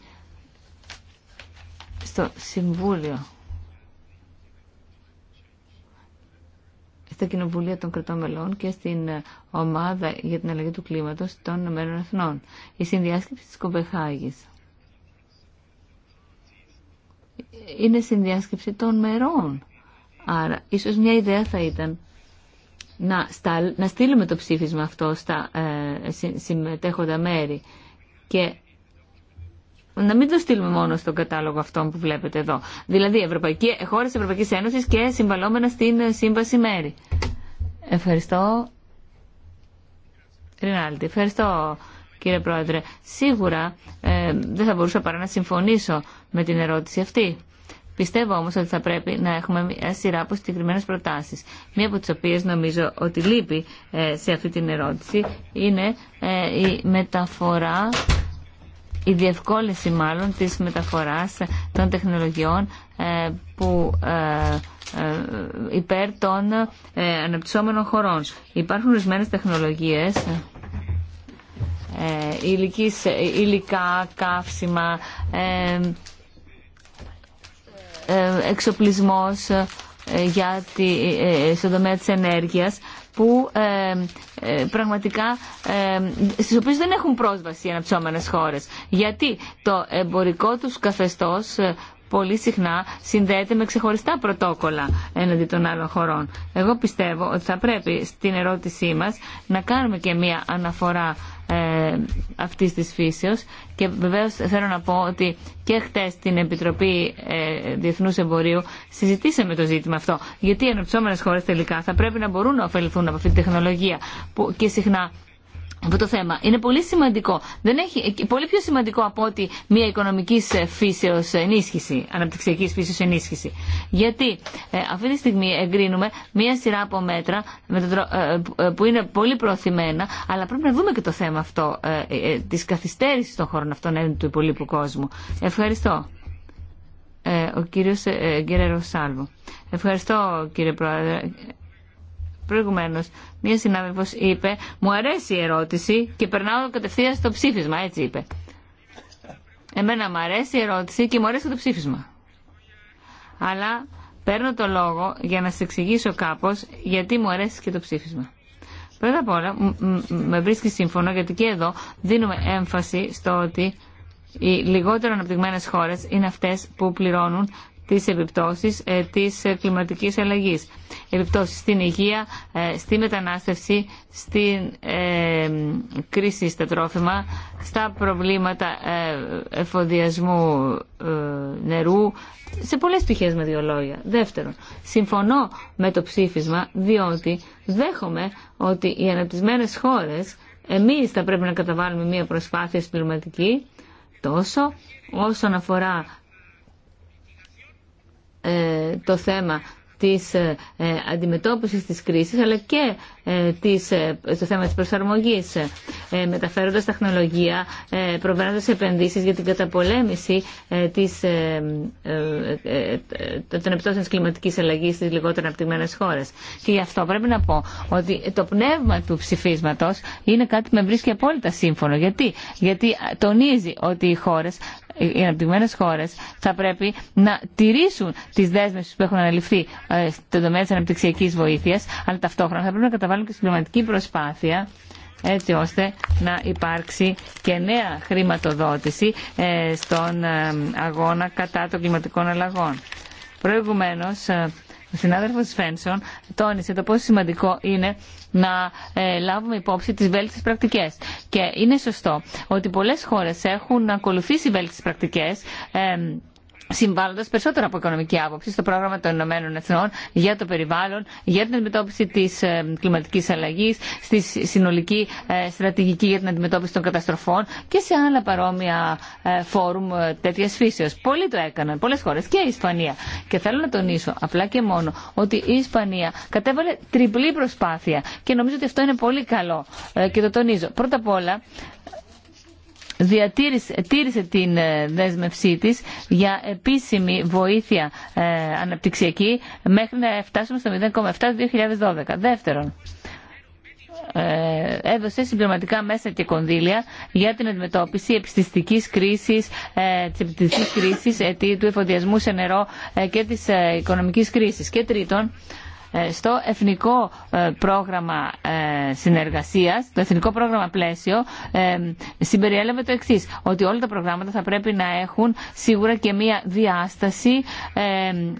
στο Συμβούλιο. στα κοινοβουλία των κρατών μελών και στην ομάδα για την αλλαγή του κλίματος των Ηνωμένων Εθνών. Η συνδιάσκεψη της Κοπεχάγη. είναι συνδιάσκεψη των μερών. Άρα, ίσως μια ιδέα θα ήταν να, στα, να στείλουμε το ψήφισμα αυτό στα ε, συμμετέχοντα μέρη και να μην το στείλουμε μόνο στον κατάλογο αυτό που βλέπετε εδώ. Δηλαδή Ευρωπαϊκή, χώρες Ευρωπαϊκής Ένωσης και συμβαλόμενα στην Σύμβαση Μέρη. Ευχαριστώ. Ρινάλτη, ευχαριστώ κύριε Πρόεδρε. Σίγουρα ε, δεν θα μπορούσα παρά να συμφωνήσω με την ερώτηση αυτή. Πιστεύω όμως ότι θα πρέπει να έχουμε μια σειρά από συγκεκριμένε προτάσεις. Μία από τις οποίες νομίζω ότι λείπει ε, σε αυτή την ερώτηση είναι ε, η μεταφορά η διευκόλυνση μάλλον της μεταφοράς των τεχνολογιών ε, που ε, ε, υπέρ των αναπτυσσόμενων χωρών. Υπάρχουν ορισμένε τεχνολογίες υλικής, υλικά, καύσιμα, εξοπλισμός για τη, στον τομέα της ενέργειας που ε, πραγματικά ε, στις οποίες δεν έχουν πρόσβαση οι αναψώμενες χώρες. Γιατί το εμπορικό τους καθεστώς ε, πολύ συχνά συνδέεται με ξεχωριστά πρωτόκολλα έναντι των άλλων χωρών. Εγώ πιστεύω ότι θα πρέπει στην ερώτησή μας να κάνουμε και μία αναφορά ε, αυτής της φύσεως και βεβαίως θέλω να πω ότι και χτες στην Επιτροπή ε, Διεθνούς Εμπορίου συζητήσαμε το ζήτημα αυτό γιατί οι ανεψόμενες χώρες τελικά θα πρέπει να μπορούν να ωφεληθούν από αυτή τη τεχνολογία και συχνά το θέμα είναι πολύ σημαντικό. Δεν έχει, πολύ πιο σημαντικό από ότι μια οικονομική ε, φύσεω ενίσχυση, αναπτυξιακή φύσεως ενίσχυση. Γιατί ε, αυτή τη στιγμή εγκρίνουμε μια σειρά από μέτρα με το, ε, που είναι πολύ προωθημένα, αλλά πρέπει να δούμε και το θέμα αυτό ε, τη καθυστέρηση των χωρών αυτών του υπολείπου κόσμου. Ευχαριστώ. ο Ευχαριστώ κύριε Πρόεδρε προηγουμένω. Μία συνάδελφο είπε, μου αρέσει η ερώτηση και περνάω κατευθείαν στο ψήφισμα, έτσι είπε. Εμένα μου αρέσει η ερώτηση και μου αρέσει το ψήφισμα. Αλλά παίρνω το λόγο για να σα εξηγήσω κάπω γιατί μου αρέσει και το ψήφισμα. Πρώτα απ' όλα, με βρίσκει σύμφωνο γιατί και εδώ δίνουμε έμφαση στο ότι οι λιγότερο αναπτυγμένε χώρε είναι αυτέ που πληρώνουν τις επιπτώσεις ε, της ε, κλιματικής αλλαγής. Επιπτώσεις στην υγεία, ε, στη μετανάστευση, στην κρίση στα τρόφιμα, στα προβλήματα εφοδιασμού νερού, σε πολλές πτυχές με δύο λόγια. Δεύτερον, συμφωνώ με το ψήφισμα διότι δέχομαι ότι οι αναπτυσμένες χώρες εμείς θα πρέπει να καταβάλουμε μια προσπάθεια συμπληρωματική τόσο όσον αφορά ε, το θέμα της ε, ε, αντιμετώπισης της κρίσης αλλά και της, το θέμα της προσαρμογής μεταφέροντας τεχνολογία, προβάλλοντας επενδύσεις για την καταπολέμηση της, των επιπτώσεων της κλιματικής αλλαγής στις λιγότερο αναπτυγμένες χώρες. Και γι' αυτό πρέπει να πω ότι το πνεύμα του ψηφίσματος είναι κάτι που με βρίσκει απόλυτα σύμφωνο. Γιατί, Γιατί τονίζει ότι οι χώρες οι αναπτυγμένε χώρε θα πρέπει να τηρήσουν τι δέσμευσει που έχουν αναλυφθεί ε, στον τομέα τη αναπτυξιακή βοήθεια, αλλά ταυτόχρονα θα πρέπει να καταβάλουν και συμπληρωματική προσπάθεια έτσι ώστε να υπάρξει και νέα χρηματοδότηση ε, στον ε, αγώνα κατά των κλιματικών αλλαγών. Προηγουμένως ο συνάδελφο Φένσον τόνισε το πόσο σημαντικό είναι να ε, λάβουμε υπόψη τι βέλτιστε πρακτικέ. Και είναι σωστό ότι πολλέ χώρε έχουν ακολουθήσει βέλτιστε πρακτικέ ε, συμβάλλοντας περισσότερο από οικονομική άποψη στο πρόγραμμα των Ηνωμένων Εθνών για το περιβάλλον, για την αντιμετώπιση της ε, κλιματικής αλλαγής, στη συνολική ε, στρατηγική για την αντιμετώπιση των καταστροφών και σε άλλα παρόμοια ε, φόρουμ τέτοια φύσεως. Πολλοί το έκαναν, πολλές χώρες και η Ισπανία. Και θέλω να τονίσω απλά και μόνο ότι η Ισπανία κατέβαλε τριπλή προσπάθεια και νομίζω ότι αυτό είναι πολύ καλό και το τονίζω. Πρώτα απ' όλα διατήρησε τήρησε την ε, δέσμευσή της για επίσημη βοήθεια ε, αναπτυξιακή μέχρι να φτάσουμε στο 0,7 2012. Δεύτερον, ε, έδωσε συμπληρωματικά μέσα και κονδύλια για την αντιμετώπιση επιστηστικής κρίσης, της κρίσης, του εφοδιασμού σε νερό και της οικονομικής κρίσης. Και τρίτον, ε, στο Εθνικό ε, Πρόγραμμα ε, Συνεργασίας, το Εθνικό Πρόγραμμα Πλαίσιο, συμπεριέλαβε το εξή, ότι όλα τα προγράμματα θα πρέπει να έχουν σίγουρα και μία διάσταση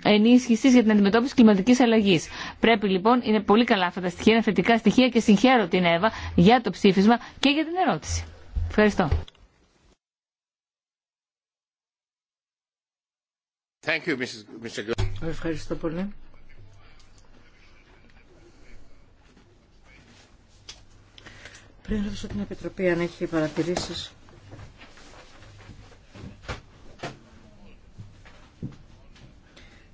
ενίσχυση για την αντιμετώπιση κλιματική αλλαγή. Πρέπει λοιπόν, είναι πολύ καλά αυτά τα στοιχεία, είναι θετικά στοιχεία και συγχαίρω την ΕΒΑ για το ψήφισμα και για την ερώτηση. Ευχαριστώ. Thank you, Ευχαριστώ πολύ. Πριν ρωτήσω την Επιτροπή αν έχει παρατηρήσεις.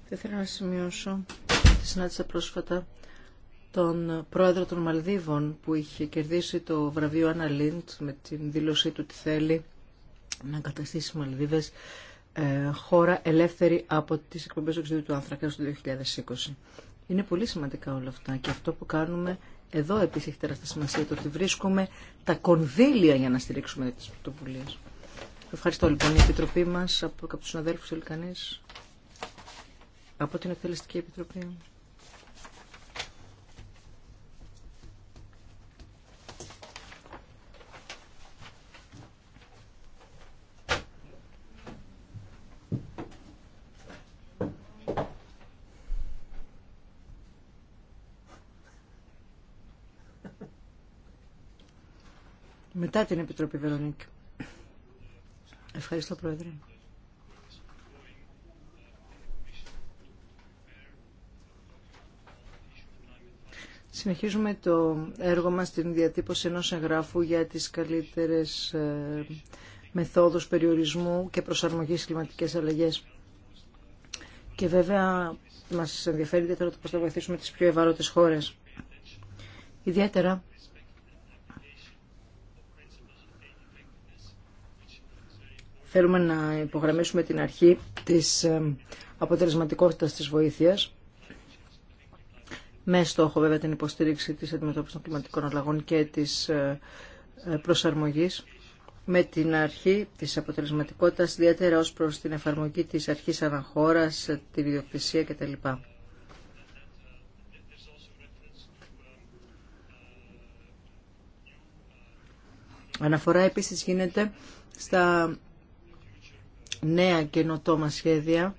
Θα ήθελα να σημειώσω ότι συνάντησα πρόσφατα τον πρόεδρο των Μαλδίβων που είχε κερδίσει το βραβείο Αναλίντ με την δήλωσή του ότι θέλει να καταστήσει Μαλδίβες ε, χώρα ελεύθερη από τις εκπομπές οξυδίου του άνθρακα του 2020. Είναι πολύ σημαντικά όλα αυτά και αυτό που κάνουμε εδώ επίσης έχει τεράστια σημασία το ότι βρίσκουμε τα κονδύλια για να στηρίξουμε τι πρωτοβουλίε. Ευχαριστώ λοιπόν η Επιτροπή μας από κάποιους συναδέλφου Ελκανή. από την Εκτελεστική Επιτροπή. μετά την Επιτροπή Βερονίκη. Ευχαριστώ, Πρόεδρε. Συνεχίζουμε το έργο μας στην διατύπωση ενός εγγράφου για τις καλύτερες ε, μεθόδους περιορισμού και προσαρμογής κλιματικές αλλαγές. Και βέβαια μας ενδιαφέρει ιδιαίτερα το πώς θα βοηθήσουμε τις πιο ευάλωτες χώρες. Ιδιαίτερα Θέλουμε να υπογραμμίσουμε την αρχή της ε, αποτελεσματικότητας της βοήθειας με στόχο βέβαια την υποστήριξη της αντιμετώπισης των κλιματικών αλλαγών και της ε, ε, προσαρμογής με την αρχή της αποτελεσματικότητας ιδιαίτερα ως προς την εφαρμογή της αρχής αναχώρας, την ιδιοκτησία κτλ. Αναφορά επίσης γίνεται στα νέα καινοτόμα σχέδια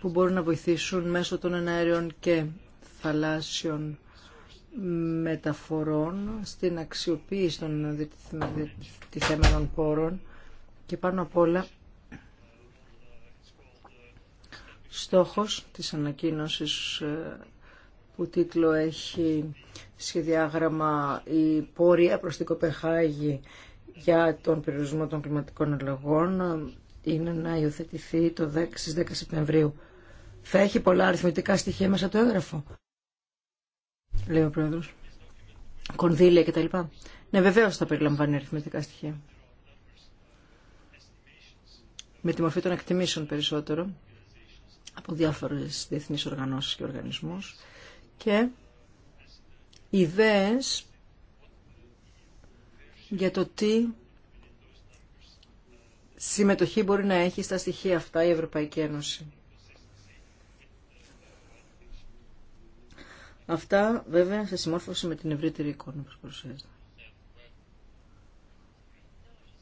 που μπορούν να βοηθήσουν μέσω των εναέριων και θαλάσσιων μεταφορών στην αξιοποίηση των διατηθέμενων πόρων και πάνω απ' όλα στόχος της ανακοίνωσης ε, που τίτλο έχει σχεδιάγραμμα «Η πορεία προς την Κοπεχάγη για τον περιορισμό των κλιματικών αλλαγών» είναι να υιοθετηθεί το 10, στις 10 Σεπτεμβρίου. Θα έχει πολλά αριθμητικά στοιχεία μέσα το έγγραφο, λέει ο Πρόεδρος. Κονδύλια κτλ. Ναι, βεβαίως θα περιλαμβάνει αριθμητικά στοιχεία. Με τη μορφή των εκτιμήσεων περισσότερο από διάφορες διεθνείς οργανώσεις και οργανισμούς και ιδέες για το τι συμμετοχή μπορεί να έχει στα στοιχεία αυτά η Ευρωπαϊκή Ένωση. Αυτά βέβαια σε συμμόρφωση με την ευρύτερη εικόνα που παρουσιάζεται.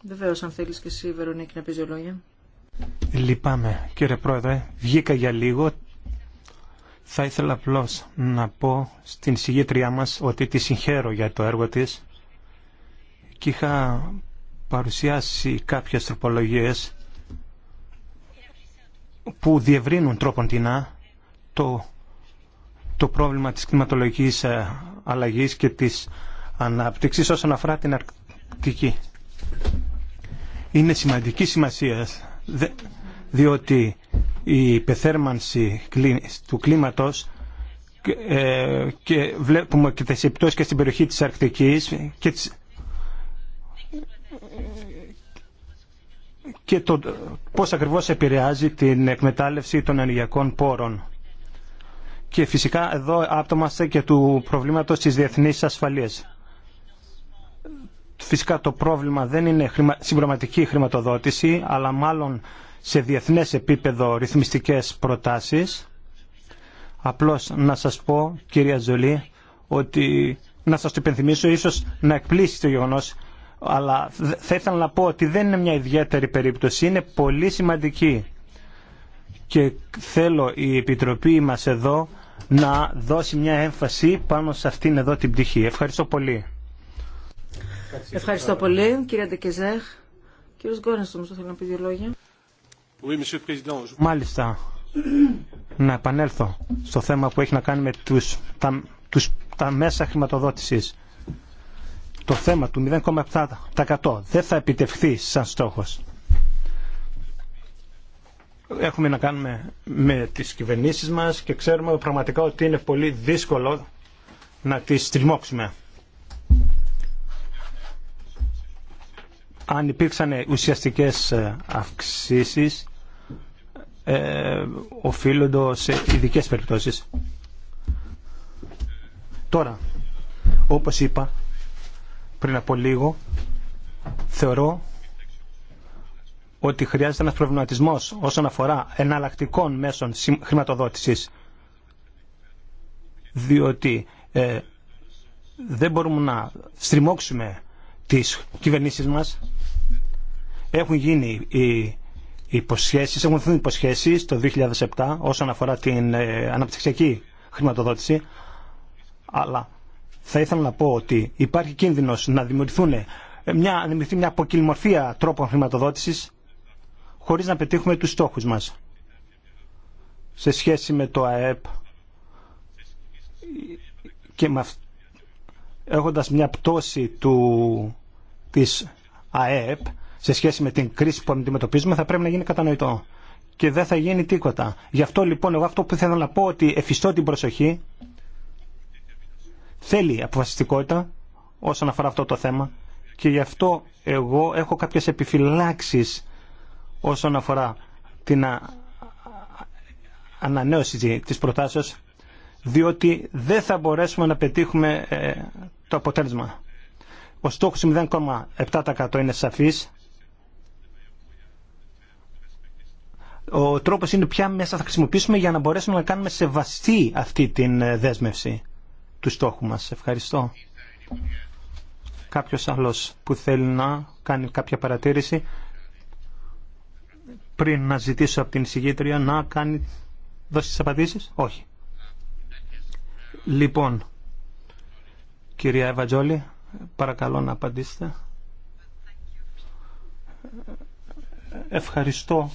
Βεβαίω, αν θέλει και εσύ, Βερονίκη, να πει δύο λόγια. Λυπάμαι, κύριε Πρόεδρε. Βγήκα για λίγο. Θα ήθελα απλώ να πω στην συγγήτριά μα ότι τη συγχαίρω για το έργο τη και είχα παρουσιάσει κάποιες τροπολογίες που διευρύνουν τρόπον τεινά το, το πρόβλημα της κλιματολογικής ε, αλλαγής και της ανάπτυξης όσον αφορά την Αρκτική. Είναι σημαντική σημασία διότι η υπεθέρμανση του κλίματος ε, και βλέπουμε και τις επιπτώσεις και στην περιοχή της Αρκτικής και της και το πώς ακριβώς επηρεάζει την εκμετάλλευση των ενεργειακών πόρων. Και φυσικά εδώ άπτομαστε και του προβλήματος της διεθνής ασφαλείας. Φυσικά το πρόβλημα δεν είναι συμπροματική χρηματοδότηση, αλλά μάλλον σε διεθνές επίπεδο ρυθμιστικές προτάσεις. Απλώς να σας πω, κυρία Ζολή, ότι να σας το υπενθυμίσω, ίσως να εκπλήσει το γεγονός αλλά θα ήθελα να πω ότι δεν είναι μια ιδιαίτερη περίπτωση, είναι πολύ σημαντική. Και θέλω η Επιτροπή μας εδώ να δώσει μια έμφαση πάνω σε αυτήν εδώ την πτυχή. Ευχαριστώ πολύ. Ευχαριστώ πολύ, κύριε Ντεκεζέχ. Κύριος Γκόρνας, θα θέλω να πει δύο λόγια. Μάλιστα, να επανέλθω στο θέμα που έχει να κάνει με τους, τα, τους, τα μέσα χρηματοδότησης το θέμα του 0,7% δεν θα επιτευχθεί σαν στόχος. Έχουμε να κάνουμε με τις κυβερνήσεις μας και ξέρουμε πραγματικά ότι είναι πολύ δύσκολο να τις στριμώξουμε. Αν υπήρξαν ουσιαστικές ε, αυξήσεις, ε, οφείλονται σε ειδικές περιπτώσεις. Τώρα, όπως είπα, πριν από λίγο, θεωρώ ότι χρειάζεται ένας προβληματισμός όσον αφορά εναλλακτικών μέσων χρηματοδότησης. Διότι ε, δεν μπορούμε να στριμώξουμε τις κυβερνήσεις μας. Έχουν γίνει οι υποσχέσεις, έχουν δοθεί υποσχέσεις το 2007 όσον αφορά την ε, αναπτυξιακή χρηματοδότηση, αλλά θα ήθελα να πω ότι υπάρχει κίνδυνος να δημιουργηθούν ε, μια, δημιουργηθεί μια αποκυλμορφία τρόπων χρηματοδότηση χωρίς να πετύχουμε τους στόχους μας σε σχέση με το ΑΕΠ και με, έχοντας μια πτώση του, της ΑΕΠ σε σχέση με την κρίση που αντιμετωπίζουμε θα πρέπει να γίνει κατανοητό και δεν θα γίνει τίποτα. Γι' αυτό λοιπόν εγώ αυτό που θέλω να πω ότι εφιστώ την προσοχή θέλει αποφασιστικότητα όσον αφορά αυτό το θέμα και γι' αυτό εγώ έχω κάποιες επιφυλάξεις όσον αφορά την ανανέωση της προτάσεως διότι δεν θα μπορέσουμε να πετύχουμε ε, το αποτέλεσμα. Ο στόχος 0,7% είναι σαφής. Ο τρόπος είναι ποια μέσα θα χρησιμοποιήσουμε για να μπορέσουμε να κάνουμε σεβαστή αυτή την ε, δέσμευση του στόχου μας. Ευχαριστώ. Κάποιος άλλος που θέλει να κάνει κάποια παρατήρηση πριν να ζητήσω από την εισηγήτρια να κάνει δώσει τις απαντήσεις. Όχι. Λοιπόν, κυρία Ευατζόλη, παρακαλώ να απαντήσετε. Ευχαριστώ.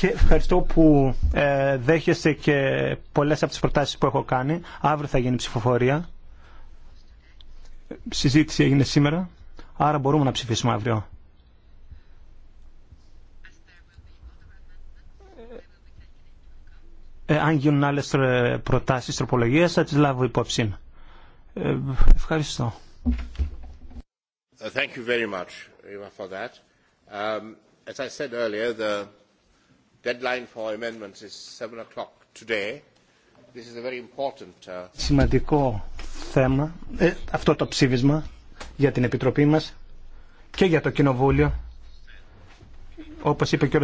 Ευχαριστώ που ε, δέχεστε και πολλές από τις προτάσεις που έχω κάνει. Αύριο θα γίνει ψηφοφορία. Συζήτηση έγινε σήμερα, άρα μπορούμε να ψηφίσουμε αύριο. Ε, ε αν γίνουν άλλες ε, προτάσεις τροπολογίας θα τις λάβω υπόψη. Ε, ευχαριστώ. Thank you very much, Eva, for that. Um, as I said earlier, the Deadline for amendments is uh, Σημαντικό θέμα, ε, αυτό το ψήφισμα για την Επιτροπή μας και για το Κοινοβούλιο. Όπως είπε και ο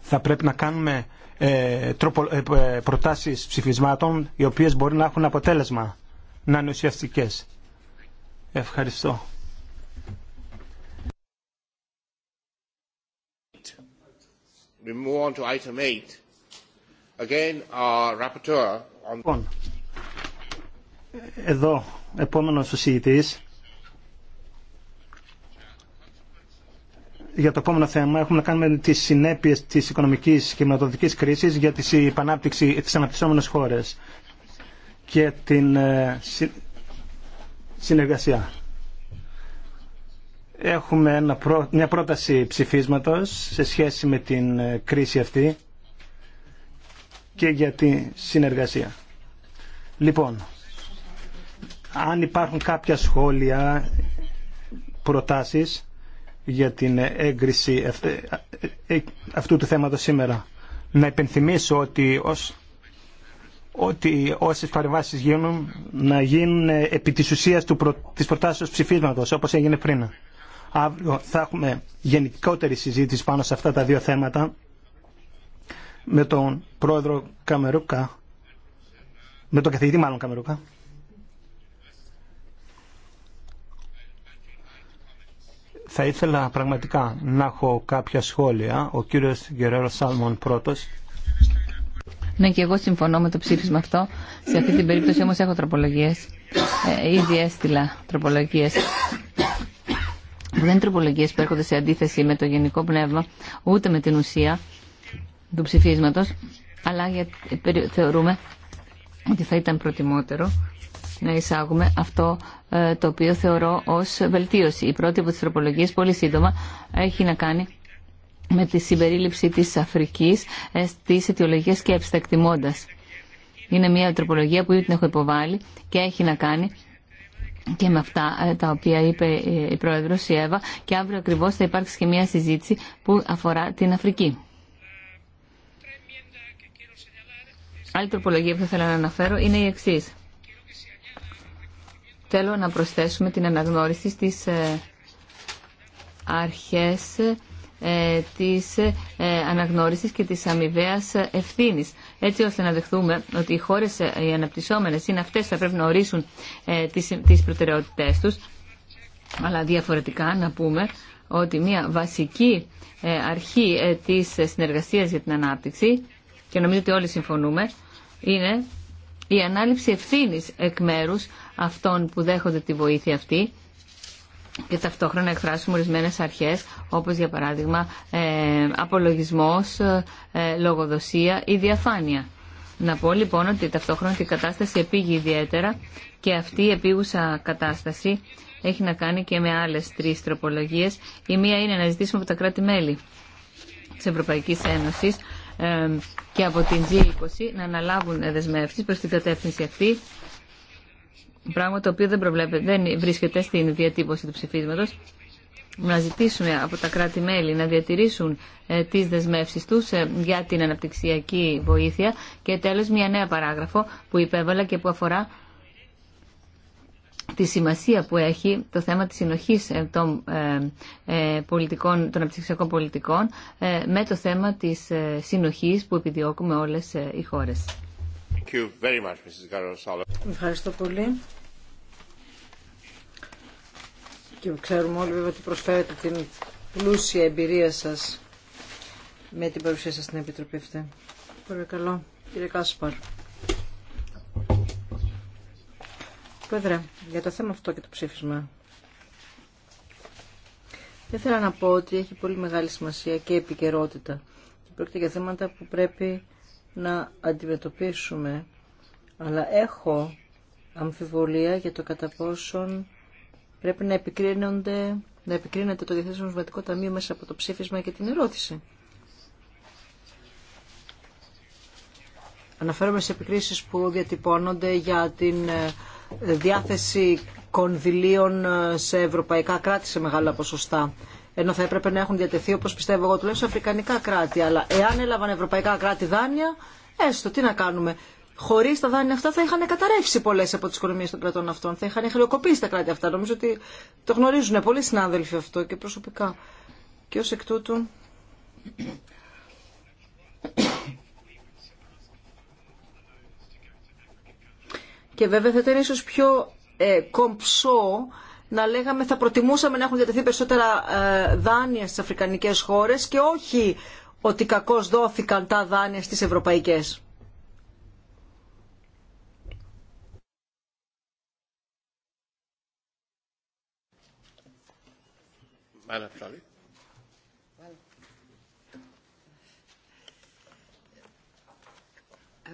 θα πρέπει να κάνουμε ε, ε, προτάσεις ψηφισμάτων οι οποίες μπορεί να έχουν αποτέλεσμα, να είναι ουσιαστικές. Ευχαριστώ. We move on to item 8. Again, our rapporteur on... Λοιπόν, εδώ, επόμενος ο συγητής. Για το επόμενο θέμα έχουμε να κάνουμε τις συνέπειες της οικονομικής και μεταδοτικής κρίσης για τις, επανάπτυξη, τις αναπτυσσόμενες χώρες και την ε, συνεργασία. Έχουμε μια πρόταση ψηφίσματος σε σχέση με την ε, κρίση αυτή και για τη συνεργασία. Λοιπόν, αν υπάρχουν κάποια σχόλια, προτάσεις για την έγκριση ε, ε, αυτού του θέματος σήμερα. Να υπενθυμίσω ότι, ως, ότι όσες παρεμβάσεις γίνουν να γίνουν επί της ουσίας του, προ, της προτάσεως ψηφίσματος όπως έγινε πριν. Αύριο θα έχουμε γενικότερη συζήτηση πάνω σε αυτά τα δύο θέματα με τον πρόεδρο Καμερούκα, με τον καθηγητή μάλλον Καμερούκα. Θα ήθελα πραγματικά να έχω κάποια σχόλια. Ο κύριος γερέρο Σάλμον πρώτος. Ναι, και εγώ συμφωνώ με το ψήφισμα αυτό. Σε αυτή την περίπτωση όμως έχω τροπολογίες. Ε, ήδη έστειλα τροπολογίες. Δεν είναι τροπολογίε που έρχονται σε αντίθεση με το γενικό πνεύμα, ούτε με την ουσία του ψηφίσματο, αλλά θεωρούμε ότι θα ήταν προτιμότερο να εισάγουμε αυτό ε, το οποίο θεωρώ ως βελτίωση. Η πρώτη από τις τροπολογίες, πολύ σύντομα, έχει να κάνει με τη συμπερίληψη της Αφρικής ε, στις αιτιολογικές σκέψεις, τα εκτιμώντας. Είναι μια τροπολογία που ήδη την έχω υποβάλει και έχει να κάνει και με αυτά ε, τα οποία είπε ε, η Πρόεδρο η Εύα και αύριο ακριβώς θα υπάρξει και μια συζήτηση που αφορά την Αφρική. Άλλη τροπολογία που ήθελα να αναφέρω είναι η εξή. Θέλω να προσθέσουμε την αναγνώριση στις ε, αρχές ε, της ε, αναγνώρισης και της αμοιβαία ευθύνης. Έτσι ώστε να δεχθούμε ότι οι χώρες ε, οι αναπτυσσόμενες είναι αυτές που θα πρέπει να ορίσουν τις προτεραιότητές τους. Αλλά διαφορετικά να πούμε ότι μια βασική αρχή της συνεργασίας για την ανάπτυξη και νομίζω ότι όλοι συμφωνούμε είναι η ανάληψη ευθύνης εκ μέρους αυτών που δέχονται τη βοήθεια αυτή και ταυτόχρονα εκφράσουμε ορισμένε αρχές όπως για παράδειγμα ε, απολογισμός, ε, λογοδοσία ή διαφάνεια. Να πω λοιπόν ότι ταυτόχρονα η κατάσταση επήγει ιδιαίτερα και αυτή η επίγουσα κατάσταση έχει να κάνει και με άλλες τρει τροπολογίε. Η μία είναι να ζητήσουμε από τα κράτη-μέλη της Ευρωπαϊκής Ένωσης ε, και από την G20 να αναλάβουν δεσμεύσει προ την κατεύθυνση αυτή πράγμα το οποίο δεν, δεν βρίσκεται στην διατύπωση του ψηφίσματος, να ζητήσουμε από τα κράτη-μέλη να διατηρήσουν ε, τις δεσμεύσεις τους ε, για την αναπτυξιακή βοήθεια και τέλος μια νέα παράγραφο που υπέβαλα και που αφορά τη σημασία που έχει το θέμα της συνοχής ε, των, πολιτικών, των αναπτυξιακών πολιτικών με το θέμα της συνοχής που επιδιώκουμε όλες οι χώρες. Ευχαριστώ πολύ. Και ξέρουμε όλοι βέβαια ότι προσφέρετε την πλούσια εμπειρία σας με την παρουσία σας στην Επιτροπή αυτή. Παρακαλώ, κύριε Κάσπαρ. Πρόεδρε, για το θέμα αυτό και το ψήφισμα. Δεν θέλω να πω ότι έχει πολύ μεγάλη σημασία και επικαιρότητα. Και πρόκειται για θέματα που πρέπει να αντιμετωπίσουμε. Αλλά έχω αμφιβολία για το κατά πόσον πρέπει να επικρίνονται να επικρίνεται το Διεθνές Νομισματικό Ταμείο μέσα από το ψήφισμα και την ερώτηση. Αναφέρομαι σε επικρίσεις που διατυπώνονται για την ε, διάθεση κονδυλίων ε, σε ευρωπαϊκά κράτη σε μεγάλα ποσοστά ενώ θα έπρεπε να έχουν διατεθεί, όπω πιστεύω εγώ τουλάχιστον, αφρικανικά κράτη. Αλλά εάν έλαβαν ευρωπαϊκά κράτη δάνεια, έστω τι να κάνουμε. Χωρί τα δάνεια αυτά θα είχαν καταρρεύσει πολλέ από τι οικονομίε των κρατών αυτών. Θα είχαν χρεοκοπήσει τα κράτη αυτά. Νομίζω ότι το γνωρίζουν πολλοί συνάδελφοι αυτό και προσωπικά. Και ω εκ τούτου. Και βέβαια θα ήταν ίσω πιο ε, κομψό να λέγαμε θα προτιμούσαμε να έχουν διατεθεί περισσότερα ε, δάνεια στις αφρικανικές χώρες και όχι ότι κακώς δόθηκαν τα δάνεια στις ευρωπαϊκές.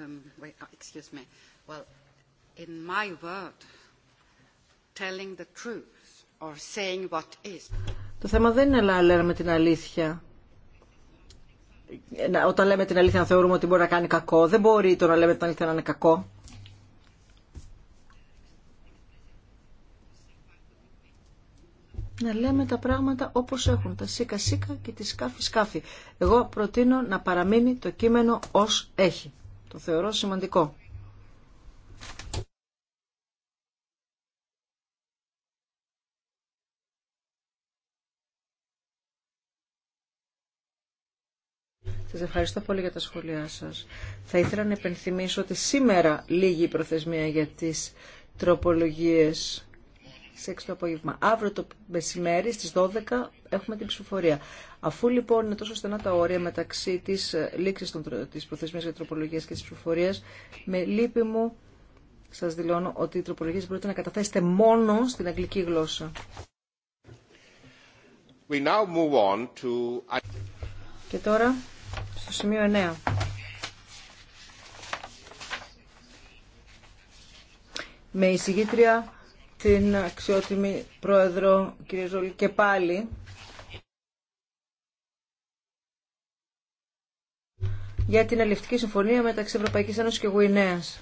Um, wait, oh, excuse me. Well, in my το θέμα δεν είναι να λέμε την αλήθεια. Όταν λέμε την αλήθεια να θεωρούμε ότι μπορεί να κάνει κακό. Δεν μπορεί το να λέμε την αλήθεια να είναι κακό. να λέμε τα πράγματα όπως έχουν, τα σίκα σίκα και τη σκάφη σκάφη. Εγώ προτείνω να παραμείνει το κείμενο ως έχει. Το θεωρώ σημαντικό. Σας ευχαριστώ πολύ για τα σχόλιά σας. Θα ήθελα να επενθυμίσω ότι σήμερα λίγη η προθεσμία για τις τροπολογίες σε 6 το απόγευμα. Αύριο το μεσημέρι στις 12 έχουμε την ψηφοφορία. Αφού λοιπόν είναι τόσο στενά τα όρια μεταξύ της ε, λήξης των, της προθεσμίας για τροπολογίες και της ψηφοφορίας, με λύπη μου σας δηλώνω ότι οι τροπολογίες μπορείτε να καταθέσετε μόνο στην αγγλική γλώσσα. Και τώρα στο σημείο 9. Με εισηγήτρια την αξιότιμη πρόεδρο κ. Ζολή και πάλι για την αλληλευτική συμφωνία μεταξύ Ευρωπαϊκής Ένωσης και Γουινέας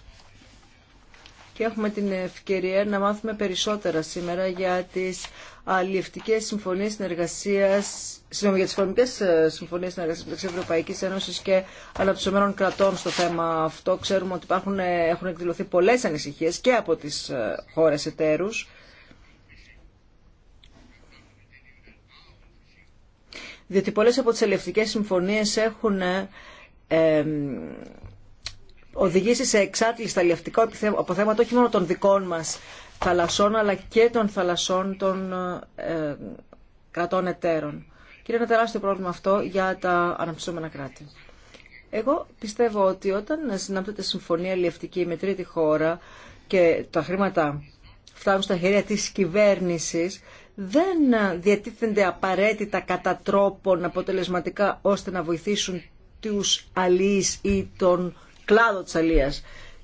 και έχουμε την ευκαιρία να μάθουμε περισσότερα σήμερα για τις αλληλευτικές συμφωνίες συνεργασίας, συγγνώμη, για τι ε, συμφωνίες συνεργασία μεταξύ Ευρωπαϊκή Ένωση και αναπτυσσομένων κρατών στο θέμα αυτό. Ξέρουμε ότι υπάρχουν, ε, έχουν εκδηλωθεί πολλές ανησυχίες και από τις ε, χώρες εταίρους. Διότι πολλές από τι αλληλευτικές συμφωνίε έχουν οδηγήσει σε εξάτληση στα λιαυτικά αποθέματα όχι μόνο των δικών μας θαλασσών αλλά και των θαλασσών των ε, κρατών εταίρων. Και είναι ένα τεράστιο πρόβλημα αυτό για τα αναπτυσσόμενα κράτη. Εγώ πιστεύω ότι όταν συνάπτεται συμφωνία λιευτική με τρίτη χώρα και τα χρήματα φτάνουν στα χέρια της κυβέρνησης, δεν διατίθενται απαραίτητα κατά τρόπον αποτελεσματικά ώστε να βοηθήσουν τους αλείς ή τον κλάδο τη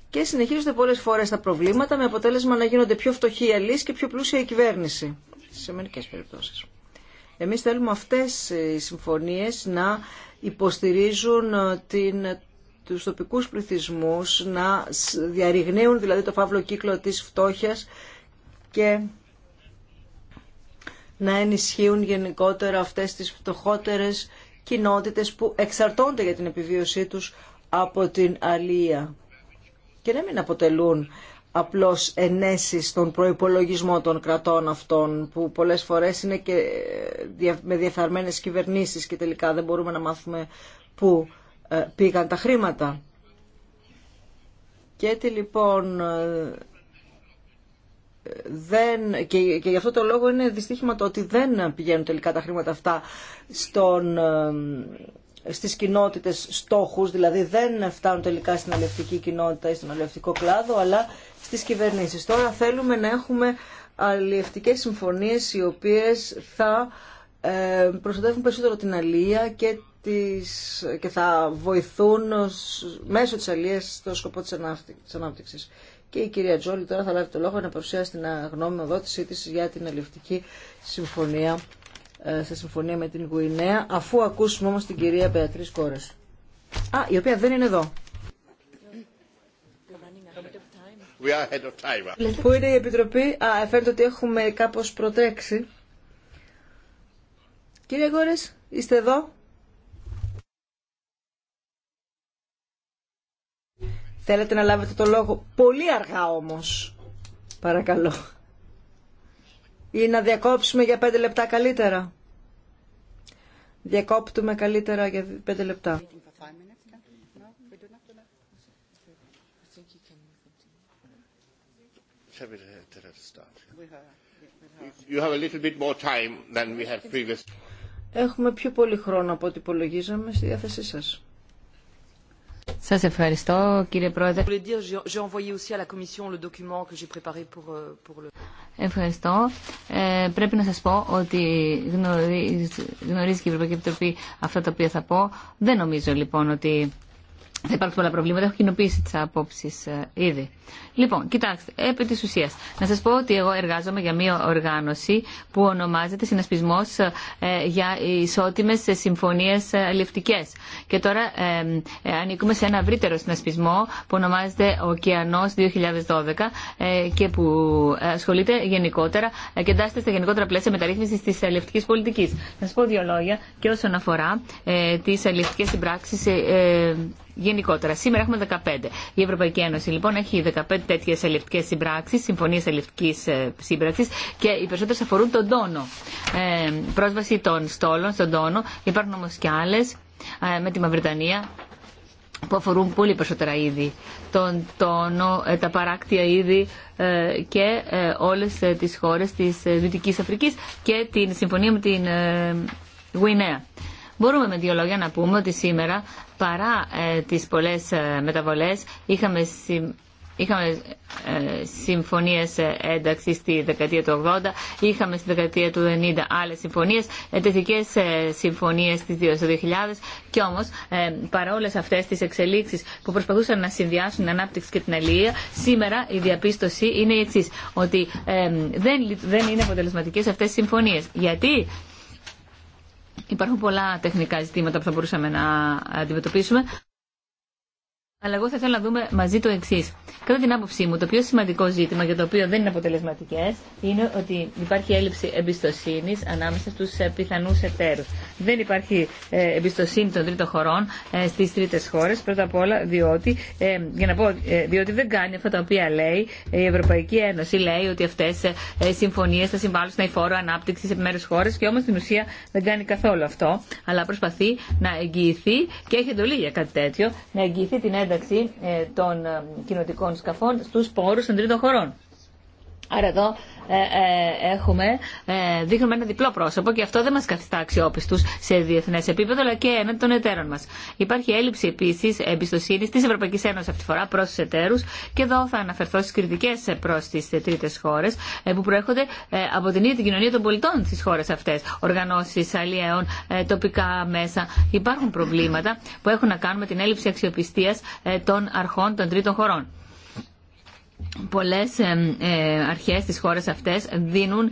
Και συνεχίζονται πολλέ φορές τα προβλήματα με αποτέλεσμα να γίνονται πιο φτωχοί οι και πιο πλούσια η κυβέρνηση. Σε μερικέ περιπτώσει. Εμείς θέλουμε αυτές οι συμφωνίες να υποστηρίζουν ε, την, τους τοπικούς πληθυσμούς, να διαρριγνύουν δηλαδή το φαύλο κύκλο της φτώχειας και να ενισχύουν γενικότερα αυτές τις φτωχότερες κοινότητες που εξαρτώνται για την επιβίωσή τους από την αλία και να μην αποτελούν απλώς ενέσεις στον προϋπολογισμό των κρατών αυτών που πολλές φορές είναι και ε, με διεφθαρμένες κυβερνήσεις και τελικά δεν μπορούμε να μάθουμε πού ε, πήγαν τα χρήματα. Και έτσι λοιπόν ε, δεν, και, και γι' αυτό το λόγο είναι δυστύχημα το ότι δεν πηγαίνουν τελικά τα χρήματα αυτά στον στις κοινότητες στόχους, δηλαδή δεν φτάνουν τελικά στην αλληλευτική κοινότητα ή στον αλληλευτικό κλάδο, αλλά στις κυβερνήσεις. Τώρα θέλουμε να έχουμε αλληλευτικές συμφωνίες οι οποίες θα ε, προστατεύουν περισσότερο την αλληλεία και, τις, και θα βοηθούν μέσω της αλληλείας στο σκοπό της ανάπτυξης. Και η κυρία Τζόλη τώρα θα λάβει το λόγο να παρουσιάσει την γνώμη οδότησή της για την αλληλευτική συμφωνία ε, σε συμφωνία με την Γουινέα, αφού ακούσουμε όμως την κυρία Πεατρής Κόρες. Α, η οποία δεν είναι εδώ. We are of time. Πού είναι η Επιτροπή. Α, ε, φαίνεται ότι έχουμε κάπως προτρέξει. Κύριε Κόρες, είστε εδώ. Θέλετε να λάβετε το λόγο. Πολύ αργά όμως. Παρακαλώ ή να διακόψουμε για πέντε λεπτά καλύτερα. Διακόπτουμε καλύτερα για πέντε λεπτά. Έχουμε πιο πολύ χρόνο από ό,τι υπολογίζαμε στη διάθεσή σας. Σας ευχαριστώ κύριε Πρόεδρε. Euh, ευχαριστώ. Ε, πρέπει να σα πω ότι γνωρίζει, γνωρίζει και η Ευρωπαϊκή Επιτροπή αυτά τα οποία θα πω. Δεν νομίζω λοιπόν ότι θα υπάρχουν πολλά προβλήματα. Έχω κοινοποιήσει τι απόψει ε, ήδη. Λοιπόν, κοιτάξτε, επί τη ουσία. Να σα πω ότι εγώ εργάζομαι για μία οργάνωση που ονομάζεται Συνασπισμό ε, για Ισότιμε Συμφωνίε Αλληλευτικέ. Ε, και τώρα ανήκουμε σε ένα ευρύτερο συνασπισμό που ονομάζεται Οκεανό 2012 και που ασχολείται γενικότερα και εντάσσεται στα γενικότερα πλαίσια μεταρρύθμιση τη αλληλευτική πολιτική. Να σα πω δύο λόγια και όσον αφορά τι αλληλευτικέ συμπράξει γενικότερα. Σήμερα έχουμε 15. Η Ευρωπαϊκή Ένωση λοιπόν έχει 15 τέτοιε ελληνικέ συμπράξει, συμφωνίε ελληνική ε, σύμπραξη και οι περισσότερε αφορούν τον τόνο. Ε, πρόσβαση των στόλων στον τόνο. Υπάρχουν όμω και άλλε ε, με τη Μαυριτανία που αφορούν πολύ περισσότερα είδη. Τον τόνο, ε, τα παράκτια είδη και όλες τις χώρες της δυτική Αφρική και την συμφωνία με την Γουινέα. Μπορούμε με δύο λόγια να πούμε ότι σήμερα, παρά ε, τις πολλές ε, μεταβολές, είχαμε, συ, είχαμε ε, συμφωνίες ε, ένταξης στη δεκαετία του 80, είχαμε στη δεκαετία του 90 άλλες συμφωνίες, εταιρικές ε, συμφωνίες στις 2000 και όμως παρά όλες αυτές τις εξελίξεις που προσπαθούσαν να συνδυάσουν την ανάπτυξη και την αλληλεία, σήμερα η διαπίστωση είναι η εξής, ότι δεν, δεν είναι αποτελεσματικές αυτές οι συμφωνίες. Γιατί? Υπάρχουν πολλά τεχνικά ζητήματα που θα μπορούσαμε να αντιμετωπίσουμε. Αλλά εγώ θα ήθελα να δούμε μαζί το εξή. Κατά την άποψή μου, το πιο σημαντικό ζήτημα για το οποίο δεν είναι αποτελεσματικέ είναι ότι υπάρχει έλλειψη εμπιστοσύνη ανάμεσα στου ε, πιθανού εταίρου. Δεν υπάρχει ε, εμπιστοσύνη των τρίτων χωρών ε, στι τρίτε χώρε. Πρώτα απ' όλα διότι, ε, για να πω, διότι δεν κάνει αυτά τα οποία λέει η Ευρωπαϊκή Ένωση. Λέει ότι αυτέ οι συμφωνίε θα συμβάλλουν στην αηφόρο ανάπτυξη σε μέρε χώρε και όμω στην ουσία δεν κάνει καθόλου αυτό. Αλλά προσπαθεί να εγγυηθεί και έχει εντολή για κάτι τέτοιο, να εγγυηθεί την ένταξη των κοινοτικών σκαφών στου πόρου των τρίτων χωρών. Άρα εδώ ε, ε, έχουμε, ε, δείχνουμε ένα διπλό πρόσωπο και αυτό δεν μας καθιστά αξιόπιστους σε διεθνές επίπεδο αλλά και έναν των εταίρων μας. Υπάρχει έλλειψη επίσης εμπιστοσύνης της Ευρωπαϊκής Ένωσης αυτή τη φορά προς τους εταίρους και εδώ θα αναφερθώ στις κριτικές προς τις τρίτες χώρες ε, που προέρχονται ε, από την ίδια την κοινωνία των πολιτών στις χώρες αυτές. Οργανώσεις αλλιέων, ε, τοπικά μέσα. Υπάρχουν προβλήματα που έχουν να κάνουν με την έλλειψη αξιοπιστίας των αρχών των τρίτων χωρών πολλές ε, αρχές της χώρας αυτές δίνουν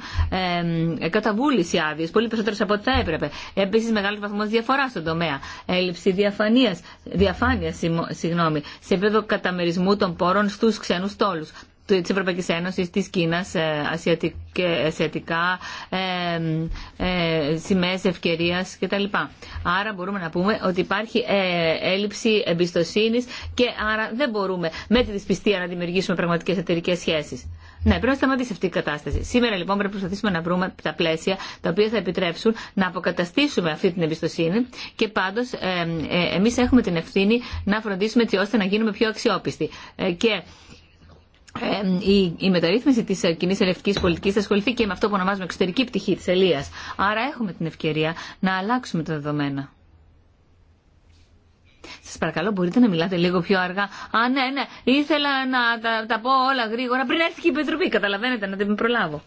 καταβούληση καταβούληση πολύ περισσότερες από ό,τι θα έπρεπε. Επίσης μεγάλο βαθμός διαφορά στον τομέα, έλλειψη διαφανίας, διαφάνειας συγγνώμη, σε επίπεδο καταμερισμού των πόρων στους ξένους τόλους της Ευρωπαϊκής Ένωσης, της Κίνας, ε, ε, ασιατικά ε, ε, σημαίες ευκαιρίας κτλ. Άρα μπορούμε να πούμε ότι υπάρχει ε, έλλειψη εμπιστοσύνης και άρα δεν μπορούμε με τη δυσπιστία να δημιουργήσουμε πραγματικές εταιρικές σχέσεις. Ναι, πρέπει να σταματήσει αυτή η κατάσταση. Σήμερα λοιπόν πρέπει να προσπαθήσουμε να βρούμε τα πλαίσια τα οποία θα επιτρέψουν να αποκαταστήσουμε αυτή την εμπιστοσύνη και πάντω ε, εμεί έχουμε την ευθύνη να φροντίσουμε έτσι ώστε να γίνουμε πιο αξιόπιστοι. και η, η μεταρρύθμιση της ε, κοινή ελευθερική πολιτικής θα ασχοληθεί και με αυτό που ονομάζουμε εξωτερική πτυχή τη Ελία. Άρα έχουμε την ευκαιρία να αλλάξουμε τα δεδομένα. Σα παρακαλώ μπορείτε να μιλάτε λίγο πιο αργά. Α, ναι, ναι, ήθελα να τα, πω όλα γρήγορα πριν έρθει και η Επιτροπή, καταλαβαίνετε, να την προλάβω.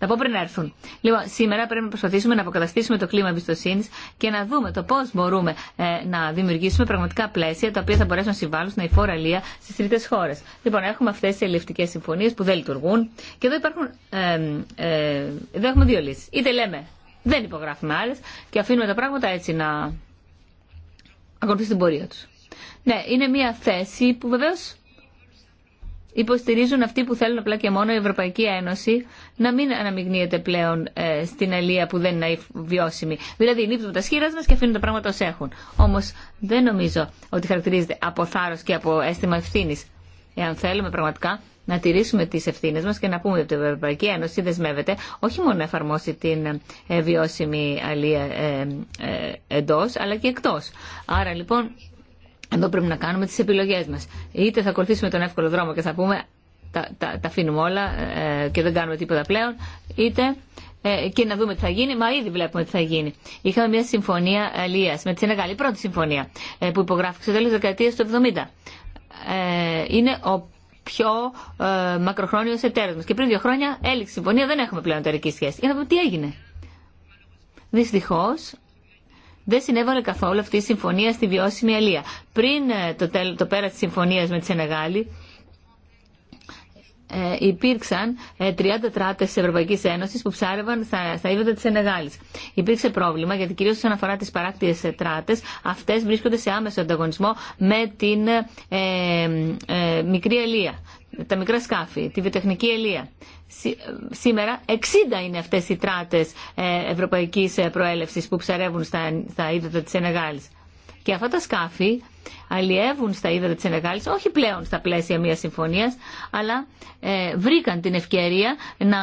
Να πω πριν έρθουν. Λοιπόν, σήμερα πρέπει να προσπαθήσουμε να αποκαταστήσουμε το κλίμα εμπιστοσύνη και να δούμε το πώ μπορούμε ε, να δημιουργήσουμε πραγματικά πλαίσια τα οποία θα μπορέσουν να συμβάλλουν στην αηφόρα αλεία στι τρίτε χώρε. Λοιπόν, έχουμε αυτέ τι ελληνικέ συμφωνίε που δεν λειτουργούν και εδώ υπάρχουν. Ε, ε, εδώ έχουμε δύο λύσει. Είτε λέμε δεν υπογράφουμε άλλε και αφήνουμε τα πράγματα έτσι να ακολουθήσουν την πορεία του. Ναι, είναι μια θέση που βεβαίω υποστηρίζουν αυτοί που θέλουν απλά και μόνο η Ευρωπαϊκή Ένωση να μην αναμειγνύεται πλέον ε, στην αλία που δεν είναι βιώσιμη. Δηλαδή, νύπτουμε τα σχήρα μα και αφήνουν τα πράγματα ω έχουν. Όμω, δεν νομίζω ότι χαρακτηρίζεται από θάρρο και από αίσθημα ευθύνη. Εάν θέλουμε πραγματικά να τηρήσουμε τι ευθύνε μα και να πούμε ότι η Ευρωπαϊκή Ένωση δεσμεύεται όχι μόνο να εφαρμόσει την ε, βιώσιμη αλία ε, ε, εντό, αλλά και εκτό. Άρα, λοιπόν, εδώ πρέπει να κάνουμε τις επιλογές μας. Είτε θα ακολουθήσουμε τον εύκολο δρόμο και θα πούμε τα, τα, τα αφήνουμε όλα ε, και δεν κάνουμε τίποτα πλέον, είτε ε, και να δούμε τι θα γίνει, μα ήδη βλέπουμε τι θα γίνει. Είχαμε μια συμφωνία Αλία με τη Σενεγάλη, η πρώτη συμφωνία ε, που υπογράφηκε στο τέλο δεκαετία του 70. Ε, είναι ο πιο ε, μακροχρόνιο εταίρο μα. Και πριν δύο χρόνια έληξε συμφωνία, δεν έχουμε πλέον εταιρική σχέση. Για να δούμε τι έγινε. Δυστυχώ, δεν συνέβαλε καθόλου αυτή η συμφωνία στη βιώσιμη αλία. Πριν ε, το, τέλ, πέρα της συμφωνίας με τη Σενεγάλη, ε, υπήρξαν ε, 30 τράτε τη Ευρωπαϊκή Ένωση που ψάρευαν στα, στα τις τη Σενεγάλη. Υπήρξε πρόβλημα γιατί κυρίω όσον αφορά τι παράκτιε ε, τράτε, αυτέ βρίσκονται σε άμεσο ανταγωνισμό με την ε, ε μικρή Ελία τα μικρά σκάφη, τη βιοτεχνική ελεία. Σήμερα 60 είναι αυτές οι τράτες ε, ευρωπαϊκής ε, προέλευσης που ψαρεύουν στα, στα ύδατα της Ενεγάλης. Και αυτά τα σκάφη αλλιεύουν στα ύδατα της Ενεγάλης, όχι πλέον στα πλαίσια μιας συμφωνίας, αλλά ε, βρήκαν την ευκαιρία να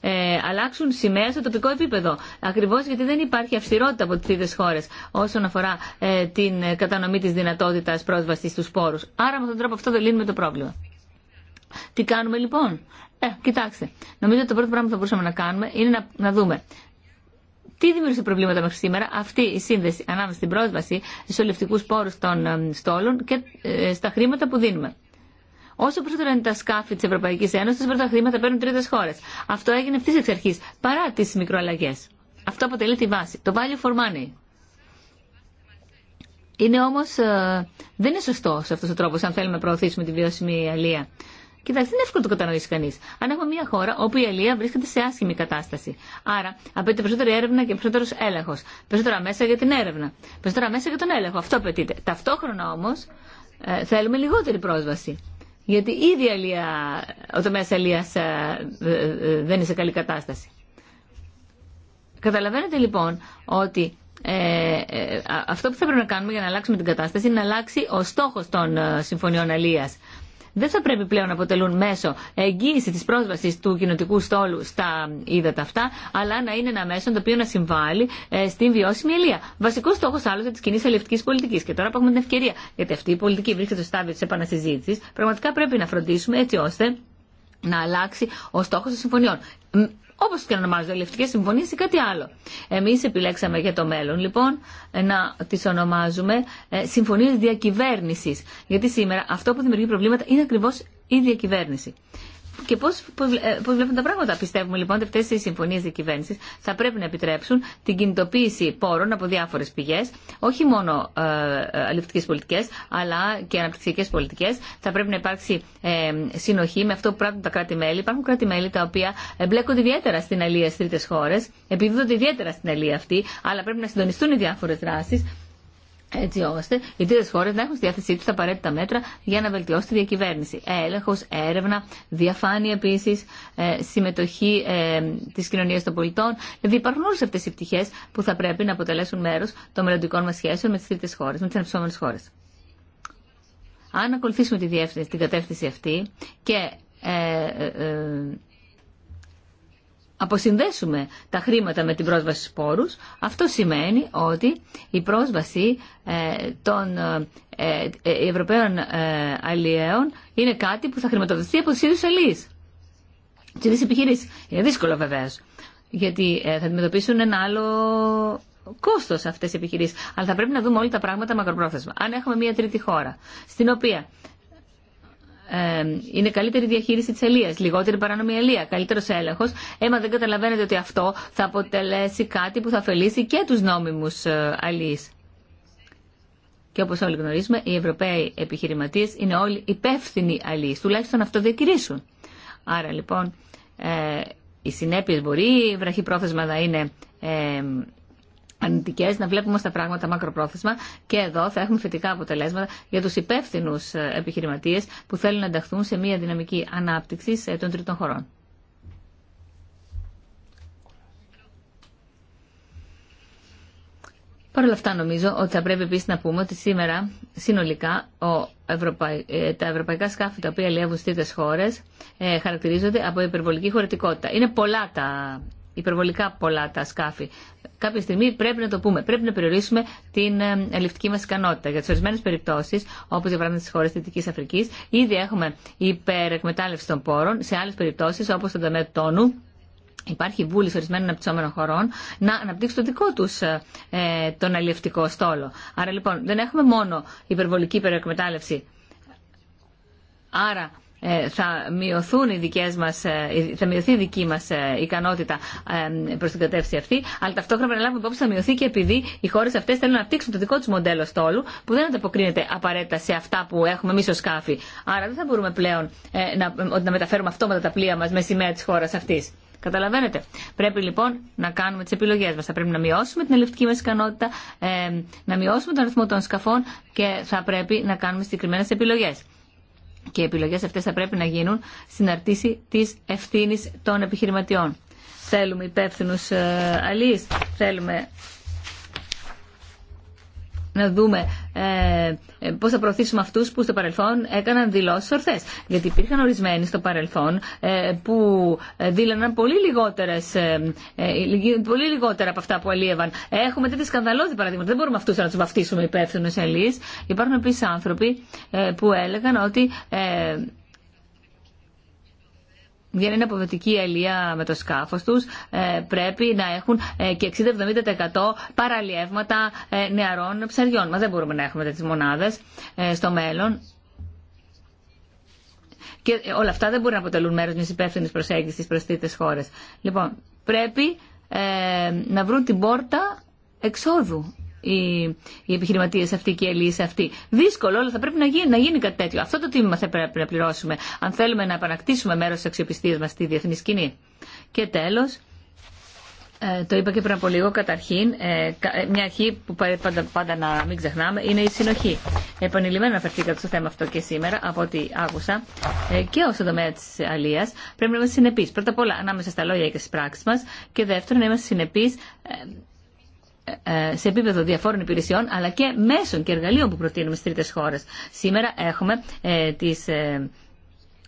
ε, αλλάξουν σημαία στο τοπικό επίπεδο. Ακριβώς γιατί δεν υπάρχει αυστηρότητα από τις ίδιες χώρες όσον αφορά την κατανομή της δυνατότητας πρόσβασης στους πόρους. Άρα με τον τρόπο αυτό δεν λύνουμε το πρόβλημα. Τι κάνουμε λοιπόν. Ε, κοιτάξτε, νομίζω ότι το πρώτο πράγμα που θα μπορούσαμε να κάνουμε είναι να, να δούμε τι δημιούργησε προβλήματα μέχρι σήμερα αυτή η σύνδεση ανάμεσα στην πρόσβαση στου ολευτικού πόρου των ε, στόλων και ε, στα χρήματα που δίνουμε. Όσο περισσότερο τα σκάφη τη Ευρωπαϊκή Ένωση, τόσο περισσότερα χρήματα παίρνουν τρίτε χώρε. Αυτό έγινε αυτή εξ αρχή, παρά τι μικροαλλαγέ. Αυτό αποτελεί τη βάση. Το value for money. Είναι όμω. Ε, δεν είναι σωστό αυτό ο τρόπο, αν θέλουμε να προωθήσουμε τη βιώσιμη αλεία. Κοιτάξτε, δεν είναι εύκολο το κατανοήσει κανεί. Αν έχουμε μια χώρα όπου η Ελία βρίσκεται σε άσχημη κατάσταση. Άρα, απαιτείται περισσότερη έρευνα και περισσότερο έλεγχο. Περισσότερα μέσα για την έρευνα. Περισσότερα μέσα για τον έλεγχο. Αυτό απαιτείται. Ταυτόχρονα όμω, ε, θέλουμε λιγότερη πρόσβαση. Γιατί ήδη ο τομέα αλία ε, ε, δεν είναι σε καλή κατάσταση. Καταλαβαίνετε λοιπόν ότι ε, ε, αυτό που θα πρέπει να κάνουμε για να αλλάξουμε την κατάσταση είναι να αλλάξει ο στόχος των συμφωνιών αλίας δεν θα πρέπει πλέον να αποτελούν μέσο εγγύηση τη πρόσβαση του κοινοτικού στόλου στα ύδατα αυτά, αλλά να είναι ένα μέσο το οποίο να συμβάλλει ε, στην βιώσιμη ελεία. Βασικό στόχο άλλωστε τη κοινή ελευτική πολιτική. Και τώρα που έχουμε την ευκαιρία, γιατί αυτή η πολιτική βρίσκεται στο στάδιο τη επανασυζήτηση, πραγματικά πρέπει να φροντίσουμε έτσι ώστε να αλλάξει ο στόχο των συμφωνιών όπω και να ονομάζονται, ελευθερικέ συμφωνίε ή κάτι άλλο. Εμεί επιλέξαμε για το μέλλον, λοιπόν, να τι ονομάζουμε ε, συμφωνίε διακυβέρνηση. Γιατί σήμερα αυτό που δημιουργεί προβλήματα είναι ακριβώ η διακυβέρνηση και πώς, πώς, ε, βλέπουν τα πράγματα. Πιστεύουμε λοιπόν ότι αυτές οι συμφωνίες διακυβέρνησης θα πρέπει να επιτρέψουν την κινητοποίηση πόρων από διάφορες πηγές, όχι μόνο ε, ε, αλληλευτικές πολιτικές, αλλά και αναπτυξιακές πολιτικές. Θα πρέπει να υπάρξει ε, συνοχή με αυτό που πράττουν τα κράτη-μέλη. Υπάρχουν κράτη-μέλη τα οποία εμπλέκονται ιδιαίτερα στην αλληλεία στις τρίτες χώρες, επιδίδονται ιδιαίτερα στην αλία αυτή, αλλά πρέπει να συντονιστούν οι διάφορες δράσεις έτσι ώστε οι τρίτε χώρε να έχουν στη διάθεσή του τα απαραίτητα μέτρα για να βελτιώσει τη διακυβέρνηση. Έλεγχο, έρευνα, διαφάνεια επίση, ε, συμμετοχή ε, τη κοινωνία των πολιτών. Δηλαδή υπάρχουν όλε αυτέ οι πτυχέ που θα πρέπει να αποτελέσουν μέρο των μελλοντικών μα σχέσεων με τι τρίτε χώρε, με τι ανεψόμενε χώρε. Αν ακολουθήσουμε τη διεύθυνση, την κατεύθυνση αυτή και ε, αποσυνδέσουμε τα χρήματα με την πρόσβαση στους πόρους, αυτό σημαίνει ότι η πρόσβαση ε, των ε, ε, Ευρωπαίων αλλιέων είναι κάτι που θα χρηματοδοτηθεί από τις ίδιους αλλιείς. Τις ίδιες επιχειρήσεις. Είναι δύσκολο βεβαίως, γιατί θα αντιμετωπίσουν ένα άλλο κόστο αυτέ οι επιχειρήσει. Αλλά θα πρέπει να δούμε όλα τα πράγματα μακροπρόθεσμα. Αν έχουμε μια τρίτη χώρα, στην οποία είναι καλύτερη διαχείριση τη ελεία, λιγότερη παρανομία ελεία, καλύτερο έλεγχο. Έμα δεν καταλαβαίνετε ότι αυτό θα αποτελέσει κάτι που θα ωφελήσει και του νόμιμου ε, αλληλεί. Και όπω όλοι γνωρίζουμε, οι Ευρωπαίοι επιχειρηματίε είναι όλοι υπεύθυνοι αλληλεί. Τουλάχιστον αυτό διακηρύσουν. Άρα λοιπόν, ε, οι συνέπειε μπορεί πρόθεσμα να είναι αρνητικέ, να βλέπουμε στα πράγματα μακροπρόθεσμα και εδώ θα έχουμε θετικά αποτελέσματα για του υπεύθυνου ε, επιχειρηματίε που θέλουν να ενταχθούν σε μια δυναμική ανάπτυξη των τρίτων χωρών. Παρ' όλα αυτά νομίζω ότι θα πρέπει επίση να πούμε ότι σήμερα συνολικά ο ε, τα ευρωπαϊκά σκάφη τα οποία λεύουν στι τρίτε χώρε ε, χαρακτηρίζονται από υπερβολική χωρητικότητα. Είναι πολλά τα υπερβολικά πολλά τα σκάφη. Κάποια στιγμή πρέπει να το πούμε. Πρέπει να περιορίσουμε την ε, ελευτική μα ικανότητα. Για τι ορισμένε περιπτώσει, όπω για παράδειγμα στι χώρε τη Δυτική Αφρική, ήδη έχουμε υπερεκμετάλλευση των πόρων. Σε άλλε περιπτώσει, όπω στον τομέα του τόνου, υπάρχει βούληση ορισμένων αναπτυσσόμενων χωρών να αναπτύξουν το δικό του ε, ε, τον αλληλευτικό στόλο. Άρα λοιπόν δεν έχουμε μόνο υπερβολική υπερεκμετάλλευση. Άρα ε, θα, μειωθούν οι δικές μας, ε, θα μειωθεί η δική μας ε, ικανότητα προς την κατεύθυνση αυτή, αλλά ταυτόχρονα να λάβουμε υπόψη θα μειωθεί και επειδή οι χώρες αυτές θέλουν να απτύξουν το δικό τους μοντέλο στόλου που δεν ανταποκρίνεται απαραίτητα σε αυτά που έχουμε εμείς ως σκάφη. Άρα δεν θα μπορούμε πλέον να, να μεταφέρουμε αυτόματα τα πλοία μας με σημαία της χώρας αυτής. Καταλαβαίνετε. Πρέπει λοιπόν να κάνουμε τι επιλογέ μα. Θα πρέπει να μειώσουμε την ελευτική μα ικανότητα, να μειώσουμε τον αριθμό των σκαφών και θα πρέπει να κάνουμε συγκεκριμένε επιλογέ και οι επιλογές αυτές θα πρέπει να γίνουν στην αρτήση της ευθύνης των επιχειρηματιών. Θέλουμε υπεύθυνου ε, αλληλείς, θέλουμε να δούμε ε, ε πώ θα προωθήσουμε αυτού που στο παρελθόν έκαναν δηλώσει ορθέ. Γιατί υπήρχαν ορισμένοι στο παρελθόν ε, που ε, δήλωναν πολύ, λιγότερες, πολύ λιγότερα από αυτά που αλίευαν. Έχουμε τέτοιε σκανδαλώδει παραδείγματα. Δεν μπορούμε αυτού να του βαφτίσουμε υπεύθυνου ελλεί. Υπάρχουν επίση άνθρωποι που έλεγαν ότι. Ε, για να είναι αποδοτική με το σκάφο του, ε, πρέπει να έχουν ε, και 60-70% παραλιεύματα ε, νεαρών ψαριών. Μα δεν μπορούμε να έχουμε τέτοιε μονάδε στο μέλλον. Και όλα αυτά δεν μπορούν να αποτελούν μέρο μια υπεύθυνη προσέγγιση προ τρίτε χώρε. Λοιπόν, πρέπει να βρουν την πόρτα εξόδου οι, οι επιχειρηματίε αυτοί και οι ελίε αυτοί. Δύσκολο, αλλά θα πρέπει να γίνει, να γίνει κάτι τέτοιο. Αυτό το τίμημα θα πρέπει να πληρώσουμε, αν θέλουμε να επανακτήσουμε μέρο τη αξιοπιστία μα στη διεθνή σκηνή. Και τέλο, ε, το είπα και πριν από λίγο, καταρχήν, ε, ε, μια αρχή που πάντα, πάντα να μην ξεχνάμε είναι η συνοχή. Επανειλημμένα αναφερθήκατε στο θέμα αυτό και σήμερα, από ό,τι άκουσα, και στον τομέα τη αλεία. Πρέπει να είμαστε συνεπεί. Πρώτα απ' όλα, ανάμεσα στα λόγια και στι πράξει μα. Και δεύτερον, να είμαστε συνεπεί ε, σε επίπεδο διαφόρων υπηρεσιών αλλά και μέσων και εργαλείων που προτείνουμε στις τρίτες χώρες. Σήμερα έχουμε ε, τις ε,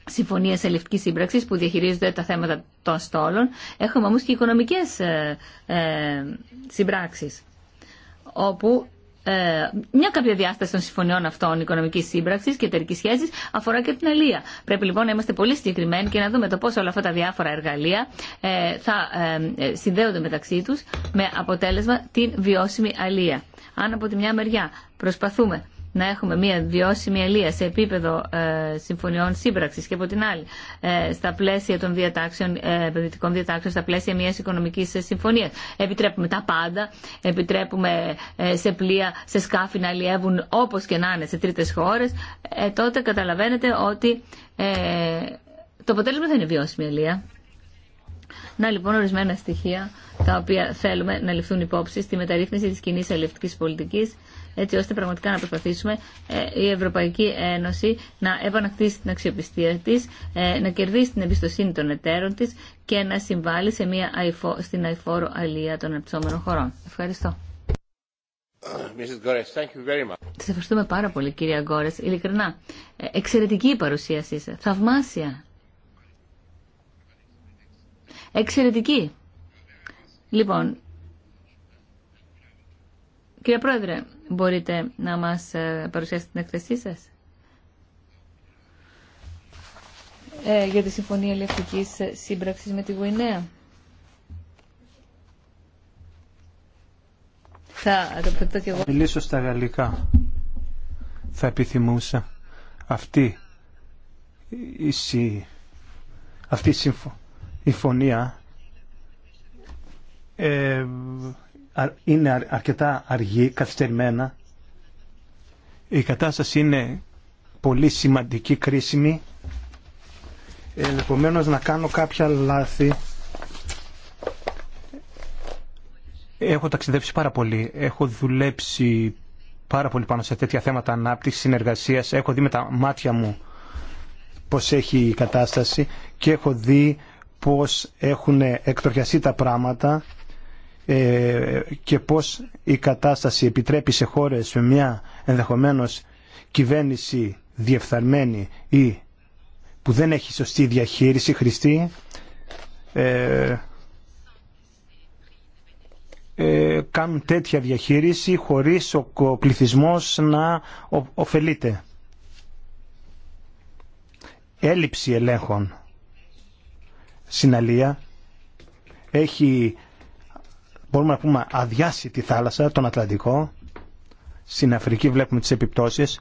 συμφωνίες ελευτικής σύμπραξης που διαχειρίζονται τα θέματα των στόλων. Έχουμε όμως και οικονομικές ε, ε συμπράξεις όπου ε, μια κάποια διάσταση των συμφωνιών αυτών οικονομική σύμπραξη και εταιρική σχέση αφορά και την αλεία. Πρέπει λοιπόν να είμαστε πολύ συγκεκριμένοι και να δούμε το πώ όλα αυτά τα διάφορα εργαλεία ε, θα ε, συνδέονται μεταξύ του με αποτέλεσμα την βιώσιμη αλεία. Αν από τη μια μεριά προσπαθούμε να έχουμε μια βιώσιμη αλεία σε επίπεδο ε, συμφωνιών σύμπραξη και από την άλλη ε, στα πλαίσια των διατάξεων, ε, επενδυτικών διατάξεων, στα πλαίσια μια οικονομική συμφωνία. Επιτρέπουμε τα πάντα, επιτρέπουμε σε πλοία, σε σκάφη να αλλιεύουν όπω και να είναι σε τρίτε χώρε. τότε καταλαβαίνετε ότι το αποτέλεσμα δεν είναι βιώσιμη αλεία. Να λοιπόν ορισμένα στοιχεία τα οποία θέλουμε να ληφθούν υπόψη στη μεταρρύθμιση της κοινή αλληλευτικής πολιτικής έτσι ώστε πραγματικά να προσπαθήσουμε ε, η Ευρωπαϊκή Ένωση να επανακτήσει την αξιοπιστία τη, ε, να κερδίσει την εμπιστοσύνη των εταίρων τη και να συμβάλλει σε μια στην αηφόρο αλία των αναπτυσσόμενων χωρών. Ευχαριστώ. Uh, σα ευχαριστούμε πάρα πολύ κυρία Γκόρες, ειλικρινά. Ε, εξαιρετική η παρουσίασή σα. θαυμάσια. Εξαιρετική. Λοιπόν, κύριε Πρόεδρε, Μπορείτε να μας ε, παρουσιάσετε την εκθεσή σας. Ε, για τη Συμφωνία Ελευθερικής Σύμπραξης με τη Γουινέα. Θα και εγώ. Μιλήσω στα γαλλικά. Θα επιθυμούσα αυτή η, αυτή συμφωνία ε, είναι αρκετά αργή, καθυστερημένα. Η κατάσταση είναι πολύ σημαντική, κρίσιμη. Ε, Επομένω να κάνω κάποια λάθη. Έχω ταξιδέψει πάρα πολύ. Έχω δουλέψει πάρα πολύ πάνω σε τέτοια θέματα ανάπτυξη, συνεργασία. Έχω δει με τα μάτια μου πώ έχει η κατάσταση και έχω δει πώ έχουν εκτροχιαστεί τα πράγματα ε, και πώς η κατάσταση επιτρέπει σε χώρες με μια ενδεχομένως κυβέρνηση διεφθαρμένη ή που δεν έχει σωστή διαχείριση χρηστή ε, ε, κάνουν τέτοια διαχείριση χωρίς ο πληθυσμός να ωφελείται. Έλλειψη ελέγχων συναλία έχει μπορούμε να πούμε αδειάσει τη θάλασσα, τον Ατλαντικό. Στην Αφρική βλέπουμε τις επιπτώσεις.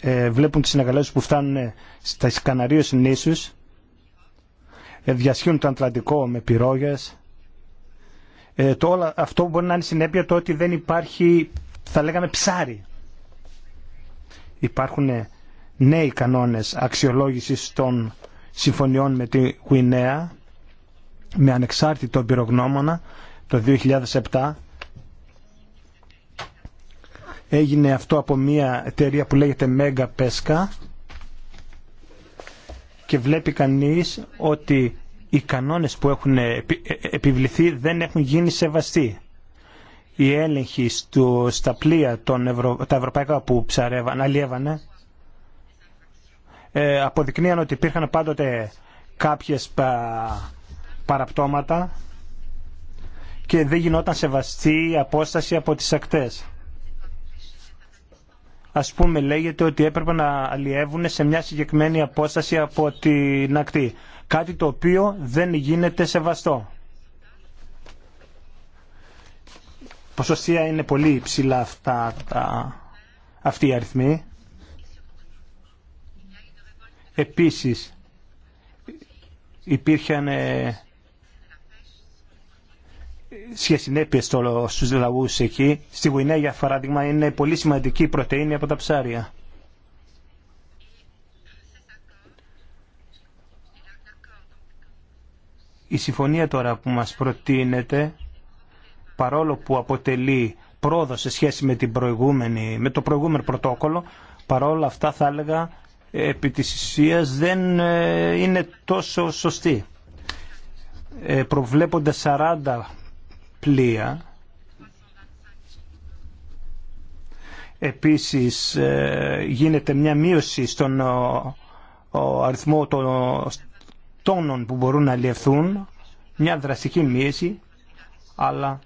Ε, βλέπουν τις συναγκαλέσεις που φτάνουν στα καναρίε, νήσους. Ε, διασχίζουν τον Ατλαντικό με πυρόγες. Ε, το αυτό μπορεί να είναι συνέπεια το ότι δεν υπάρχει, θα λέγαμε, ψάρι. Υπάρχουν ε, νέοι κανόνες αξιολόγησης των συμφωνιών με τη Γουινέα με ανεξάρτητο πυρογνώμονα το 2007 έγινε αυτό από μια εταιρεία που λέγεται Mega Pesca και βλέπει κανείς ότι οι κανόνες που έχουν ε, ε, επιβληθεί δεν έχουν γίνει σεβαστοί. Οι έλεγχοι του στα πλοία των Ευρω... τα ευρωπαϊκά που ψαρεύαν, αλλιεύανε ε, αποδεικνύαν ότι υπήρχαν πάντοτε κάποιες παραπτώματα και δεν γινόταν σεβαστή η απόσταση από τις ακτές. Ας πούμε λέγεται ότι έπρεπε να αλλιεύουν σε μια συγκεκριμένη απόσταση από την ακτή. Κάτι το οποίο δεν γίνεται σεβαστό. Ποσοστία είναι πολύ υψηλά αυτά, τα, αυτοί οι αριθμοί. Επίσης, υπήρχαν συνέπειε στου λαού εκεί. Στη Γουινέα, για παράδειγμα, είναι πολύ σημαντική η πρωτεΐνη από τα ψάρια. Η συμφωνία τώρα που μας προτείνεται, παρόλο που αποτελεί πρόοδο σε σχέση με, την προηγούμενη, με το προηγούμενο πρωτόκολλο, παρόλα αυτά θα έλεγα επί της δεν ε, είναι τόσο σωστή. Ε, προβλέπονται 40 πλοία. Επίσης ε, γίνεται μια μείωση στον αριθμό των τόνων που μπορούν να αλλιευθούν, μια δραστική μείωση, αλλά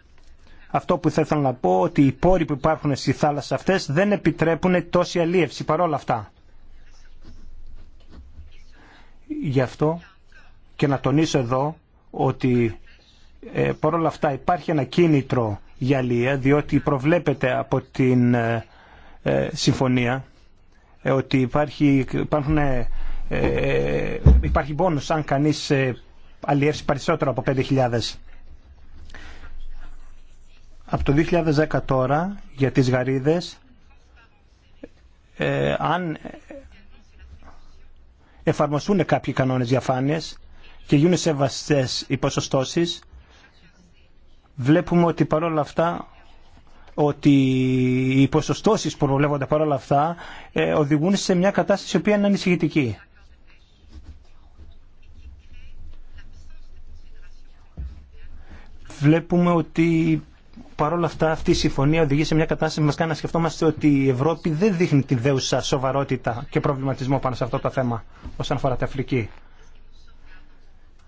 αυτό που θα ήθελα να πω ότι οι πόροι που υπάρχουν στη θάλασσα αυτές δεν επιτρέπουν τόση αλλίευση παρόλα αυτά. Γι' αυτό και να τονίσω εδώ ότι ε, Παρ' όλα αυτά υπάρχει ένα κίνητρο για Λία, διότι προβλέπεται από την ε, ε συμφωνία ε, ότι υπάρχει, υπάρχουν, ε, υπάρχει πόνος αν κανείς αλλιεύσει περισσότερο από 5.000. Από το 2010 τώρα για τις γαρίδες αν εφαρμοστούν κάποιοι κανόνες διαφάνειες και γίνουν σεβαστές οι ποσοστώσεις βλέπουμε ότι παρόλα αυτά ότι οι ποσοστώσεις που προβλέπονται παρόλα αυτά ε, οδηγούν σε μια κατάσταση η οποία είναι ανησυχητική. Βλέπουμε ότι παρόλα αυτά αυτή η συμφωνία οδηγεί σε μια κατάσταση που μας κάνει να σκεφτόμαστε ότι η Ευρώπη δεν δείχνει τη δέουσα σοβαρότητα και προβληματισμό πάνω σε αυτό το θέμα όσον αφορά την Αφρική.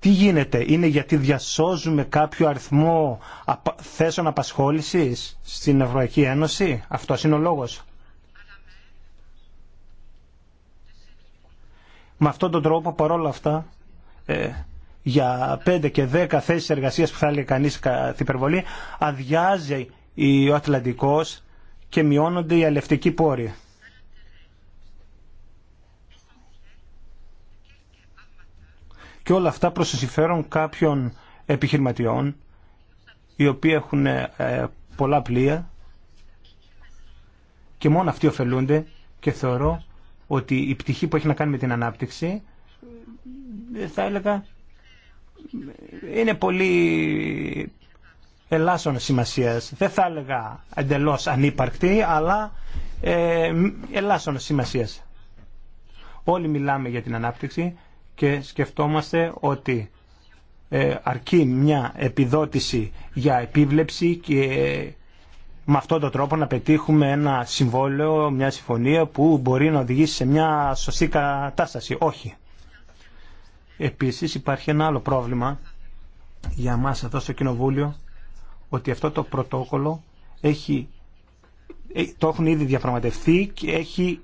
Τι γίνεται, είναι γιατί διασώζουμε κάποιο αριθμό θέσεων απασχόλησης στην Ευρωπαϊκή Ένωση. Αυτό είναι ο λόγος. Με αυτόν τον τρόπο παρόλα αυτά ε, για 5 και 10 θέσεις εργασίας που θα έλεγε κανείς καθ' υπερβολή αδειάζει ο Ατλαντικός και μειώνονται οι αλευτικοί πόροι. και όλα αυτά προς συμφέρον κάποιων επιχειρηματιών οι οποίοι έχουν ε, πολλά πλοία και μόνο αυτοί ωφελούνται και θεωρώ ότι η πτυχή που έχει να κάνει με την ανάπτυξη ε, θα έλεγα είναι πολύ ελάσσον σημασίας. Δεν θα έλεγα εντελώ ανύπαρκτη, αλλά ε, ελάσσον σημασίας. Όλοι μιλάμε για την ανάπτυξη και σκεφτόμαστε ότι ε, αρκεί μια επιδότηση για επίβλεψη και ε, με αυτόν τον τρόπο να πετύχουμε ένα συμβόλαιο, μια συμφωνία που μπορεί να οδηγήσει σε μια σωστή κατάσταση. Όχι. Επίσης υπάρχει ένα άλλο πρόβλημα για μας εδώ στο Κοινοβούλιο ότι αυτό το πρωτόκολλο έχει, ε, το έχουν ήδη διαπραγματευτεί και έχει,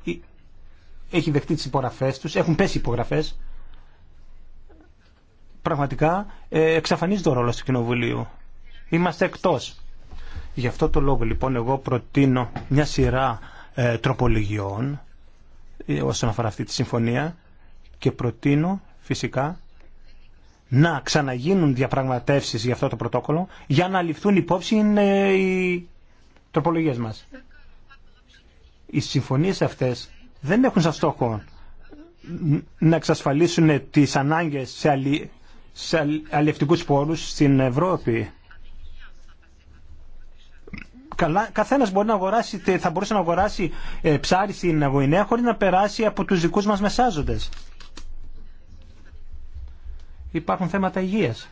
έχει δεχτεί τις υπογραφές τους, έχουν πέσει υπογραφές πραγματικά ε, εξαφανίζεται ο ρόλο του Κοινοβουλίου. Είμαστε εκτός. Γι' αυτό το λόγο λοιπόν εγώ προτείνω μια σειρά ε, τροπολογιών ε, όσον αφορά αυτή τη συμφωνία και προτείνω φυσικά να ξαναγίνουν διαπραγματεύσεις για αυτό το πρωτόκολλο για να ληφθούν υπόψη ε, οι τροπολογίες μας. Οι συμφωνίες αυτές δεν έχουν σαν στόχο να εξασφαλίσουν τις ανάγκες σε αλλη σε αλληλευτικούς πόρους στην Ευρώπη. Καλά, καθένας μπορεί να αγοράσει, θα μπορούσε να αγοράσει ε, ψάρι στην Αγωινέα χωρίς να περάσει από τους δικούς μας μεσάζοντες. Υπάρχουν θέματα υγείας.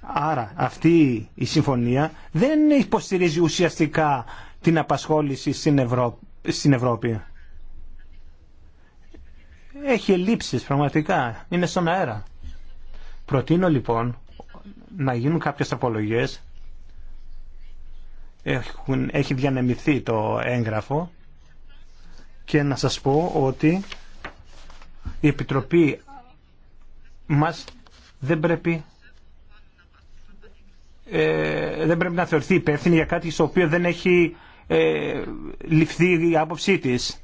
Άρα αυτή η συμφωνία δεν υποστηρίζει ουσιαστικά την απασχόληση στην Ευρώπη έχει ελλείψεις πραγματικά, είναι στον αέρα. Προτείνω λοιπόν να γίνουν κάποιες απολογίες, Έχουν, έχει διανεμηθεί το έγγραφο και να σας πω ότι η Επιτροπή μας δεν πρέπει ε, δεν πρέπει να θεωρηθεί υπεύθυνη για κάτι στο οποίο δεν έχει ε, ληφθεί η άποψή της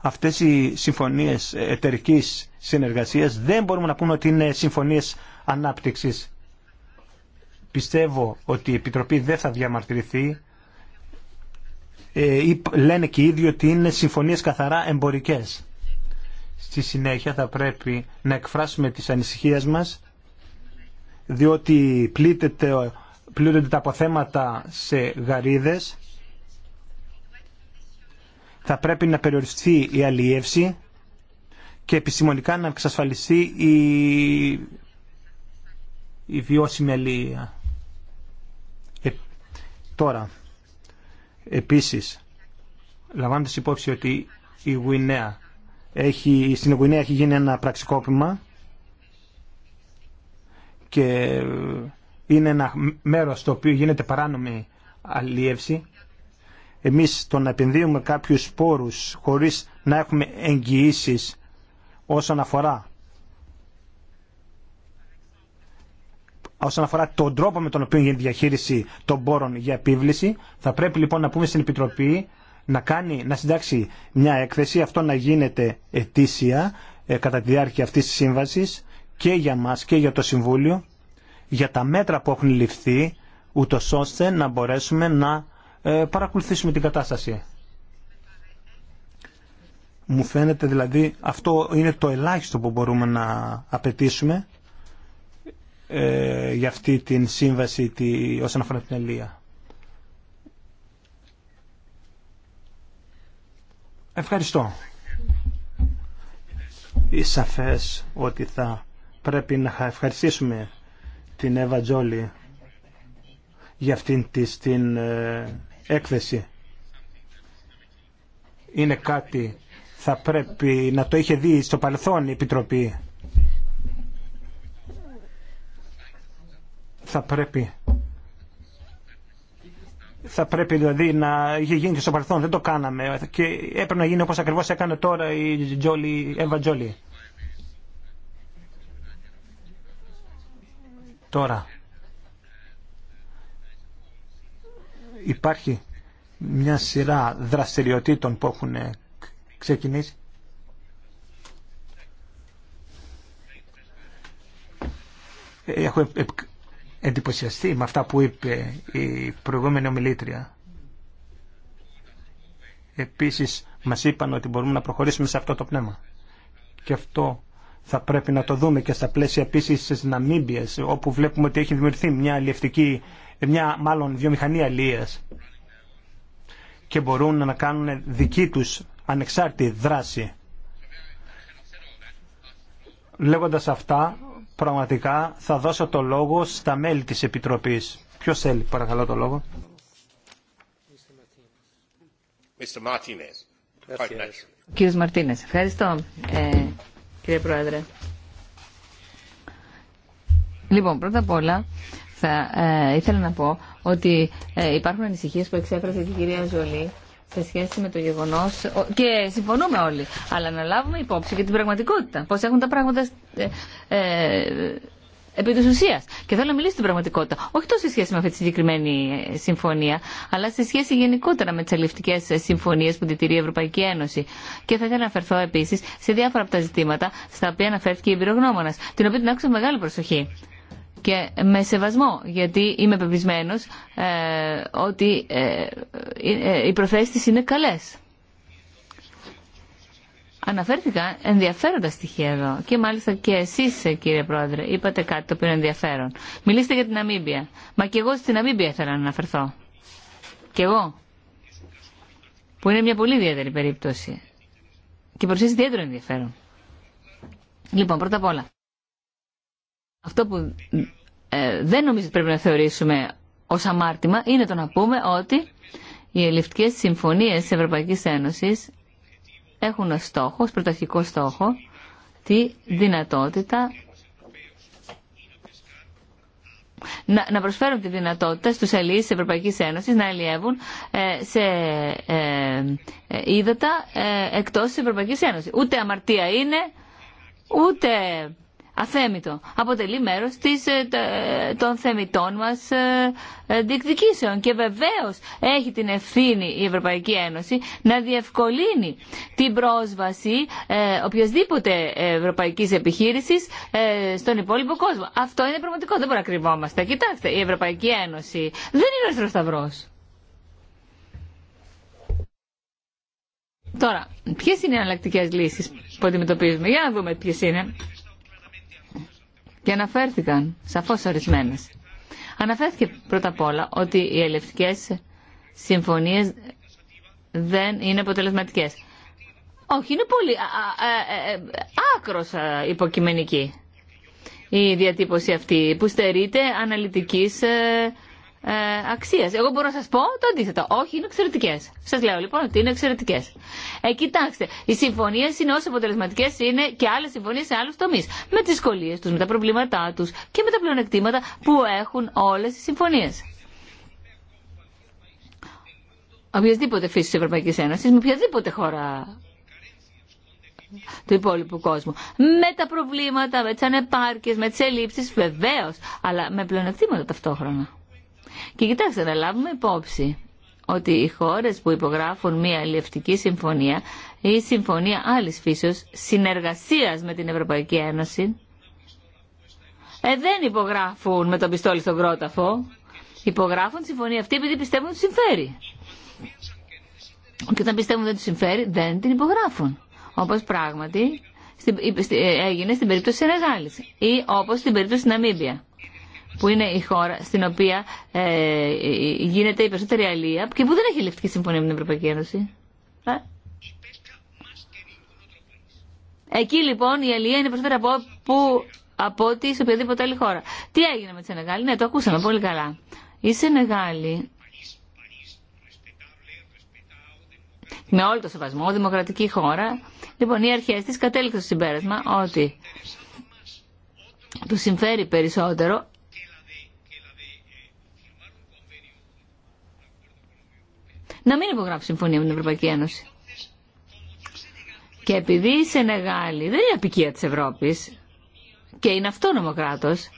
αυτές οι συμφωνίες εταιρικής συνεργασίας δεν μπορούμε να πούμε ότι είναι συμφωνίες ανάπτυξης. Πιστεύω ότι η Επιτροπή δεν θα διαμαρτυρηθεί. Ε, λένε και οι ίδιοι ότι είναι συμφωνίες καθαρά εμπορικές. Στη συνέχεια θα πρέπει να εκφράσουμε τις ανησυχίες μας διότι πλήττεται, τα αποθέματα σε γαρίδες θα πρέπει να περιοριστεί η αλλιεύση και επιστημονικά να εξασφαλιστεί η, η βιώσιμη αλληλεία. Ε, τώρα, επίσης, λαμβάνοντας υπόψη ότι η Γουινέα έχει, στην Γουινέα έχει γίνει ένα πραξικόπημα και είναι ένα μέρος στο οποίο γίνεται παράνομη αλλιεύση εμείς το να επενδύουμε κάποιους σπόρους χωρίς να έχουμε εγγυήσει όσον αφορά όσον αφορά τον τρόπο με τον οποίο γίνεται διαχείριση των πόρων για επίβληση. Θα πρέπει λοιπόν να πούμε στην Επιτροπή να, κάνει, να συντάξει μια έκθεση, αυτό να γίνεται ετήσια ε, κατά τη διάρκεια αυτής της σύμβασης και για μας και για το Συμβούλιο για τα μέτρα που έχουν ληφθεί ούτω ώστε να μπορέσουμε να ε, παρακολουθήσουμε την κατάσταση. Μου φαίνεται δηλαδή αυτό είναι το ελάχιστο που μπορούμε να απαιτήσουμε ε, για αυτή την σύμβαση τη, όσον αφορά την Ελία. Ευχαριστώ. Είναι σαφές ότι θα πρέπει να ευχαριστήσουμε την Εύα Τζόλη για αυτήν την ε, έκθεση είναι κάτι θα πρέπει να το είχε δει στο παρελθόν η Επιτροπή. Θα πρέπει θα πρέπει δηλαδή να είχε γίνει και στο παρελθόν. Δεν το κάναμε. Και έπρεπε να γίνει όπως ακριβώς έκανε τώρα η Τζόλι, Εύα Τζόλι. Τώρα. υπάρχει μια σειρά δραστηριοτήτων που έχουν ξεκινήσει. Έχω εντυπωσιαστεί με αυτά που είπε η προηγούμενη ομιλήτρια. Επίσης μας είπαν ότι μπορούμε να προχωρήσουμε σε αυτό το πνεύμα. Και αυτό θα πρέπει να το δούμε και στα πλαίσια επίσης της Ναμίμπιας, όπου βλέπουμε ότι έχει δημιουργηθεί μια αλληλευτική μια μάλλον βιομηχανία λίας και μπορούν να κάνουν δική τους ανεξάρτητη δράση. Λέγοντας αυτά, πραγματικά θα δώσω το λόγο στα μέλη της Επιτροπής. Ποιος θέλει, παρακαλώ, το λόγο. Κύριος Μαρτίνες, ευχαριστώ, ε, κύριε Πρόεδρε. Λοιπόν, πρώτα απ' όλα θα ε, ήθελα να πω ότι ε, υπάρχουν ανησυχίες που εξέφρασε η κυρία Ζολή σε σχέση με το γεγονό. και συμφωνούμε όλοι, αλλά να λάβουμε υπόψη και την πραγματικότητα. Πώ έχουν τα πράγματα ε, ε, επί τη ουσία. Και θέλω να μιλήσω στην πραγματικότητα. Όχι τόσο σε σχέση με αυτή τη συγκεκριμένη συμφωνία, αλλά σε σχέση γενικότερα με τι αλληλευτικέ συμφωνίε που διτηρεί η Ευρωπαϊκή Ένωση. Και θα ήθελα να αναφερθώ επίση σε διάφορα από τα ζητήματα στα οποία αναφέρθηκε η εμπειρογνώμονα, την οποία την άκουσα με μεγάλη προσοχή και με σεβασμό, γιατί είμαι πεπισμένος ε, ότι ε, ε, οι προθέσεις της είναι καλές. Αναφέρθηκα ενδιαφέροντα στοιχεία εδώ και μάλιστα και εσεί, κύριε Πρόεδρε είπατε κάτι το οποίο είναι ενδιαφέρον. Μιλήστε για την Αμήμπια. Μα και εγώ στην Αμήμπια ήθελα να αναφερθώ. Και εγώ. Που είναι μια πολύ ιδιαίτερη περίπτωση. Και προσθέσει ιδιαίτερο ενδιαφέρον. Λοιπόν, πρώτα απ' όλα. Αυτό που ε, δεν νομίζω πρέπει να θεωρήσουμε ως αμάρτημα είναι το να πούμε ότι οι ελληνικέ συμφωνίε τη Ευρωπαϊκή Ένωσης έχουν ως στόχο, ως πρωταρχικό στόχο, τη δυνατότητα να, να προσφέρουν τη δυνατότητα στους αλληλείς της Ευρωπαϊκής Ένωσης να αλλιεύουν ε, σε είδατα ε, εκτός της Ευρωπαϊκής Ένωσης. Ούτε αμαρτία είναι, ούτε αθέμητο. Αποτελεί μέρος της, ε, των θεμητών μας ε, ε, διεκδικήσεων και βεβαίως έχει την ευθύνη η Ευρωπαϊκή Ένωση να διευκολύνει την πρόσβαση οποιασδήποτε ευρωπαϊκής επιχείρησης στον υπόλοιπο κόσμο. Αυτό είναι πραγματικό, δεν μπορούμε να κρυβόμαστε. Κοιτάξτε, η Ευρωπαϊκή Ένωση δεν είναι ο Σταυρός. Τώρα, ποιε είναι οι αναλλακτικές λύσει που αντιμετωπίζουμε, για να δούμε ποιες είναι και αναφέρθηκαν σαφώς ορισμένες. Αναφέρθηκε πρώτα απ' όλα ότι οι ελευθερικές συμφωνίες δεν είναι αποτελεσματικές. Όχι, είναι πολύ ε, ε, ε, άκρος υποκειμενική η διατύπωση αυτή που στερείται αναλυτικής ε, Εγώ μπορώ να σα πω το αντίθετο. Όχι, είναι εξαιρετικέ. Σα λέω λοιπόν ότι είναι εξαιρετικέ. Ε, κοιτάξτε, οι συμφωνίε είναι όσο αποτελεσματικέ είναι και άλλε συμφωνίε σε άλλου τομεί. Με τι δυσκολίε του, με τα προβλήματά του και με τα πλεονεκτήματα που έχουν όλε οι συμφωνίε. Οποιασδήποτε φύση τη Ευρωπαϊκή Ένωση, με οποιαδήποτε χώρα του υπόλοιπου κόσμου. Με τα προβλήματα, με τι ανεπάρκειε, με τι ελλείψει, βεβαίω, αλλά με πλεονεκτήματα ταυτόχρονα. Και κοιτάξτε, να λάβουμε υπόψη ότι οι χώρες που υπογράφουν μια αλληλευτική συμφωνία ή συμφωνία άλλης φύσεως συνεργασίας με την Ευρωπαϊκή Ένωση ε, δεν υπογράφουν με τον πιστόλι στον κρόταφο. Υπογράφουν τη συμφωνία αυτή επειδή πιστεύουν ότι του συμφέρει. Και όταν πιστεύουν ότι δεν του συμφέρει, δεν την υπογράφουν. Όπω πράγματι ε, ε, έγινε στην περίπτωση τη Σενεγάλη ή όπω στην περίπτωση της Ναμίμπια που είναι η χώρα στην οποία ε, γίνεται η περισσότερη αλληλεία και που δεν έχει λεφτική συμφωνία με την Ευρωπαϊκή Ένωση. Ε? Εκεί λοιπόν η αλληλεία είναι περισσότερη από, που, από ό,τι σε οποιαδήποτε άλλη χώρα. Τι έγινε με τη Σενεγάλη, ναι το ακούσαμε πολύ καλά. Η Σενεγάλη με όλο το σεβασμό, δημοκρατική χώρα. Λοιπόν, οι αρχέ τη κατέληξαν στο συμπέρασμα ότι του συμφέρει περισσότερο να μην υπογράψει συμφωνία με την Ευρωπαϊκή Ένωση. Και επειδή η Σενεγάλη δεν είναι απικία της Ευρώπης και είναι αυτόνομο κράτος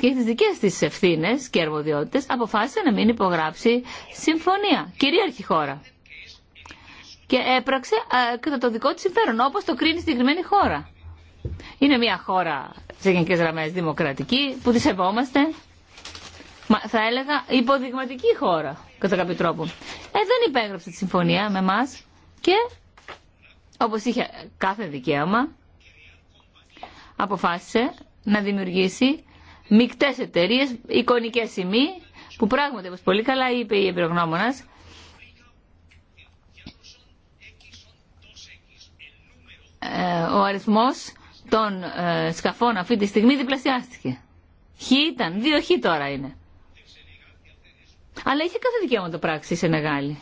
και έχει τις δικές της ευθύνες και αρμοδιότητες, αποφάσισε να μην υπογράψει συμφωνία. Κυρίαρχη χώρα. Και έπραξε κατά το δικό της συμφέρον, όπως το κρίνει συγκεκριμένη χώρα. Είναι μια χώρα σε γενικέ γραμμέ δημοκρατική που τη σεβόμαστε θα έλεγα υποδειγματική χώρα κατά κάποιο τρόπο. Ε, δεν υπέγραψε τη συμφωνία με εμά και όπως είχε κάθε δικαίωμα αποφάσισε να δημιουργήσει μικτές εταιρείε, εικονικές σημεί που πράγματι όπως πολύ καλά είπε η εμπειρογνώμονας ε, ο αριθμός των ε, σκαφών αυτή τη στιγμή διπλασιάστηκε. Χ ήταν, δύο χ τώρα είναι. Αλλά είχε κάθε δικαίωμα το πράξει σε Νεγάλη.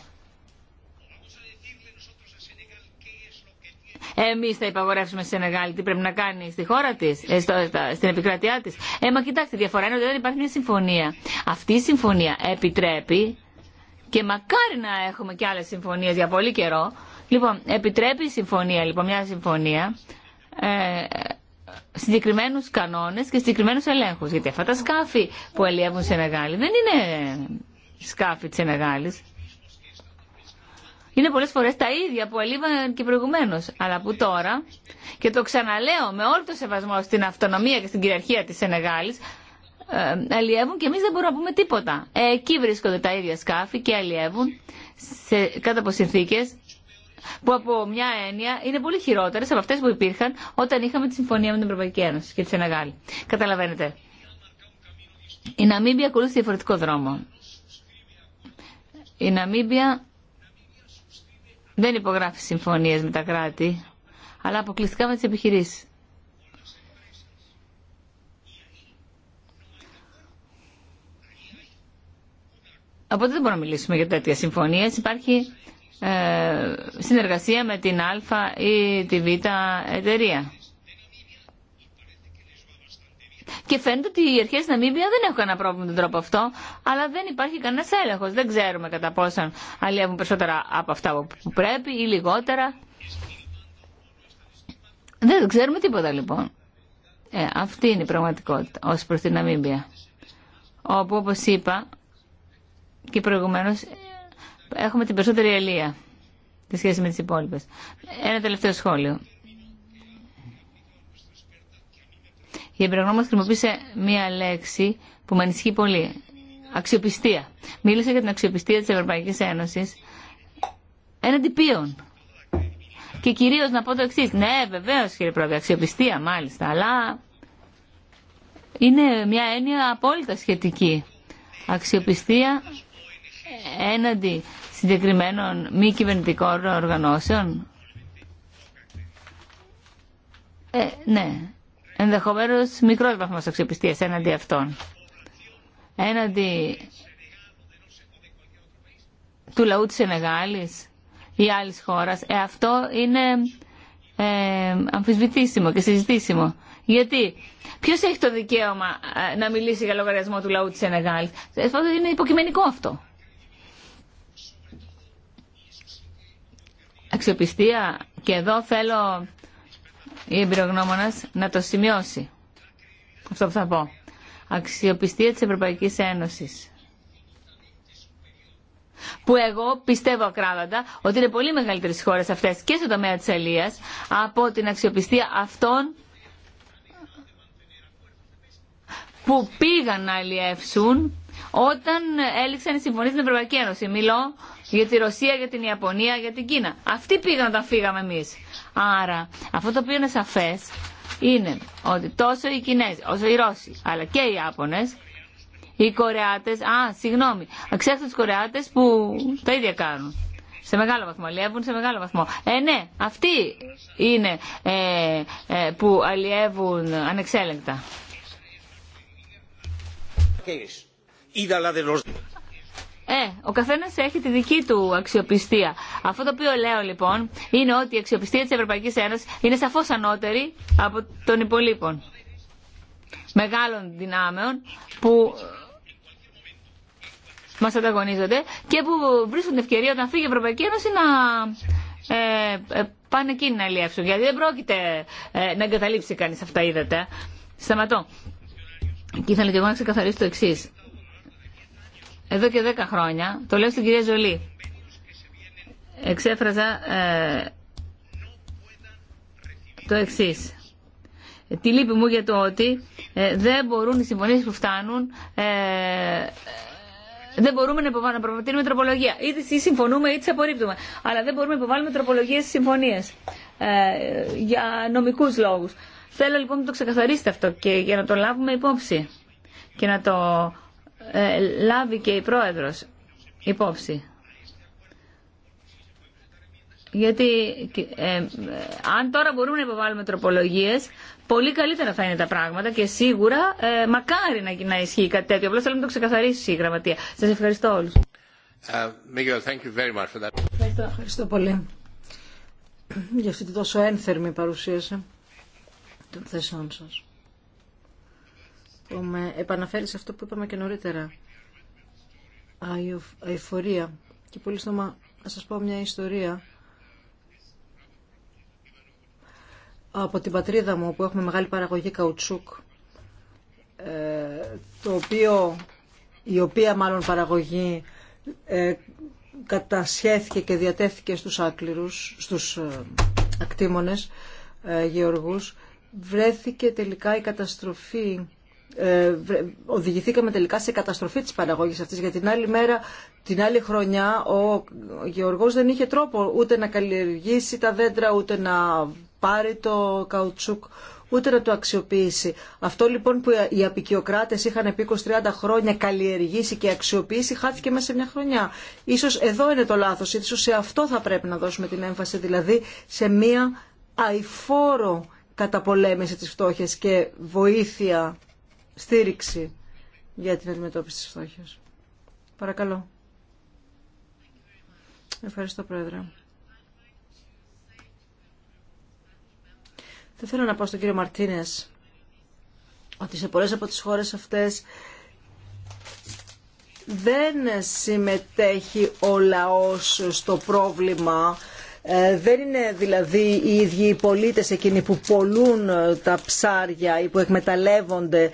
Εμεί θα υπαγορεύσουμε σε Σενεγάλη τι πρέπει να κάνει στη χώρα τη, ε, στην επικρατειά τη. Ε, μα κοιτάξτε, διαφορά είναι ότι δεν υπάρχει μια συμφωνία. Αυτή η συμφωνία επιτρέπει, και μακάρι να έχουμε και άλλε συμφωνίε για πολύ καιρό. Λοιπόν, επιτρέπει η συμφωνία, λοιπόν, μια συμφωνία, ε, συγκεκριμένου κανόνε και συγκεκριμένου ελέγχου. Γιατί αυτά τα σκάφη που ελεύουν σε μεγάλη. δεν είναι σκάφη της Ενεγάλης. Είναι πολλές φορές τα ίδια που ελείβαν και προηγουμένως, αλλά που τώρα, και το ξαναλέω με όλο το σεβασμό στην αυτονομία και στην κυριαρχία της Σενεγάλης, ε, αλλιεύουν και εμείς δεν μπορούμε να πούμε τίποτα. εκεί βρίσκονται τα ίδια σκάφη και αλλιεύουν σε, κάτω από συνθήκε που από μια έννοια είναι πολύ χειρότερες από αυτές που υπήρχαν όταν είχαμε τη συμφωνία με την Ευρωπαϊκή Ένωση και τη Σενεγάλη. Καταλαβαίνετε. Η Ναμίμπη ακολούθησε διαφορετικό δρόμο. Η Ναμίμπια δεν υπογράφει συμφωνίες με τα κράτη, αλλά αποκλειστικά με τις επιχειρήσεις. Οπότε δεν μπορούμε να μιλήσουμε για τέτοια συμφωνίες. Υπάρχει ε, συνεργασία με την Α ή τη Β εταιρεία. Και φαίνεται ότι οι αρχέ Ναμίμπια δεν έχουν κανένα πρόβλημα με τον τρόπο αυτό, αλλά δεν υπάρχει κανένα έλεγχο. Δεν ξέρουμε κατά πόσον αλλιεύουν περισσότερα από αυτά που πρέπει ή λιγότερα. Δεν ξέρουμε τίποτα λοιπόν. Ε, αυτή είναι η λιγοτερα δεν ξερουμε τιποτα λοιπον αυτη ειναι η πραγματικοτητα ως προς την Ναμίμπια. Όπου όπως είπα και προηγουμένως έχουμε την περισσότερη ελεία σε σχέση με τις υπόλοιπες. Ένα τελευταίο σχόλιο. η μας χρησιμοποίησε μία λέξη που με ανησυχεί πολύ. Αξιοπιστία. Μίλησε για την αξιοπιστία της Ευρωπαϊκής Ένωσης έναντι ποιον. Και κυρίως να πω το εξή. Ναι, βεβαίως κύριε Πρόεδρε, αξιοπιστία μάλιστα, αλλά είναι μια έννοια απόλυτα σχετική. Αξιοπιστία έναντι συγκεκριμένων μη κυβερνητικών οργανώσεων. Ε, ναι ενδεχομένως μικρό βαθμό αξιοπιστία έναντι αυτών. Έναντι του λαού τη Ενεγάλης ή άλλη χώρα, Ε, αυτό είναι ε, αμφισβητήσιμο και συζητήσιμο. Γιατί ποιο έχει το δικαίωμα ε, να μιλήσει για λογαριασμό του λαού τη Ενεγάλη. Ε, είναι υποκειμενικό αυτό. Αξιοπιστία. Και εδώ θέλω η εμπειρογνώμονα να το σημειώσει. Αυτό που θα πω. Αξιοπιστία της Ευρωπαϊκής Ένωσης. Που εγώ πιστεύω ακράδαντα ότι είναι πολύ μεγαλύτερε χώρε αυτέ και στο τομέα τη Αλία από την αξιοπιστία αυτών που πήγαν να αλλιεύσουν όταν έληξαν οι συμφωνίε στην Ευρωπαϊκή Ένωση. Μιλώ για τη Ρωσία, για την Ιαπωνία, για την Κίνα. Αυτοί πήγαν τα φύγαμε εμείς. Άρα αυτό το οποίο είναι σαφέ είναι ότι τόσο οι Κινέζοι, όσο οι Ρώσοι, αλλά και οι Ιάπωνες, οι Κορεάτες, α, συγγνώμη, ξέρετε τους Κορεάτες που τα ίδια κάνουν. Σε μεγάλο βαθμό, αλλιεύουν σε μεγάλο βαθμό. Ε, ναι, αυτοί είναι ε, ε που αλλιεύουν ανεξέλεγκτα. Ε, ο καθένα έχει τη δική του αξιοπιστία. Αυτό το οποίο λέω λοιπόν είναι ότι η αξιοπιστία τη Ευρωπαϊκή Ένωση είναι σαφώ ανώτερη από των υπολείπων μεγάλων δυνάμεων που ε, μας ανταγωνίζονται και που βρίσκουν την ευκαιρία όταν φύγει η Ευρωπαϊκή Ένωση να ε, ε, πάνε εκείνοι να ελιεύσουν. Γιατί δεν πρόκειται να εγκαταλείψει κανείς αυτά, είδατε. Σταματώ. Και ήθελα και εγώ να ξεκαθαρίσω το εξή εδώ και 10 χρόνια, το λέω στην κυρία Ζολή, εξέφραζα ε, το εξή. Τη λύπη μου για το ότι ε, δεν μπορούν οι συμφωνίε που φτάνουν. Ε, δεν μπορούμε να προβάλλουμε τροπολογία. Είτε συμφωνούμε είτε απορρίπτουμε. Αλλά δεν μπορούμε να υποβάλουμε τροπολογίε στι συμφωνίε. για νομικού λόγου. Θέλω λοιπόν να το ξεκαθαρίσετε αυτό και για να το λάβουμε υπόψη. Και να το ε, λάβει και η Πρόεδρος υπόψη. Γιατί ε, ε, αν τώρα μπορούμε να υποβάλουμε τροπολογίες, πολύ καλύτερα θα είναι τα πράγματα και σίγουρα ε, μακάρι να, να ισχύει κάτι τέτοιο. Απλώς θέλω να το ξεκαθαρίσει η Γραμματεία. Σας ευχαριστώ όλους. Ευχαριστώ. ευχαριστώ πολύ για αυτή τη τόσο ένθερμη παρουσίαση των θέσεων σας που με επαναφέρει σε αυτό που είπαμε και νωρίτερα. Αηφορία. Και πολύ στόμα να σας πω μια ιστορία από την πατρίδα μου που έχουμε μεγάλη παραγωγή καουτσούκ ε, το οποίο, η οποία μάλλον παραγωγή ε, κατασχέθηκε και διατέθηκε στους άκληρους, στους ε, ακτήμονες γεωργούς βρέθηκε τελικά η καταστροφή ε, οδηγηθήκαμε τελικά σε καταστροφή της παραγωγής αυτής γιατί την άλλη μέρα, την άλλη χρονιά ο Γεωργός δεν είχε τρόπο ούτε να καλλιεργήσει τα δέντρα ούτε να πάρει το καουτσούκ ούτε να το αξιοποιήσει. Αυτό λοιπόν που οι απικιοκράτες είχαν επί 20-30 χρόνια καλλιεργήσει και αξιοποιήσει χάθηκε μέσα σε μια χρονιά. Ίσως εδώ είναι το λάθος, ίσως σε αυτό θα πρέπει να δώσουμε την έμφαση, δηλαδή σε μια αηφόρο καταπολέμηση της φτώχειας και βοήθεια στήριξη για την αντιμετώπιση της φτώχειας. Παρακαλώ. Ευχαριστώ, Πρόεδρε. Δεν θέλω να πω στον κύριο Μαρτίνες ότι σε πολλές από τις χώρες αυτές δεν συμμετέχει ο λαός στο πρόβλημα ε, δεν είναι δηλαδή οι ίδιοι οι πολίτες εκείνοι που πολλούν τα ψάρια ή που εκμεταλλεύονται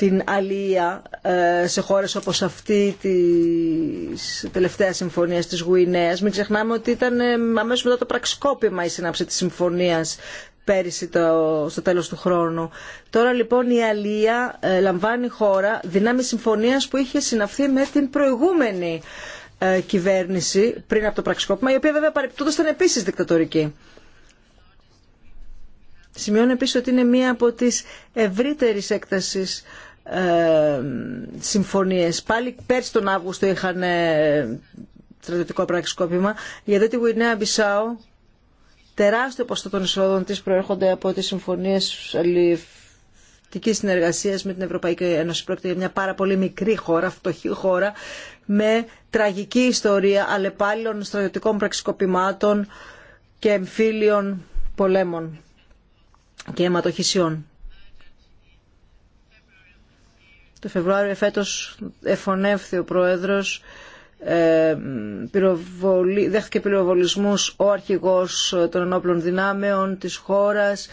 την αλία ε, σε χώρες όπως αυτή της τελευταίας συμφωνίας της Γουινέας. Μην ξεχνάμε ότι ήταν ε, αμέσως μετά το πραξικόπημα η σύναψη της συμφωνίας πέρυσι το, στο τέλος του χρόνου. Τώρα λοιπόν η αλία ε, λαμβάνει χώρα δυνάμει συμφωνίας που είχε συναυθεί με την προηγούμενη κυβέρνηση πριν από το πραξικόπημα, η οποία βέβαια παρεπτούντας ήταν επίσης δικτατορική. Σημειώνω επίσης ότι είναι μία από τις ευρύτερης έκτασης ε, συμφωνίες. Πάλι πέρσι τον Αύγουστο είχαν ε, στρατιωτικό πραξικόπημα. Για δε τη Γουινέα Μπισάου, τεράστιο ποσοστό των εισόδων της προέρχονται από τις συμφωνίες αλληλευτικής συνεργασίας με την Ευρωπαϊκή Ένωση. Πρόκειται για μια πάρα πολύ μικρή χώρα, φτωχή χώρα, με τραγική ιστορία αλλεπάλληλων στρατιωτικών πραξικοπημάτων και εμφύλιων πολέμων και αιματοχυσιών. Το Φεβρουάριο φέτος εφωνεύθη ο Πρόεδρος, ε, πυροβολη, δέχτηκε πυροβολισμούς ο αρχηγός των ενόπλων δυνάμεων της χώρας.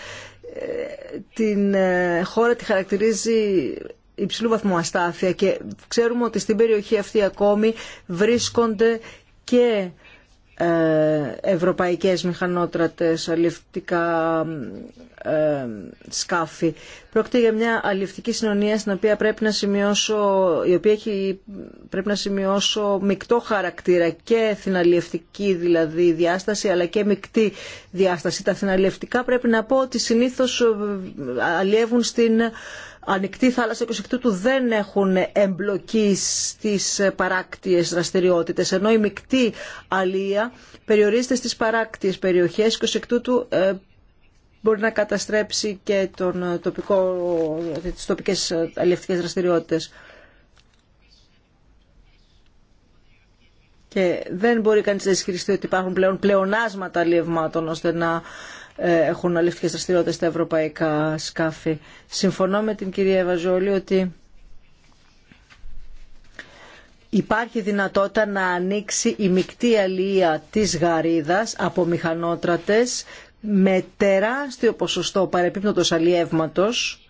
Ε, την ε, χώρα τη χαρακτηρίζει υψηλού βαθμού αστάθεια και ξέρουμε ότι στην περιοχή αυτή ακόμη βρίσκονται και ε, ευρωπαϊκές μηχανότρατες, αλληλευτικά ε, σκάφη. Πρόκειται για μια αλληλευτική συνωνία στην οποία πρέπει να σημειώσω, η οποία έχει, πρέπει να σημειώσω μεικτό χαρακτήρα και θυναλιευτική δηλαδή διάσταση αλλά και μεικτή διάσταση. Τα θυναλιευτικά πρέπει να πω ότι συνήθως ε, αλλιεύουν στην ανοιχτή θάλασσα και ως εκ δεν έχουν εμπλοκή στις παράκτιες δραστηριότητες, ενώ η μεικτή αλεία περιορίζεται στις παράκτιες περιοχές και ως εκ τούτου ε, μπορεί να καταστρέψει και τον ε, τοπικό, ε, τις τοπικές δραστηριότητες. Και δεν μπορεί κανείς να ισχυριστεί ότι υπάρχουν πλέον πλεονάσματα αλλιευμάτων ώστε να ε, έχουν αλήθικες δραστηριότητες στα ευρωπαϊκά σκάφη. Συμφωνώ με την κυρία Ευαζόλη ότι υπάρχει δυνατότητα να ανοίξει η μεικτή αλία της γαρίδας από μηχανότρατες με τεράστιο ποσοστό παρεπίπτωτος αλιεύματος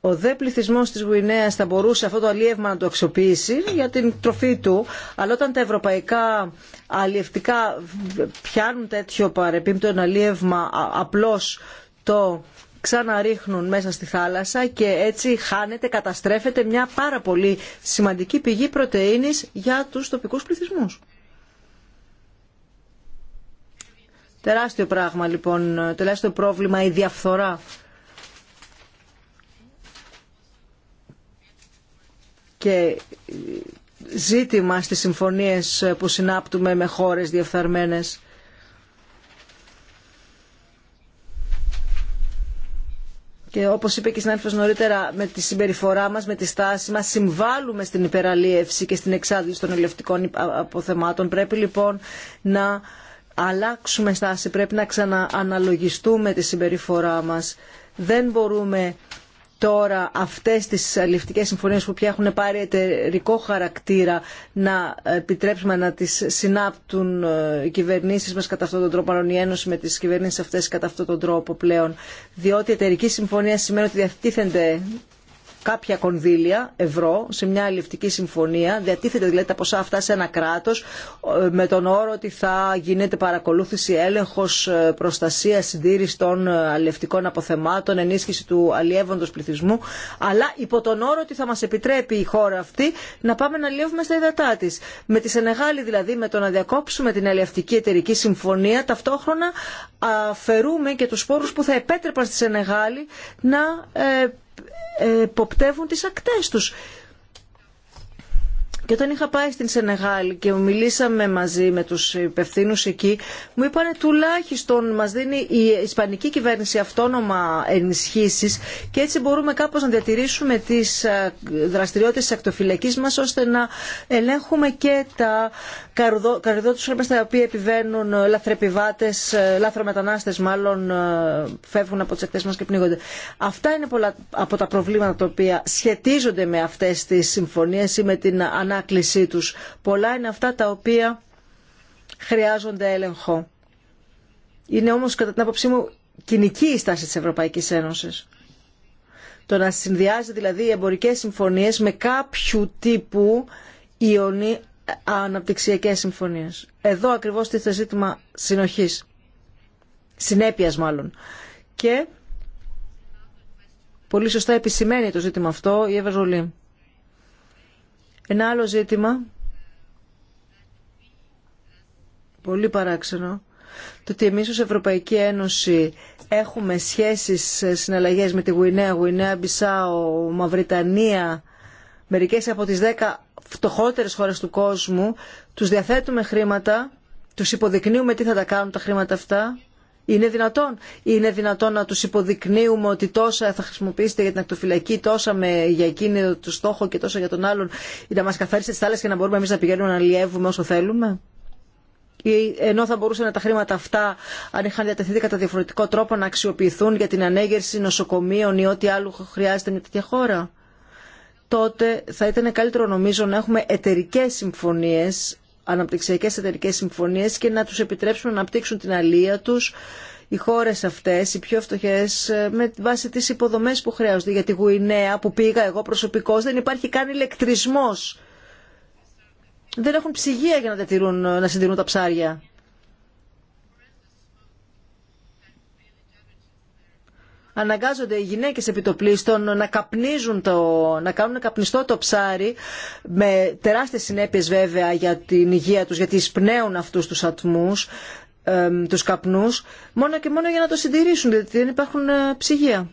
ο δε πληθυσμό τη Γουινέα θα μπορούσε αυτό το αλίευμα να το αξιοποιήσει για την τροφή του, αλλά όταν τα ευρωπαϊκά αλλιευτικά πιάνουν τέτοιο παρεπίμπτον αλίευμα, απλώ το ξαναρίχνουν μέσα στη θάλασσα και έτσι χάνεται, καταστρέφεται μια πάρα πολύ σημαντική πηγή πρωτεΐνης για τους τοπικούς πληθυσμούς. Τεράστιο πράγμα λοιπόν, τεράστιο πρόβλημα η διαφθορά και ζήτημα στις συμφωνίες που συνάπτουμε με χώρες διεφθαρμένες. Και όπως είπε και η συνάδελφος νωρίτερα, με τη συμπεριφορά μας, με τη στάση μας, συμβάλλουμε στην υπεραλίευση και στην εξάντληση των ελευτικών αποθεμάτων. Πρέπει λοιπόν να αλλάξουμε στάση, πρέπει να ξανααναλογιστούμε τη συμπεριφορά μας. Δεν μπορούμε τώρα αυτές τις αλληλευτικές συμφωνίες που πια έχουν πάρει εταιρικό χαρακτήρα να επιτρέψουμε να τις συνάπτουν ε, οι κυβερνήσεις μας κατά αυτόν τον τρόπο, αλλά η Ένωση με τις κυβερνήσεις αυτές κατά αυτόν τον τρόπο πλέον. Διότι η εταιρική συμφωνία σημαίνει ότι διατίθενται κάποια κονδύλια ευρώ σε μια αλληλευτική συμφωνία, διατίθεται δηλαδή τα ποσά αυτά σε ένα κράτο, ε, με τον όρο ότι θα γίνεται παρακολούθηση, έλεγχο ε, προστασία, συντήρηση των ε, αλληλευτικών αποθεμάτων, ενίσχυση του αλλιεύοντο πληθυσμού, αλλά υπό τον όρο ότι θα μα επιτρέπει η χώρα αυτή να πάμε να αλλιεύουμε στα υδατά τη. Με τη Σενεγάλη δηλαδή, με το να διακόψουμε την αλληλευτική εταιρική συμφωνία, ταυτόχρονα αφαιρούμε και του πόρου που θα επέτρεπαν στη Σενεγάλη να ποπτέυουν τις ακτές τους και όταν είχα πάει στην Σενεγάλη και μιλήσαμε μαζί με τους υπευθύνου εκεί, μου είπαν τουλάχιστον μας δίνει η Ισπανική κυβέρνηση αυτόνομα ενισχύσεις και έτσι μπορούμε κάπως να διατηρήσουμε τις ε, δραστηριότητες της ακτοφυλακής μας ώστε να ελέγχουμε και τα καρδό τους τα οποία επιβαίνουν λαθρεπιβάτες, ε, λαθρομετανάστες μάλλον ε, φεύγουν από τις εκτές μας και πνίγονται. Αυτά είναι πολλά από τα προβλήματα τα οποία σχετίζονται με αυτές τις συμφωνίες ή με την ανάγκη τους. Πολλά είναι αυτά τα οποία χρειάζονται έλεγχο. Είναι όμως κατά την άποψή μου κοινική η στάση της Ευρωπαϊκής Ένωσης. Το να συνδυάζει δηλαδή οι εμπορικές συμφωνίες με κάποιου τύπου ιονή αναπτυξιακές συμφωνίες. Εδώ ακριβώς τίθεται ζήτημα συνοχής, συνέπειας μάλλον. Και πολύ σωστά επισημαίνει το ζήτημα αυτό η Ευρωλή. Ένα άλλο ζήτημα, πολύ παράξενο, το ότι εμείς ως Ευρωπαϊκή Ένωση έχουμε σχέσεις, συναλλαγές με τη Γουινέα, Γουινέα, Μπισάο, Μαυριτανία, μερικές από τις 10 φτωχότερες χώρες του κόσμου, τους διαθέτουμε χρήματα, τους υποδεικνύουμε τι θα τα κάνουν τα χρήματα αυτά είναι δυνατόν. Είναι δυνατόν να τους υποδεικνύουμε ότι τόσα θα χρησιμοποιήσετε για την ακτοφυλακή, τόσα με, για εκείνη το στόχο και τόσα για τον άλλον, ή να μας καθαρίσετε τις θάλασσες και να μπορούμε εμείς να πηγαίνουμε να λιεύουμε όσο θέλουμε. Ενώ θα μπορούσαν τα χρήματα αυτά, αν είχαν διατεθεί κατά διαφορετικό τρόπο, να αξιοποιηθούν για την ανέγερση νοσοκομείων ή ό,τι άλλο χρειάζεται μια τέτοια χώρα τότε θα ήταν καλύτερο νομίζω να έχουμε εταιρικέ συμφωνίες αναπτυξιακές εταιρικές συμφωνίες και να τους επιτρέψουν να αναπτύξουν την αλία τους οι χώρες αυτές, οι πιο φτωχές, με βάση τις υποδομές που χρειάζονται. Για τη Γουινέα που πήγα εγώ προσωπικώς δεν υπάρχει καν ηλεκτρισμός. Δεν έχουν ψυγεία για να, να συντηρούν τα ψάρια. αναγκάζονται οι γυναίκες επιτοπλίστων να καπνίζουν το, να κάνουν καπνιστό το ψάρι με τεράστιες συνέπειες βέβαια για την υγεία τους γιατί εισπνέουν αυτούς τους ατμούς τους καπνούς μόνο και μόνο για να το συντηρήσουν γιατί δεν υπάρχουν ε, ψυγεία.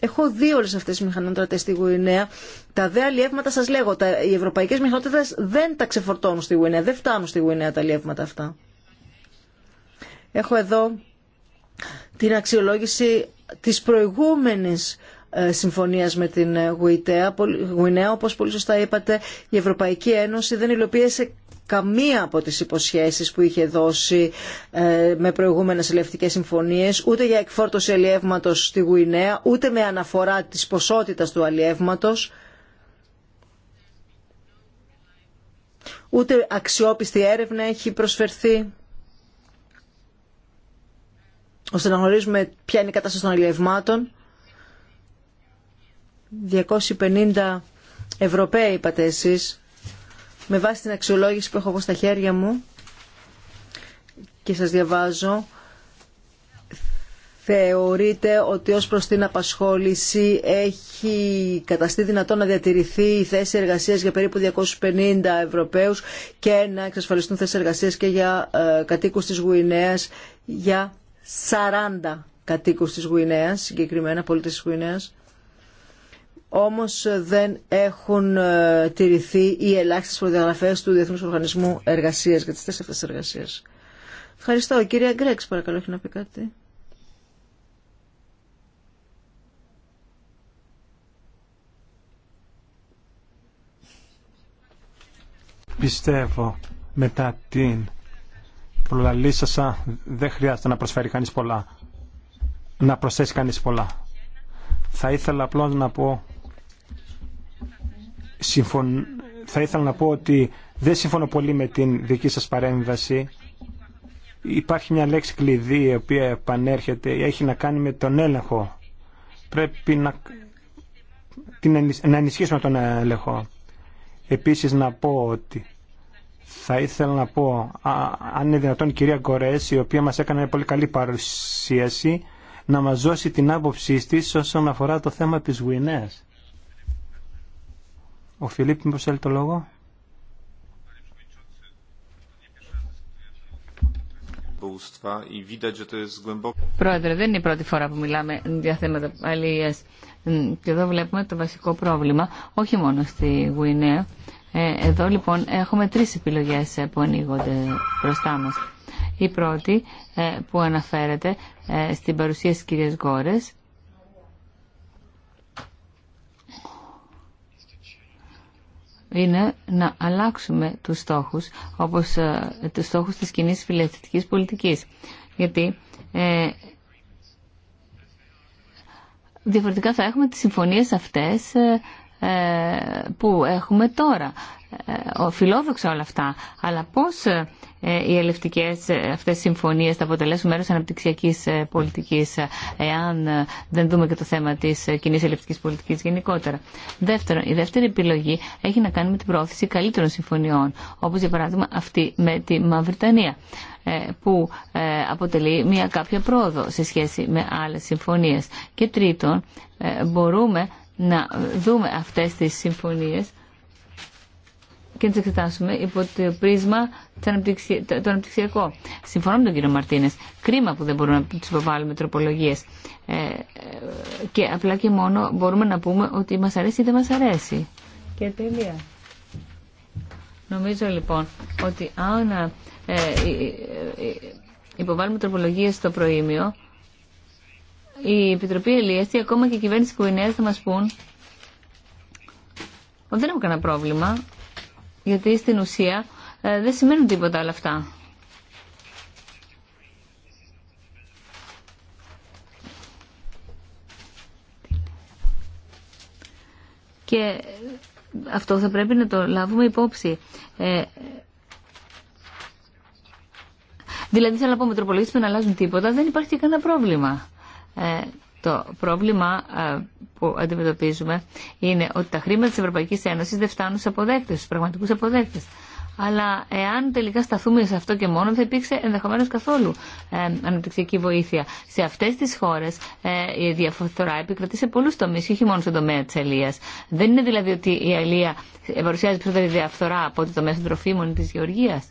Έχω δει όλε αυτέ τι μηχανότρατε στη Γουινέα. Τα δε αλλιεύματα σα λέγω, τα, οι ευρωπαϊκέ μηχανότρατε δεν τα ξεφορτώνουν στη Γουινέα, δεν φτάνουν στη Γουινέα τα αλλιεύματα αυτά. Έχω εδώ την αξιολόγηση της προηγούμενης ε, συμφωνίας με την ε, Γουινέα. Όπως πολύ σωστά είπατε, η Ευρωπαϊκή Ένωση δεν υλοποίησε καμία από τις υποσχέσεις που είχε δώσει ε, με προηγούμενες ελευτικές συμφωνίες, ούτε για εκφόρτωση αλλιεύματος στη Γουινέα, ούτε με αναφορά της ποσότητας του αλλιεύματος, ούτε αξιόπιστη έρευνα έχει προσφερθεί ώστε να γνωρίζουμε ποια είναι η κατάσταση των αλληλευμάτων. 250 Ευρωπαίοι είπατε εσείς, με βάση την αξιολόγηση που έχω εγώ στα χέρια μου και σας διαβάζω, θεωρείτε ότι ως προς την απασχόληση έχει καταστεί δυνατόν να διατηρηθεί η θέση εργασίας για περίπου 250 Ευρωπαίους και να εξασφαλιστούν θέσεις εργασίας και για ε, κατοίκους της Γουινέας για 40 κατοίκους της Γουινέας, συγκεκριμένα πολίτες της Γουινέας, όμως δεν έχουν ε, τηρηθεί οι ελάχιστες προδιαγραφές του Διεθνούς Οργανισμού Εργασίας για τις τέσσερις εργασίες. Ευχαριστώ. Η κυρία Γκρέξ παρακαλώ έχει να πει κάτι. Πιστεύω μετά την προλαλήσασα δεν χρειάζεται να προσφέρει κανείς πολλά, να προσθέσει κανείς πολλά. Θα ήθελα απλώς να πω, θα ήθελα να πω ότι δεν συμφωνώ πολύ με την δική σας παρέμβαση. Υπάρχει μια λέξη κλειδί η οποία επανέρχεται, έχει να κάνει με τον έλεγχο. Πρέπει να, την... να ενισχύσουμε τον έλεγχο. Επίσης να πω ότι θα ήθελα να πω, αν είναι δυνατόν η κυρία Κορές, η οποία μας έκανε μια πολύ καλή παρουσίαση, να μας δώσει την άποψή της όσον αφορά το θέμα της Γουινέας. Ο Φιλίπ, μήπως θέλει το λόγο. Πρόεδρε, δεν είναι η πρώτη φορά που μιλάμε για θέματα αλληλείας. Και εδώ βλέπουμε το βασικό πρόβλημα, όχι μόνο στη Γουινέα, ε, εδώ λοιπόν έχουμε τρεις επιλογές ε, που ανοίγονται μπροστά μας. Η πρώτη ε, που αναφέρεται στην παρουσία της κυρίας Γκόρες είναι να αλλάξουμε τους στόχους, όπως τους στόχους της κοινή φιλελευθερικής πολιτικής. Γιατί ε, διαφορετικά θα έχουμε τις συμφωνίες αυτές ε, που έχουμε τώρα. Ε, Φιλόδοξα όλα αυτά. Αλλά πώς ε, οι ελευτικές αυτές συμφωνίες θα αποτελέσουν μέρος αναπτυξιακής πολιτικής εάν δεν δούμε και το θέμα της κοινή ελευτικής πολιτικής γενικότερα. Δεύτερον, η δεύτερη επιλογή έχει να κάνει με την πρόθεση καλύτερων συμφωνιών όπως για παράδειγμα αυτή με τη Μαυριτανία που αποτελεί μια κάποια πρόοδο σε σχέση με άλλες συμφωνίες. Και τρίτον, μπορούμε να δούμε αυτές τις συμφωνίες και να τι εξετάσουμε υπό το πρίσμα το αναπτυξιακό. Συμφωνώ με τον κύριο Μαρτίνε. Κρίμα που δεν μπορούμε να του υποβάλουμε τροπολογίε. Ε, ε, και απλά και μόνο μπορούμε να πούμε ότι μα αρέσει ή δεν μα αρέσει. Και τελεία. Νομίζω λοιπόν ότι αν ε, ε, ε υποβάλουμε τροπολογίε στο προήμιο, η Επιτροπή και ακόμα και η κυβέρνηση Κουινέας θα μας πούν ότι δεν έχουμε κανένα πρόβλημα, γιατί στην ουσία ε, δεν σημαίνουν τίποτα όλα αυτά. Και αυτό θα πρέπει να το λάβουμε υπόψη. Ε, δηλαδή, θέλω να πω, μετροπολίτε που να αλλάζουν τίποτα, δεν υπάρχει κανένα πρόβλημα. Ε, το πρόβλημα ε, που αντιμετωπίζουμε είναι ότι τα χρήματα της Ευρωπαϊκής Ένωσης δεν φτάνουν στους αποδέκτες, στους πραγματικούς αποδέκτες. Αλλά εάν τελικά σταθούμε σε αυτό και μόνο, θα υπήρξε ενδεχομένω καθόλου ε, αναπτυξιακή βοήθεια. Σε αυτέ τι χώρε ε, η διαφορά επικρατεί σε πολλού τομεί, όχι μόνο στον τομέα τη Αλίας. Δεν είναι δηλαδή ότι η Αλία παρουσιάζει περισσότερη διαφθορά από ότι το μέσο τροφίμων τη γεωργία.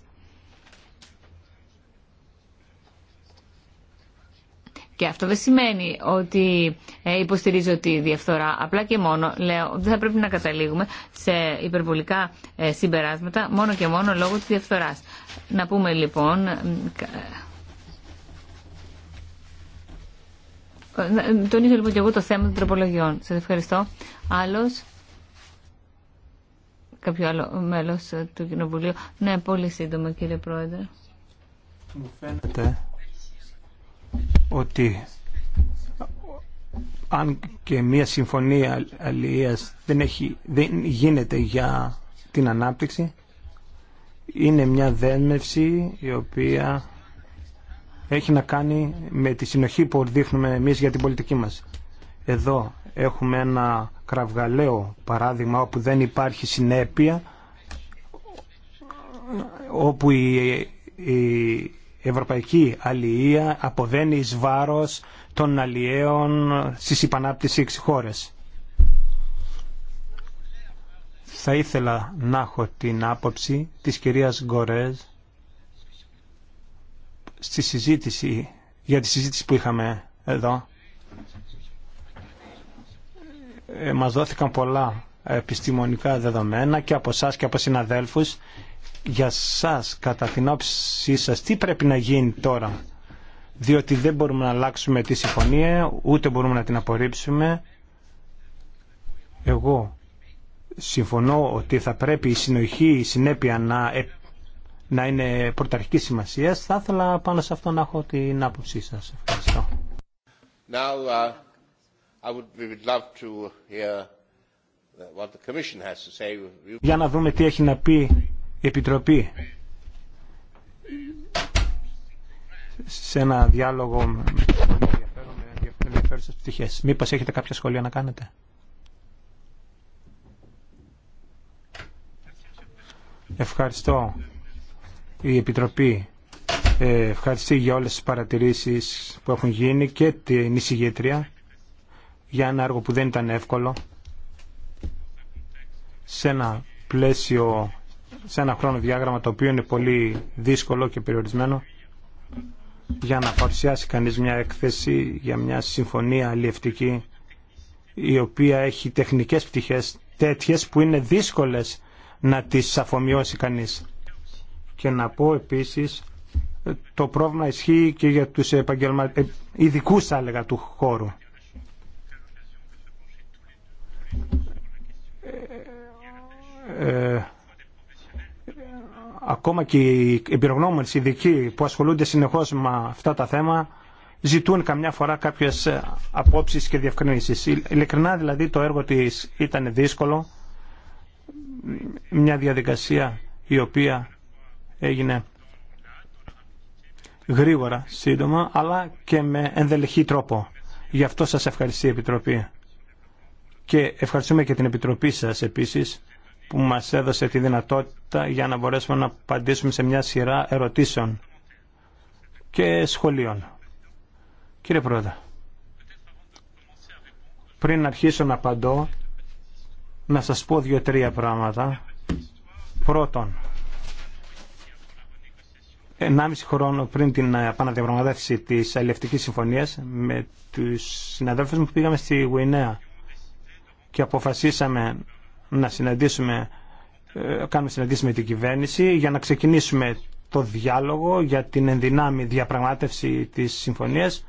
Και αυτό δεν σημαίνει ότι ε, υποστηρίζω τη διαφθορά. Απλά και μόνο λέω ότι δεν θα πρέπει να καταλήγουμε σε υπερβολικά ε, συμπεράσματα μόνο και μόνο λόγω της διαφθοράς. Να πούμε λοιπόν... Ε, τονίζω λοιπόν και εγώ το θέμα των τροπολογιών. Σας ευχαριστώ. Άλλος, κάποιο άλλο μέλος του Κοινοβουλίου. Ναι, πολύ σύντομα κύριε Πρόεδρε. Μου φαίνεται ότι αν και μια συμφωνία αλληλείας δεν, έχει, δεν γίνεται για την ανάπτυξη, είναι μια δέσμευση η οποία έχει να κάνει με τη συνοχή που δείχνουμε εμείς για την πολιτική μας. Εδώ έχουμε ένα κραυγαλαίο παράδειγμα όπου δεν υπάρχει συνέπεια, όπου η ευρωπαϊκή αλληλεία αποδένει εις βάρος των αλλιέων στις έξι χώρες. Θα ήθελα να έχω την άποψη της κυρίας Γκορέζ στη συζήτηση, για τη συζήτηση που είχαμε εδώ. Ε, μας δόθηκαν πολλά επιστημονικά δεδομένα και από εσά και από συναδέλφους για σας, κατά την όψη σας, τι πρέπει να γίνει τώρα. Διότι δεν μπορούμε να αλλάξουμε τη συμφωνία, ούτε μπορούμε να την απορρίψουμε. Εγώ συμφωνώ ότι θα πρέπει η συνοχή, η συνέπεια να, ε, να είναι πρωταρχική σημασία. Θα ήθελα πάνω σε αυτό να έχω την άποψή σας. Ευχαριστώ. Για να δούμε τι έχει να πει Επιτροπή σε ένα διάλογο με ενδιαφέρουσες πτυχές. Μήπως έχετε κάποια σχόλια να κάνετε. Ευχαριστώ η Επιτροπή ε, ευχαριστεί για όλες τις παρατηρήσεις που έχουν γίνει και την εισηγήτρια για ένα έργο που δεν ήταν εύκολο σε ένα πλαίσιο σε ένα χρόνο διάγραμμα το οποίο είναι πολύ δύσκολο και περιορισμένο για να παρουσιάσει κανείς μια έκθεση για μια συμφωνία αλλιευτική η οποία έχει τεχνικές πτυχές τέτοιες που είναι δύσκολες να τις αφομοιώσει κανείς. Και να πω επίσης το πρόβλημα ισχύει και για τους επαγγελμα... Ε, ειδικού θα του χώρου. Ε, ε, ακόμα και οι οι ειδικοί που ασχολούνται συνεχώς με αυτά τα θέματα ζητούν καμιά φορά κάποιες ε, απόψει και διευκρινήσει. Ειλικρινά δηλαδή το έργο της ήταν δύσκολο, μια διαδικασία η οποία έγινε γρήγορα, σύντομα, αλλά και με ενδελεχή τρόπο. Γι' αυτό σας ευχαριστεί η Επιτροπή. Και ευχαριστούμε και την Επιτροπή σας επίσης που μας έδωσε τη δυνατότητα για να μπορέσουμε να απαντήσουμε σε μια σειρά ερωτήσεων και σχολείων. Κύριε Πρόεδρε, πριν αρχίσω να απαντώ, να σας πω δύο-τρία πράγματα. Πρώτον, ενάμιση χρόνο πριν την επαναδιαπραγματεύση της αλληλευτικής συμφωνίας με τους συναδέλφους μου που πήγαμε στη Γουινέα και αποφασίσαμε να συναντήσουμε, ε, κάνουμε συναντήσεις με την κυβέρνηση για να ξεκινήσουμε το διάλογο για την ενδυνάμει διαπραγμάτευση της συμφωνίας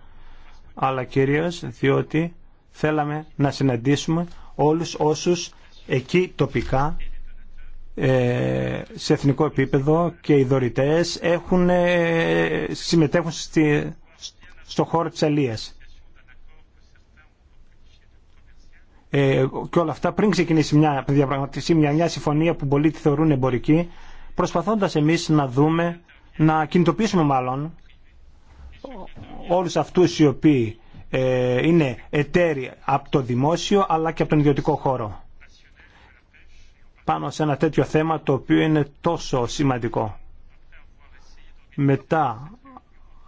αλλά κυρίως διότι θέλαμε να συναντήσουμε όλους όσους εκεί τοπικά ε, σε εθνικό επίπεδο και οι δωρητές έχουν, ε, συμμετέχουν στη, στο χώρο της αλίας. ε, και όλα αυτά πριν ξεκινήσει μια διαπραγματευσή, μια, μια συμφωνία που πολλοί τη θεωρούν εμπορική, προσπαθώντας εμείς να δούμε, να κινητοποιήσουμε μάλλον όλου αυτού οι οποίοι ε, είναι εταίροι από το δημόσιο αλλά και από τον ιδιωτικό χώρο πάνω σε ένα τέτοιο θέμα το οποίο είναι τόσο σημαντικό. Μετά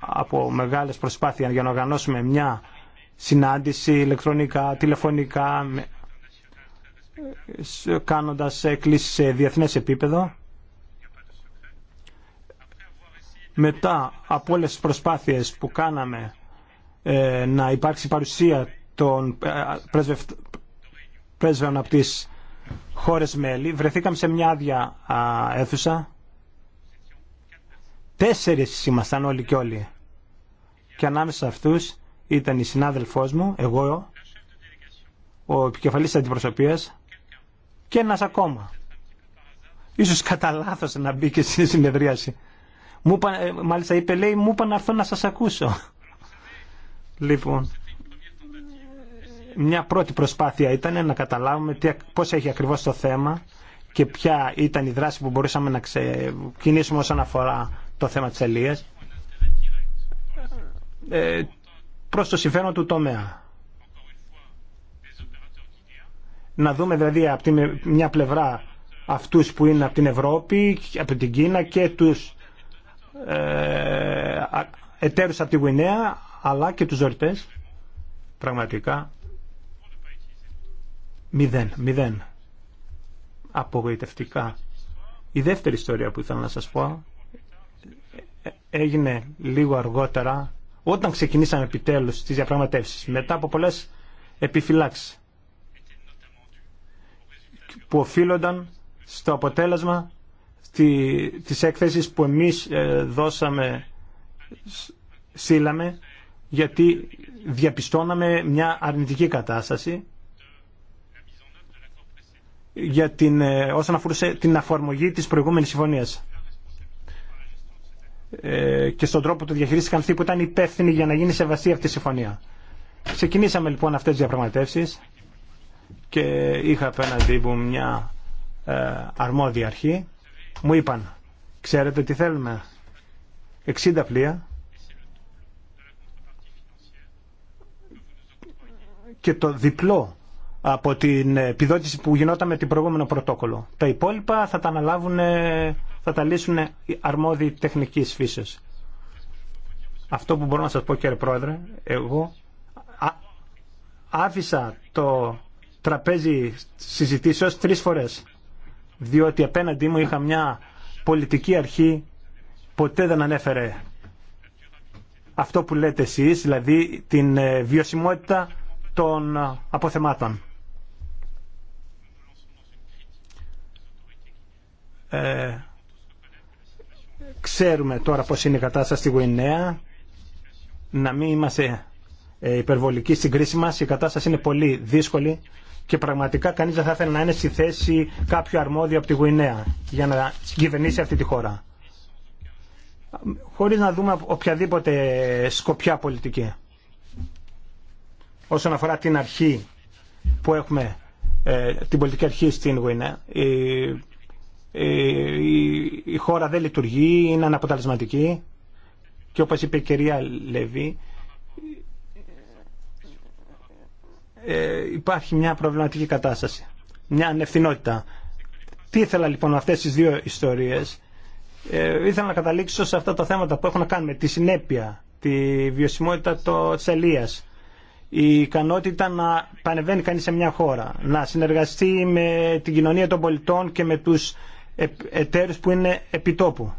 από μεγάλες προσπάθειες για να οργανώσουμε μια συνάντηση ηλεκτρονικά, τηλεφωνικά, κάνοντας έκκληση σε διεθνές επίπεδο. Μετά από όλες τις προσπάθειες που κάναμε ε, να υπάρξει παρουσία των ε, πρέσβεων από τις χώρες μέλη, βρεθήκαμε σε μια άδεια αίθουσα. Τέσσερις ήμασταν όλοι και όλοι. Και ανάμεσα αυτούς ήταν η συνάδελφός μου, εγώ, ο επικεφαλής αντιπροσωπείας και ένας ακόμα. Ίσως κατά λάθος να μπήκε στη συνεδρίαση. Μου ε, μάλιστα είπε, λέει, μου είπα να έρθω να σας ακούσω. Λοιπόν, μια πρώτη προσπάθεια ήταν να καταλάβουμε τι, πώς έχει ακριβώς το θέμα και ποια ήταν η δράση που μπορούσαμε να κινήσουμε όσον αφορά το θέμα της Ελίας. Ε, προς το συμφέρον του τομέα. Να δούμε δηλαδή από την μια πλευρά αυτούς που είναι από την Ευρώπη, από την Κίνα και τους ε, εταίρους από τη Γουινέα, αλλά και τους ζωρτές. Πραγματικά, μηδέν, μηδέν. Απογοητευτικά. Η δεύτερη ιστορία που ήθελα να σας πω ε, ε, έγινε λίγο αργότερα όταν ξεκινήσαμε επιτέλου τις διαπραγματεύσει, μετά από πολλέ επιφυλάξει που οφείλονταν στο αποτέλεσμα της έκθεσης που εμείς ε, δώσαμε, σύλλαμε, γιατί διαπιστώναμε μια αρνητική κατάσταση για την, ε, όσον αφορούσε την αφορμογή της προηγούμενης συμφωνίας. Ε, και στον τρόπο που το διαχειρίστηκαν αυτοί που ήταν υπεύθυνοι για να γίνει σεβαστή αυτή η συμφωνία. Ξεκινήσαμε λοιπόν αυτές τι διαπραγματεύσεις και είχα απέναντί μου μια ε, αρμόδια αρχή. Μου είπαν, ξέρετε τι θέλουμε, 60 πλοία και το διπλό από την επιδότηση που γινόταν με την προηγούμενο πρωτόκολλο. Τα υπόλοιπα θα τα αναλάβουν θα τα λύσουν αρμόδιοι τεχνικής φύση. Αυτό που μπορώ να σας πω κύριε Πρόεδρε, εγώ άφησα το τραπέζι συζητήσεως τρεις φορές διότι απέναντί μου είχα μια πολιτική αρχή ποτέ δεν ανέφερε αυτό που λέτε εσείς, δηλαδή την ε, βιωσιμότητα των ε, αποθεμάτων. Ε, Ξέρουμε τώρα πώς είναι η κατάσταση στη Γουινέα. Να μην είμαστε ε, υπερβολικοί στην κρίση μας. Η κατάσταση είναι πολύ δύσκολη και πραγματικά κανείς δεν θα ήθελε να είναι στη θέση κάποιο αρμόδιο από τη Γουινέα για να κυβερνήσει αυτή τη χώρα. Χωρίς να δούμε οποιαδήποτε σκοπιά πολιτική. Όσον αφορά την αρχή που έχουμε, ε, την πολιτική αρχή στην Γουινέα, ε, η χώρα δεν λειτουργεί, είναι αναποτελεσματική και όπως είπε η κυρία Λεβί ε, υπάρχει μια προβληματική κατάσταση, μια ανευθυνότητα. Τι ήθελα λοιπόν αυτές τις δύο ιστορίες, ε, ήθελα να καταλήξω σε αυτά τα θέματα που έχουν να κάνουν με τη συνέπεια, τη βιωσιμότητα της ελίας, η ικανότητα να πανεβαίνει κανείς σε μια χώρα, να συνεργαστεί με την κοινωνία των πολιτών και με τους εταίρους που είναι επιτόπου.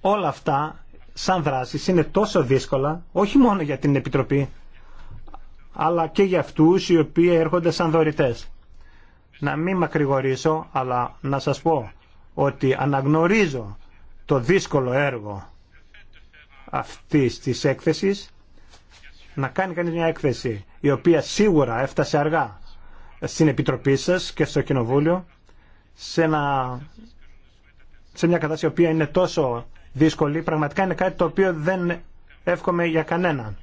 Όλα αυτά, σαν δράσεις, είναι τόσο δύσκολα, όχι μόνο για την Επιτροπή, αλλά και για αυτούς οι οποίοι έρχονται σαν δωρητές. Να μην μακρηγορήσω, αλλά να σας πω ότι αναγνωρίζω το δύσκολο έργο αυτής της έκθεσης, να κάνει κανείς μια έκθεση η οποία σίγουρα έφτασε αργά στην Επιτροπή σας και στο Κοινοβούλιο σε, σε μια κατάσταση η οποία είναι τόσο δύσκολη. Πραγματικά είναι κάτι το οποίο δεν εύχομαι για κανέναν.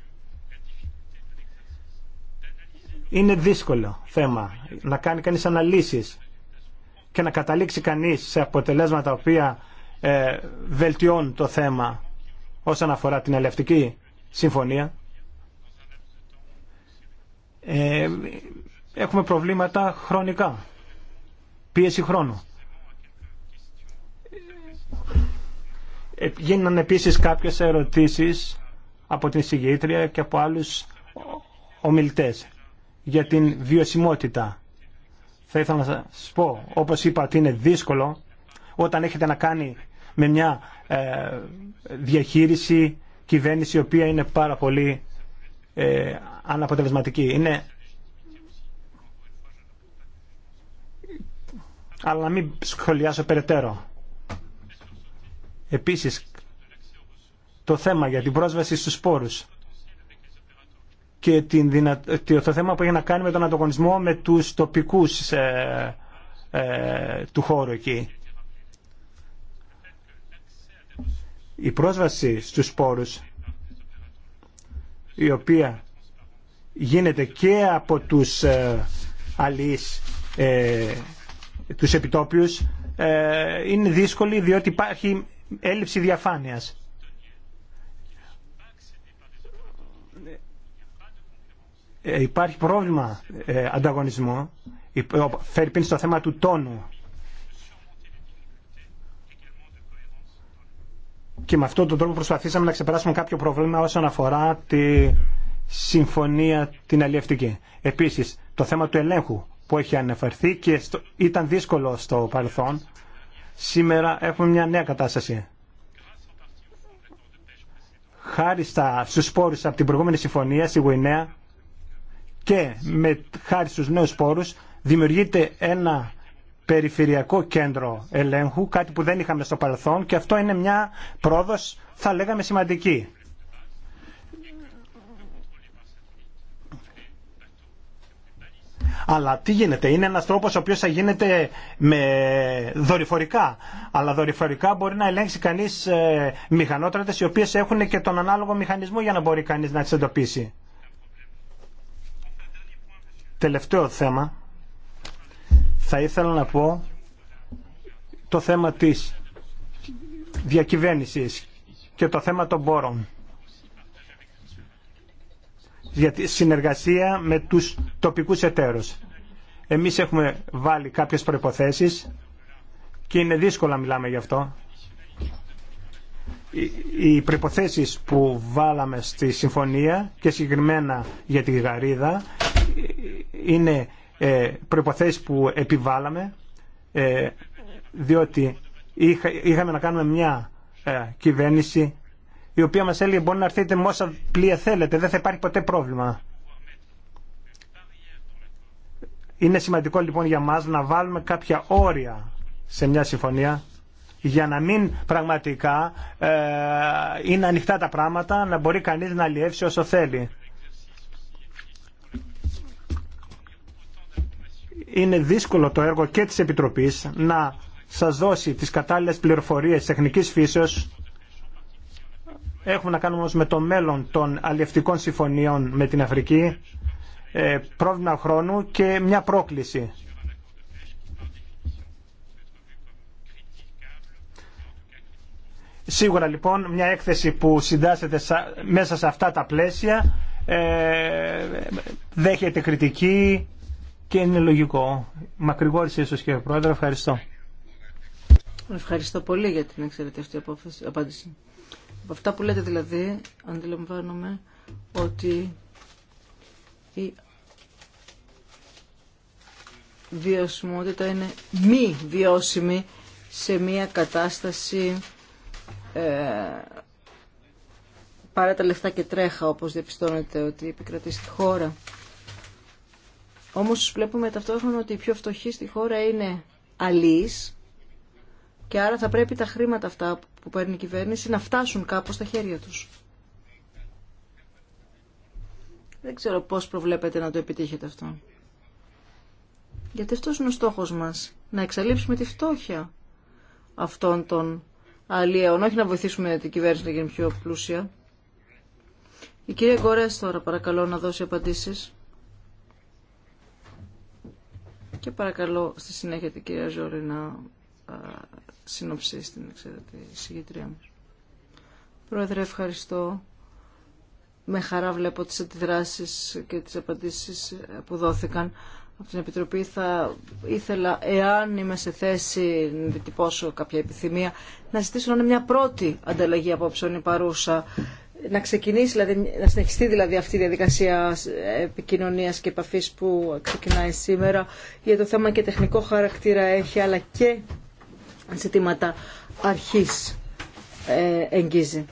Είναι δύσκολο θέμα να κάνει κανείς αναλύσεις και να καταλήξει κανείς σε αποτελέσματα τα οποία ε, βελτιώνουν το θέμα όσον αφορά την ελευτική συμφωνία. Ε, έχουμε προβλήματα χρονικά. Πίεση χρόνου. Ε, γίνανε επίσης κάποιες ερωτήσεις από την συγγήτρια και από άλλους ομιλητές για την βιωσιμότητα. Θα ήθελα να σας πω, όπως είπα, ότι είναι δύσκολο όταν έχετε να κάνει με μια ε, διαχείριση κυβέρνηση η οποία είναι πάρα πολύ ε, αναποτελεσματική. Είναι αλλά να μην σχολιάσω περαιτέρω. Επίσης, το θέμα για την πρόσβαση στους σπόρους και την το θέμα που έχει να κάνει με τον ανταγωνισμό με τους τοπικούς ε, ε, του χώρου εκεί. Η πρόσβαση στους σπόρους, η οποία γίνεται και από τους ε, ε τους επιτόπιους ε, είναι δύσκολη διότι υπάρχει έλλειψη διαφάνειας. Ε, υπάρχει πρόβλημα ε, ανταγωνισμού, φέρει στο θέμα του τόνου. Και με αυτόν τον τρόπο προσπαθήσαμε να ξεπεράσουμε κάποιο πρόβλημα όσον αφορά τη συμφωνία την αλλιευτική. Επίσης, το θέμα του ελέγχου που έχει αναφερθεί και στο, ήταν δύσκολο στο παρελθόν. Σήμερα έχουμε μια νέα κατάσταση. Χάρη στα, στους σπόρους από την προηγούμενη συμφωνία στη Γουινέα και με, χάρη στους νέους σπόρους δημιουργείται ένα περιφερειακό κέντρο ελέγχου, κάτι που δεν είχαμε στο παρελθόν και αυτό είναι μια πρόοδος θα λέγαμε σημαντική. Αλλά τι γίνεται, είναι ένας τρόπος ο οποίος θα γίνεται με δορυφορικά. Αλλά δορυφορικά μπορεί να ελέγξει κανείς ε, μηχανότρατες οι οποίες έχουν και τον ανάλογο μηχανισμό για να μπορεί κανείς να τις εντοπίσει. Τελευταίο θέμα. Θα ήθελα να πω το θέμα της διακυβέρνησης και το θέμα των πόρων για τη συνεργασία με τους τοπικούς εταίρους. Εμείς έχουμε βάλει κάποιες προϋποθέσεις και είναι δύσκολο να μιλάμε γι' αυτό. Οι προϋποθέσεις που βάλαμε στη συμφωνία και συγκεκριμένα για τη Γαρίδα είναι ε, προϋποθέσεις που επιβάλαμε ε, διότι είχαμε να κάνουμε μια ε, κυβέρνηση η οποία μας έλεγε μπορεί να έρθετε με όσα πλοία θέλετε, δεν θα υπάρχει ποτέ πρόβλημα. Είναι σημαντικό λοιπόν για μας να βάλουμε κάποια όρια σε μια συμφωνία για να μην πραγματικά ε, είναι ανοιχτά τα πράγματα, να μπορεί κανείς να αλλιεύσει όσο θέλει. Είναι δύσκολο το έργο και της Επιτροπής να σας δώσει τις κατάλληλες πληροφορίες τεχνικής φύσεως Έχουμε να κάνουμε όμως με το μέλλον των αλλιευτικών συμφωνιών με την Αφρική, ε, πρόβλημα χρόνου και μια πρόκληση. Σίγουρα λοιπόν μια έκθεση που συντάσσεται μέσα σε αυτά τα πλαίσια ε, δέχεται κριτική και είναι λογικό. Μακρηγόρησε ίσως κύριε Πρόεδρε. Ευχαριστώ. Ευχαριστώ πολύ για την εξαιρετική απάντηση. Από αυτά που λέτε δηλαδή, αντιλαμβάνομαι ότι η βιωσιμότητα είναι μη βιώσιμη σε μια κατάσταση ε, παρά τα λεφτά και τρέχα όπως διαπιστώνεται ότι επικρατεί στη χώρα. Όμως βλέπουμε ταυτόχρονα ότι η πιο φτωχή στη χώρα είναι Αλής. Και άρα θα πρέπει τα χρήματα αυτά που παίρνει η κυβέρνηση να φτάσουν κάπως στα χέρια τους. Δεν ξέρω πώς προβλέπετε να το επιτύχετε αυτό. Γιατί αυτός είναι ο στόχος μας. Να εξαλείψουμε τη φτώχεια αυτών των αλλιέων. Όχι να βοηθήσουμε την κυβέρνηση να γίνει πιο πλούσια. Η κυρία Γκορές τώρα παρακαλώ να δώσει απαντήσεις. Και παρακαλώ στη συνέχεια την κυρία Ζόρη να ε, σύνοψη στην εξαιρετική μου. Πρόεδρε, ευχαριστώ. Με χαρά βλέπω τις αντιδράσεις και τις απαντήσεις ε, που δόθηκαν από την Επιτροπή. Θα ήθελα, εάν είμαι σε θέση να διτυπώσω κάποια επιθυμία, να ζητήσω να είναι μια πρώτη ανταλλαγή απόψεων η παρούσα. Να ξεκινήσει, δηλαδή, να συνεχιστεί δηλαδή αυτή η διαδικασία ε, επικοινωνίας και επαφής που ξεκινάει σήμερα, για το θέμα και τεχνικό χαρακτήρα έχει, αλλά και ζητήματα αρχής ε, εγγύζει.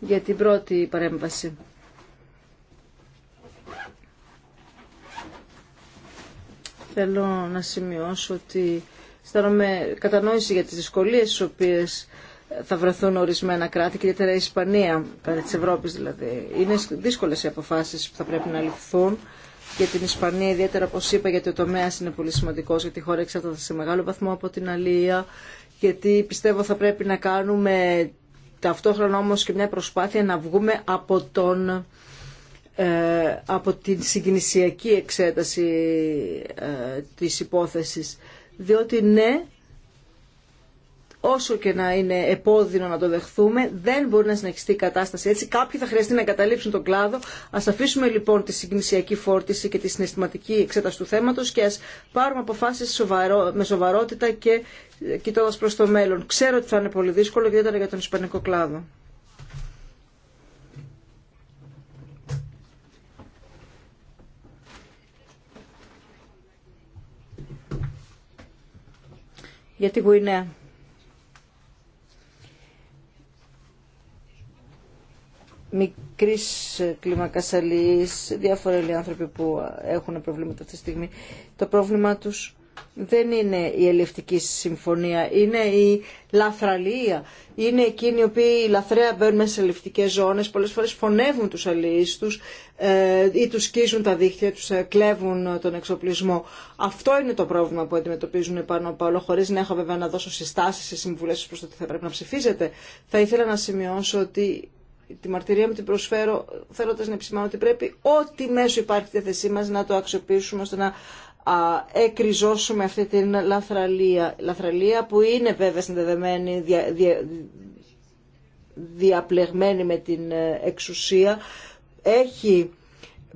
Για την πρώτη παρέμβαση. Θέλω να σημειώσω ότι αισθάνομαι κατανόηση για τις δυσκολίες τις οποίες θα βρεθούν ορισμένα κράτη και ιδιαίτερα η Ισπανία, κατά της Ευρώπης δηλαδή. Είναι δύσκολες οι αποφάσεις που θα πρέπει να ληφθούν για την Ισπανία, ιδιαίτερα όπως είπα, γιατί ο τομέα είναι πολύ σημαντικό γιατί η χώρα εξαρτάται σε μεγάλο βαθμό από την Αλία γιατί πιστεύω θα πρέπει να κάνουμε ταυτόχρονα όμως και μια προσπάθεια να βγούμε από, τον, ε, από την συγκινησιακή εξέταση ε, της υπόθεσης. Διότι ναι, όσο και να είναι επώδυνο να το δεχθούμε, δεν μπορεί να συνεχιστεί η κατάσταση έτσι. Κάποιοι θα χρειαστεί να εγκαταλείψουν τον κλάδο. Α αφήσουμε λοιπόν τη συγκνησιακή φόρτιση και τη συναισθηματική εξέταση του θέματο και α πάρουμε αποφάσεις σοβαρό, με σοβαρότητα και ε, κοιτώντα προ το μέλλον. Ξέρω ότι θα είναι πολύ δύσκολο, ιδιαίτερα για τον Ισπανικό κλάδο. Για τη Γουινέα. μικρής ε, κλίμακας διάφοροι διάφορα άνθρωποι που ε, έχουν προβλήματα αυτή τη στιγμή. Το πρόβλημά του δεν είναι η ελευτική συμφωνία, είναι η λαθραλία. Είναι εκείνοι οι οποίοι λαθρέα μπαίνουν μέσα σε ελευτικέ ζώνες, πολλές φορές φωνεύουν τους αλληλείς του ε, ή του σκίζουν τα δίχτυα, τους κλέβουν τον εξοπλισμό. Αυτό είναι το πρόβλημα που αντιμετωπίζουν πάνω από όλο, χωρίς να έχω βέβαια να δώσω συστάσει ή συμβουλέ προ το ότι θα πρέπει να ψηφίζετε. Θα ήθελα να σημειώσω ότι τη μαρτυρία μου την προσφέρω θέλοντας να επισημάνω ότι πρέπει ό,τι μέσο υπάρχει στη θέση μας να το αξιοποιήσουμε ώστε να α, εκριζώσουμε αυτή την λαθραλία. Λαθραλία που είναι βέβαια συνδεδεμένη, διαπλεγμένη με την ε, εξουσία. Έχει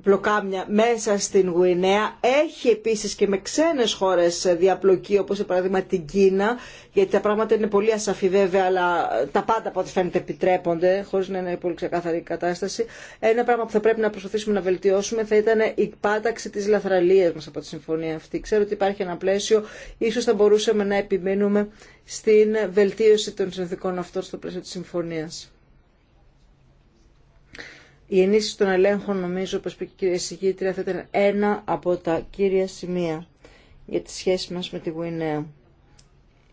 πλοκάμια μέσα στην Γουινέα. Έχει επίσης και με ξένες χώρες διαπλοκή, όπως για παράδειγμα την Κίνα, γιατί τα πράγματα είναι πολύ ασαφή βέβαια, αλλά τα πάντα από ό,τι φαίνεται επιτρέπονται, χωρίς να είναι πολύ ξεκάθαρη η κατάσταση. Ένα πράγμα που θα πρέπει να προσπαθήσουμε να βελτιώσουμε θα ήταν η πάταξη της λαθραλίας μας από τη συμφωνία αυτή. Ξέρω ότι υπάρχει ένα πλαίσιο, ίσως θα μπορούσαμε να επιμείνουμε στην βελτίωση των συνθηκών αυτών στο πλαίσιο τη συμφωνία. Η ενίσχυση των ελέγχων, νομίζω, πως πήγε η κυρία Συγήτρια, θα ήταν ένα από τα κύρια σημεία για τη σχέση μας με τη Γουινέα.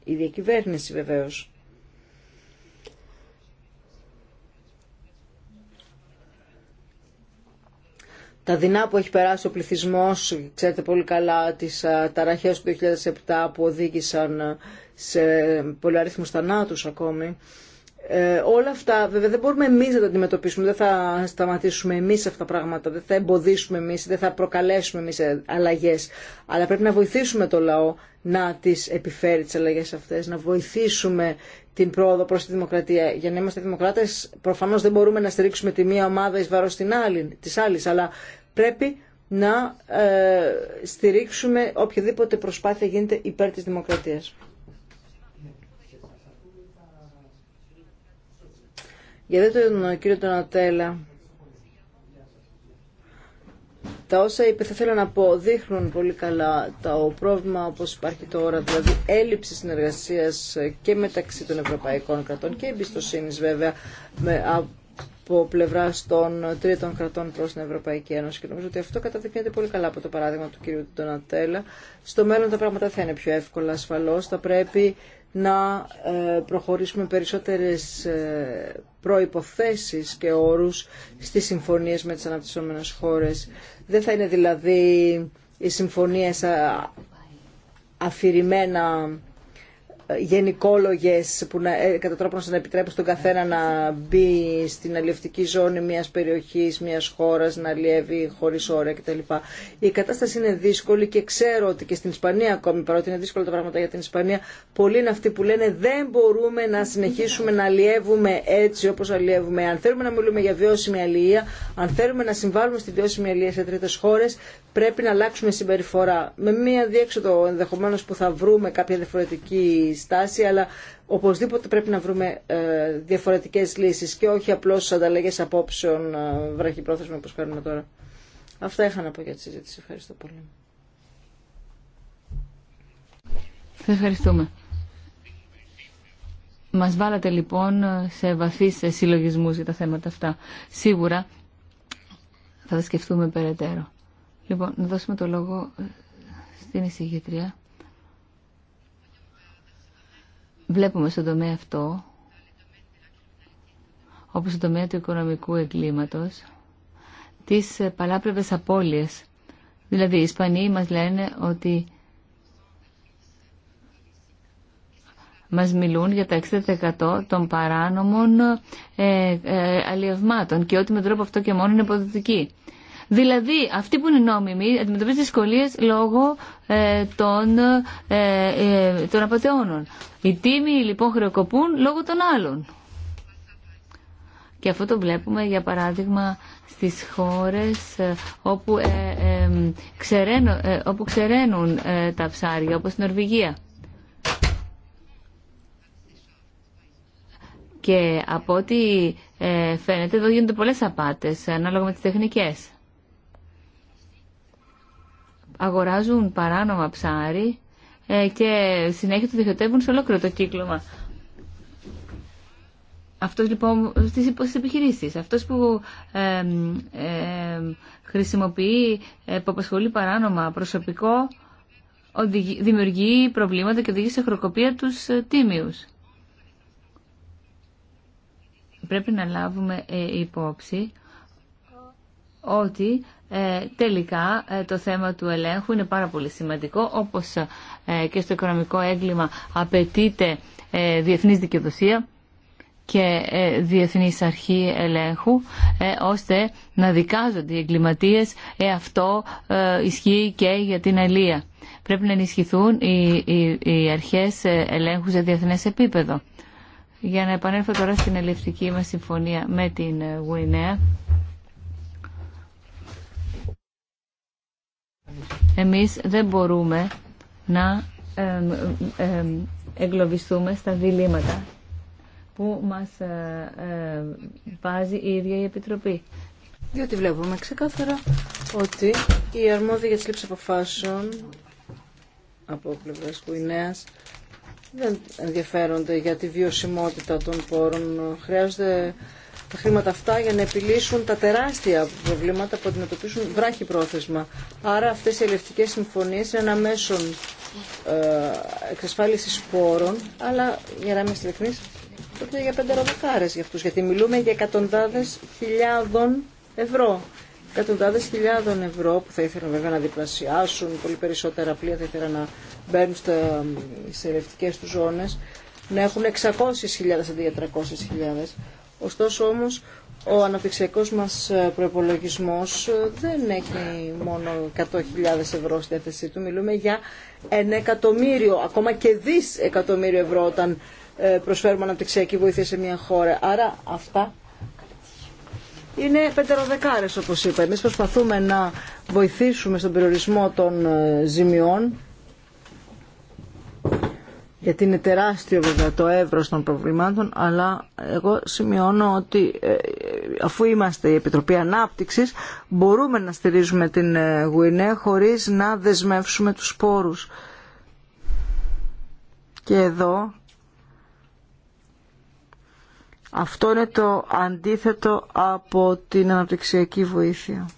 Η διακυβέρνηση βεβαίως. τα δεινά που έχει περάσει ο πληθυσμό, ξέρετε πολύ καλά, τι ταραχέ του 2007 που οδήγησαν ε, σε πολλαριθμού θανάτου ακόμη, ε, όλα αυτά βέβαια δεν μπορούμε εμείς να τα αντιμετωπίσουμε, δεν θα σταματήσουμε εμείς αυτά τα πράγματα, δεν θα εμποδίσουμε εμείς, δεν θα προκαλέσουμε εμείς ε, αλλαγές. Αλλά πρέπει να βοηθήσουμε το λαό να τις επιφέρει τις αλλαγές αυτές, να βοηθήσουμε την πρόοδο προς τη δημοκρατία. Για να είμαστε δημοκράτες προφανώς δεν μπορούμε να στηρίξουμε τη μία ομάδα εις βάρος την άλλη, της άλλης, αλλά πρέπει να ε, στηρίξουμε οποιαδήποτε προσπάθεια γίνεται υπέρ της δημοκρατίας. Γιατί τον ε, κύριο Τονατέλα, τα όσα είπε θα θέλω να πω δείχνουν πολύ καλά το πρόβλημα όπως υπάρχει τώρα, δηλαδή έλλειψη συνεργασίας ε, και μεταξύ των ευρωπαϊκών κρατών και εμπιστοσύνη βέβαια με, από πλευρά των ε, τρίτων κρατών προς την Ευρωπαϊκή Ένωση και νομίζω ότι αυτό καταδεικνύεται πολύ καλά από το παράδειγμα του κ. Ντονατέλα. Στο μέλλον τα πράγματα θα είναι πιο εύκολα ασφαλώς, θα πρέπει να ε, προχωρήσουμε περισσότερες ε, προϋποθέσεις και όρους στις συμφωνίες με τις αναπτυσσόμενες χώρες. Δεν θα είναι δηλαδή οι συμφωνίες ε, αφηρημένα γενικόλογες που να, ε, κατά τρόπο να επιτρέπουν στον καθένα να μπει στην αλλιευτική ζώνη μιας περιοχής, μιας χώρας, να αλλιεύει χωρίς όρια κτλ. Η κατάσταση είναι δύσκολη και ξέρω ότι και στην Ισπανία ακόμη, παρότι είναι δύσκολα τα πράγματα για την Ισπανία, πολλοί είναι αυτοί που λένε δεν μπορούμε να συνεχίσουμε να αλλιεύουμε έτσι όπως αλλιεύουμε. Αν θέλουμε να μιλούμε για βιώσιμη αλληλεία, αν θέλουμε να συμβάλλουμε στη βιώσιμη αλληλεία σε τρίτες χώρες, πρέπει να αλλάξουμε συμπεριφορά. Με μία διέξοδο ενδεχομένω που θα βρούμε κάποια διαφορετική στάση, αλλά οπωσδήποτε πρέπει να βρούμε ε, διαφορετικές λύσεις και όχι απλώς ανταλλαγές απόψεων ε, βραχυπρόθεσμα όπως κάνουμε τώρα. Αυτά είχα να πω για τη συζήτηση. Ευχαριστώ πολύ. Θα ευχαριστούμε. Μας βάλατε λοιπόν σε σε συλλογισμούς για τα θέματα αυτά. Σίγουρα θα τα σκεφτούμε περαιτέρω. Λοιπόν, να δώσουμε το λόγο ε, στην εισηγητρία βλέπουμε στον τομέα αυτό, όπως στον τομέα του οικονομικού εγκλήματος, τις ε, παλάπλευες απώλειες. Δηλαδή, οι Ισπανοί μας λένε ότι μας μιλούν για τα 60% των παράνομων ε, ε, αλλιευμάτων και ότι με τρόπο αυτό και μόνο είναι υποδοτική. Δηλαδή, αυτοί που είναι νόμιμοι αντιμετωπίζουν δυσκολίε λόγω ε, των, ε, ε, των απαταιώνων. Οι τίμοι λοιπόν χρεοκοπούν λόγω των άλλων. Και αυτό το βλέπουμε για παράδειγμα στις χώρες ε, όπου, ξεραίνουν, όπου ξεραίνουν τα ψάρια, όπως στην Νορβηγία. Και από ό,τι φαίνεται εδώ γίνονται πολλές απάτες ανάλογα με τις τεχνικές αγοράζουν παράνομα ψάρι ε, και συνέχεια το διοχετεύουν σε ολόκληρο το κύκλωμα. Αυτό λοιπόν στις επιχειρήσεις, αυτός που ε, ε, χρησιμοποιεί, που απασχολεί παράνομα προσωπικό, δημιουργεί προβλήματα και οδηγεί σε χροκοπία τους ε, τίμιους. Πρέπει να λάβουμε ε, υπόψη ότι ε, τελικά ε, το θέμα του ελέγχου είναι πάρα πολύ σημαντικό όπως ε, και στο οικονομικό έγκλημα απαιτείται ε, διεθνής δικαιοδοσία και διεθνής αρχή ελέγχου ώστε να δικάζονται οι εγκληματίες αυτό ισχύει και για την αλία. Πρέπει να ενισχυθούν οι, οι, αρχές ελέγχου σε διεθνές επίπεδο. Για να επανέλθω τώρα στην ελευθερική μας συμφωνία με την Γουινέα Εμείς δεν μπορούμε να εγκλωβιστούμε στα διλήμματα που μας ε, ε, βάζει η ίδια η Επιτροπή. Διότι βλέπουμε ξεκάθαρα ότι οι αρμόδιοι για τις λήψεις αποφάσεων από πλευράς νέας, δεν ενδιαφέρονται για τη βιωσιμότητα των πόρων. χρειάζεται τα χρήματα αυτά για να επιλύσουν τα τεράστια προβλήματα που αντιμετωπίσουν βράχη πρόθεσμα. Άρα αυτές οι ελευτικές συμφωνίες είναι ένα μέσον ε, εξασφάλισης πόρων, αλλά για να είμαι το πρόκειται για πέντε πενταροδεκάρες για αυτούς, γιατί μιλούμε για εκατοντάδες χιλιάδων ευρώ. Εκατοντάδες χιλιάδων ευρώ που θα ήθελαν βέβαια να διπλασιάσουν, πολύ περισσότερα πλοία θα ήθελαν να μπαίνουν στα, σε του ζώνες, να έχουν 600.000 αντί για 300.000. Ωστόσο όμως ο αναπτυξιακός μας ε, προϋπολογισμός ε, δεν έχει μόνο 100.000 ευρώ στη διάθεσή του. Μιλούμε για 1 εκατομμύριο, ακόμα και δις εκατομμύριο ευρώ όταν ε, προσφέρουμε αναπτυξιακή βοήθεια σε μια χώρα. Άρα αυτά είναι πεντεροδεκάρες όπως είπα. Εμείς προσπαθούμε να βοηθήσουμε στον περιορισμό των ζημιών γιατί είναι τεράστιο βέβαια το εύρος των προβλημάτων, αλλά εγώ σημειώνω ότι ε, αφού είμαστε η Επιτροπή Ανάπτυξης μπορούμε να στηρίζουμε την ε, Γουινέ χωρίς να δεσμεύσουμε τους πόρους. Και εδώ αυτό είναι το αντίθετο από την αναπτυξιακή βοήθεια.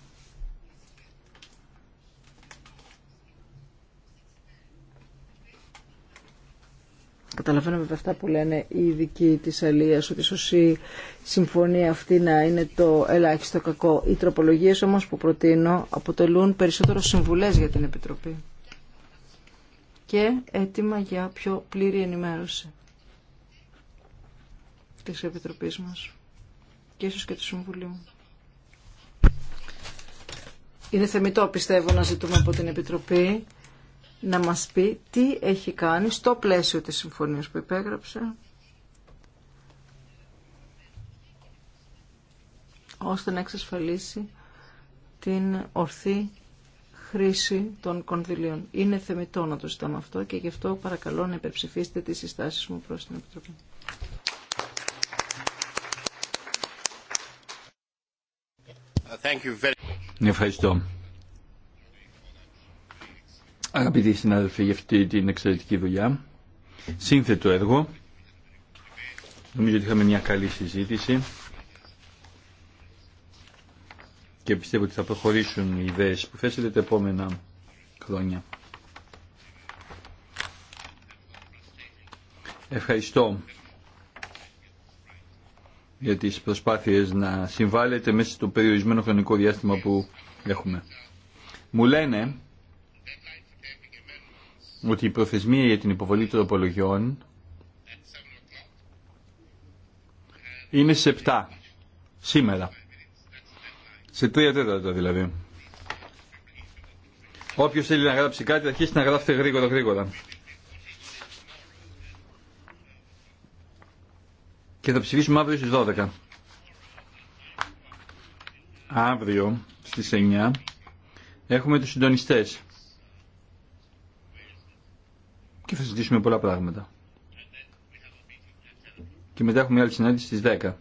Καταλαβαίνω βέβαια αυτά που λένε οι ειδικοί τη Αλία, ότι ίσω η συμφωνία αυτή να είναι το ελάχιστο κακό. Οι τροπολογίε όμω που προτείνω αποτελούν περισσότερο συμβουλέ για την Επιτροπή και έτοιμα για πιο πλήρη ενημέρωση της Επιτροπής μας και ίσως και του Συμβουλίου. Είναι θεμητό πιστεύω να ζητούμε από την Επιτροπή να μας πει τι έχει κάνει στο πλαίσιο της συμφωνίας που υπέγραψε ώστε να εξασφαλίσει την ορθή χρήση των κονδυλίων. Είναι θεμητό να το ζητάμε αυτό και γι' αυτό παρακαλώ να υπερψηφίσετε τις συστάσεις μου προς την Επιτροπή. Ευχαριστώ. Αγαπητοί συνάδελφοι για αυτή την εξαιρετική δουλειά, σύνθετο έργο. Νομίζω ότι είχαμε μια καλή συζήτηση και πιστεύω ότι θα προχωρήσουν οι ιδέες που θέσετε τα επόμενα χρόνια. Ευχαριστώ για τις προσπάθειες να συμβάλλετε μέσα στο περιορισμένο χρονικό διάστημα που έχουμε. Μου λένε ότι η προθεσμία για την υποβολή τροπολογιών είναι σε 7 σήμερα. Σε 3 τέταρτα δηλαδή. Όποιος θέλει να γράψει κάτι θα αρχίσει να γράφει γρήγορα γρήγορα. Και θα ψηφίσουμε αύριο στις 12. Αύριο στις 9 έχουμε τους συντονιστές και θα συζητήσουμε πολλά πράγματα. Και μετά έχουμε άλλη συνάντηση στις 10.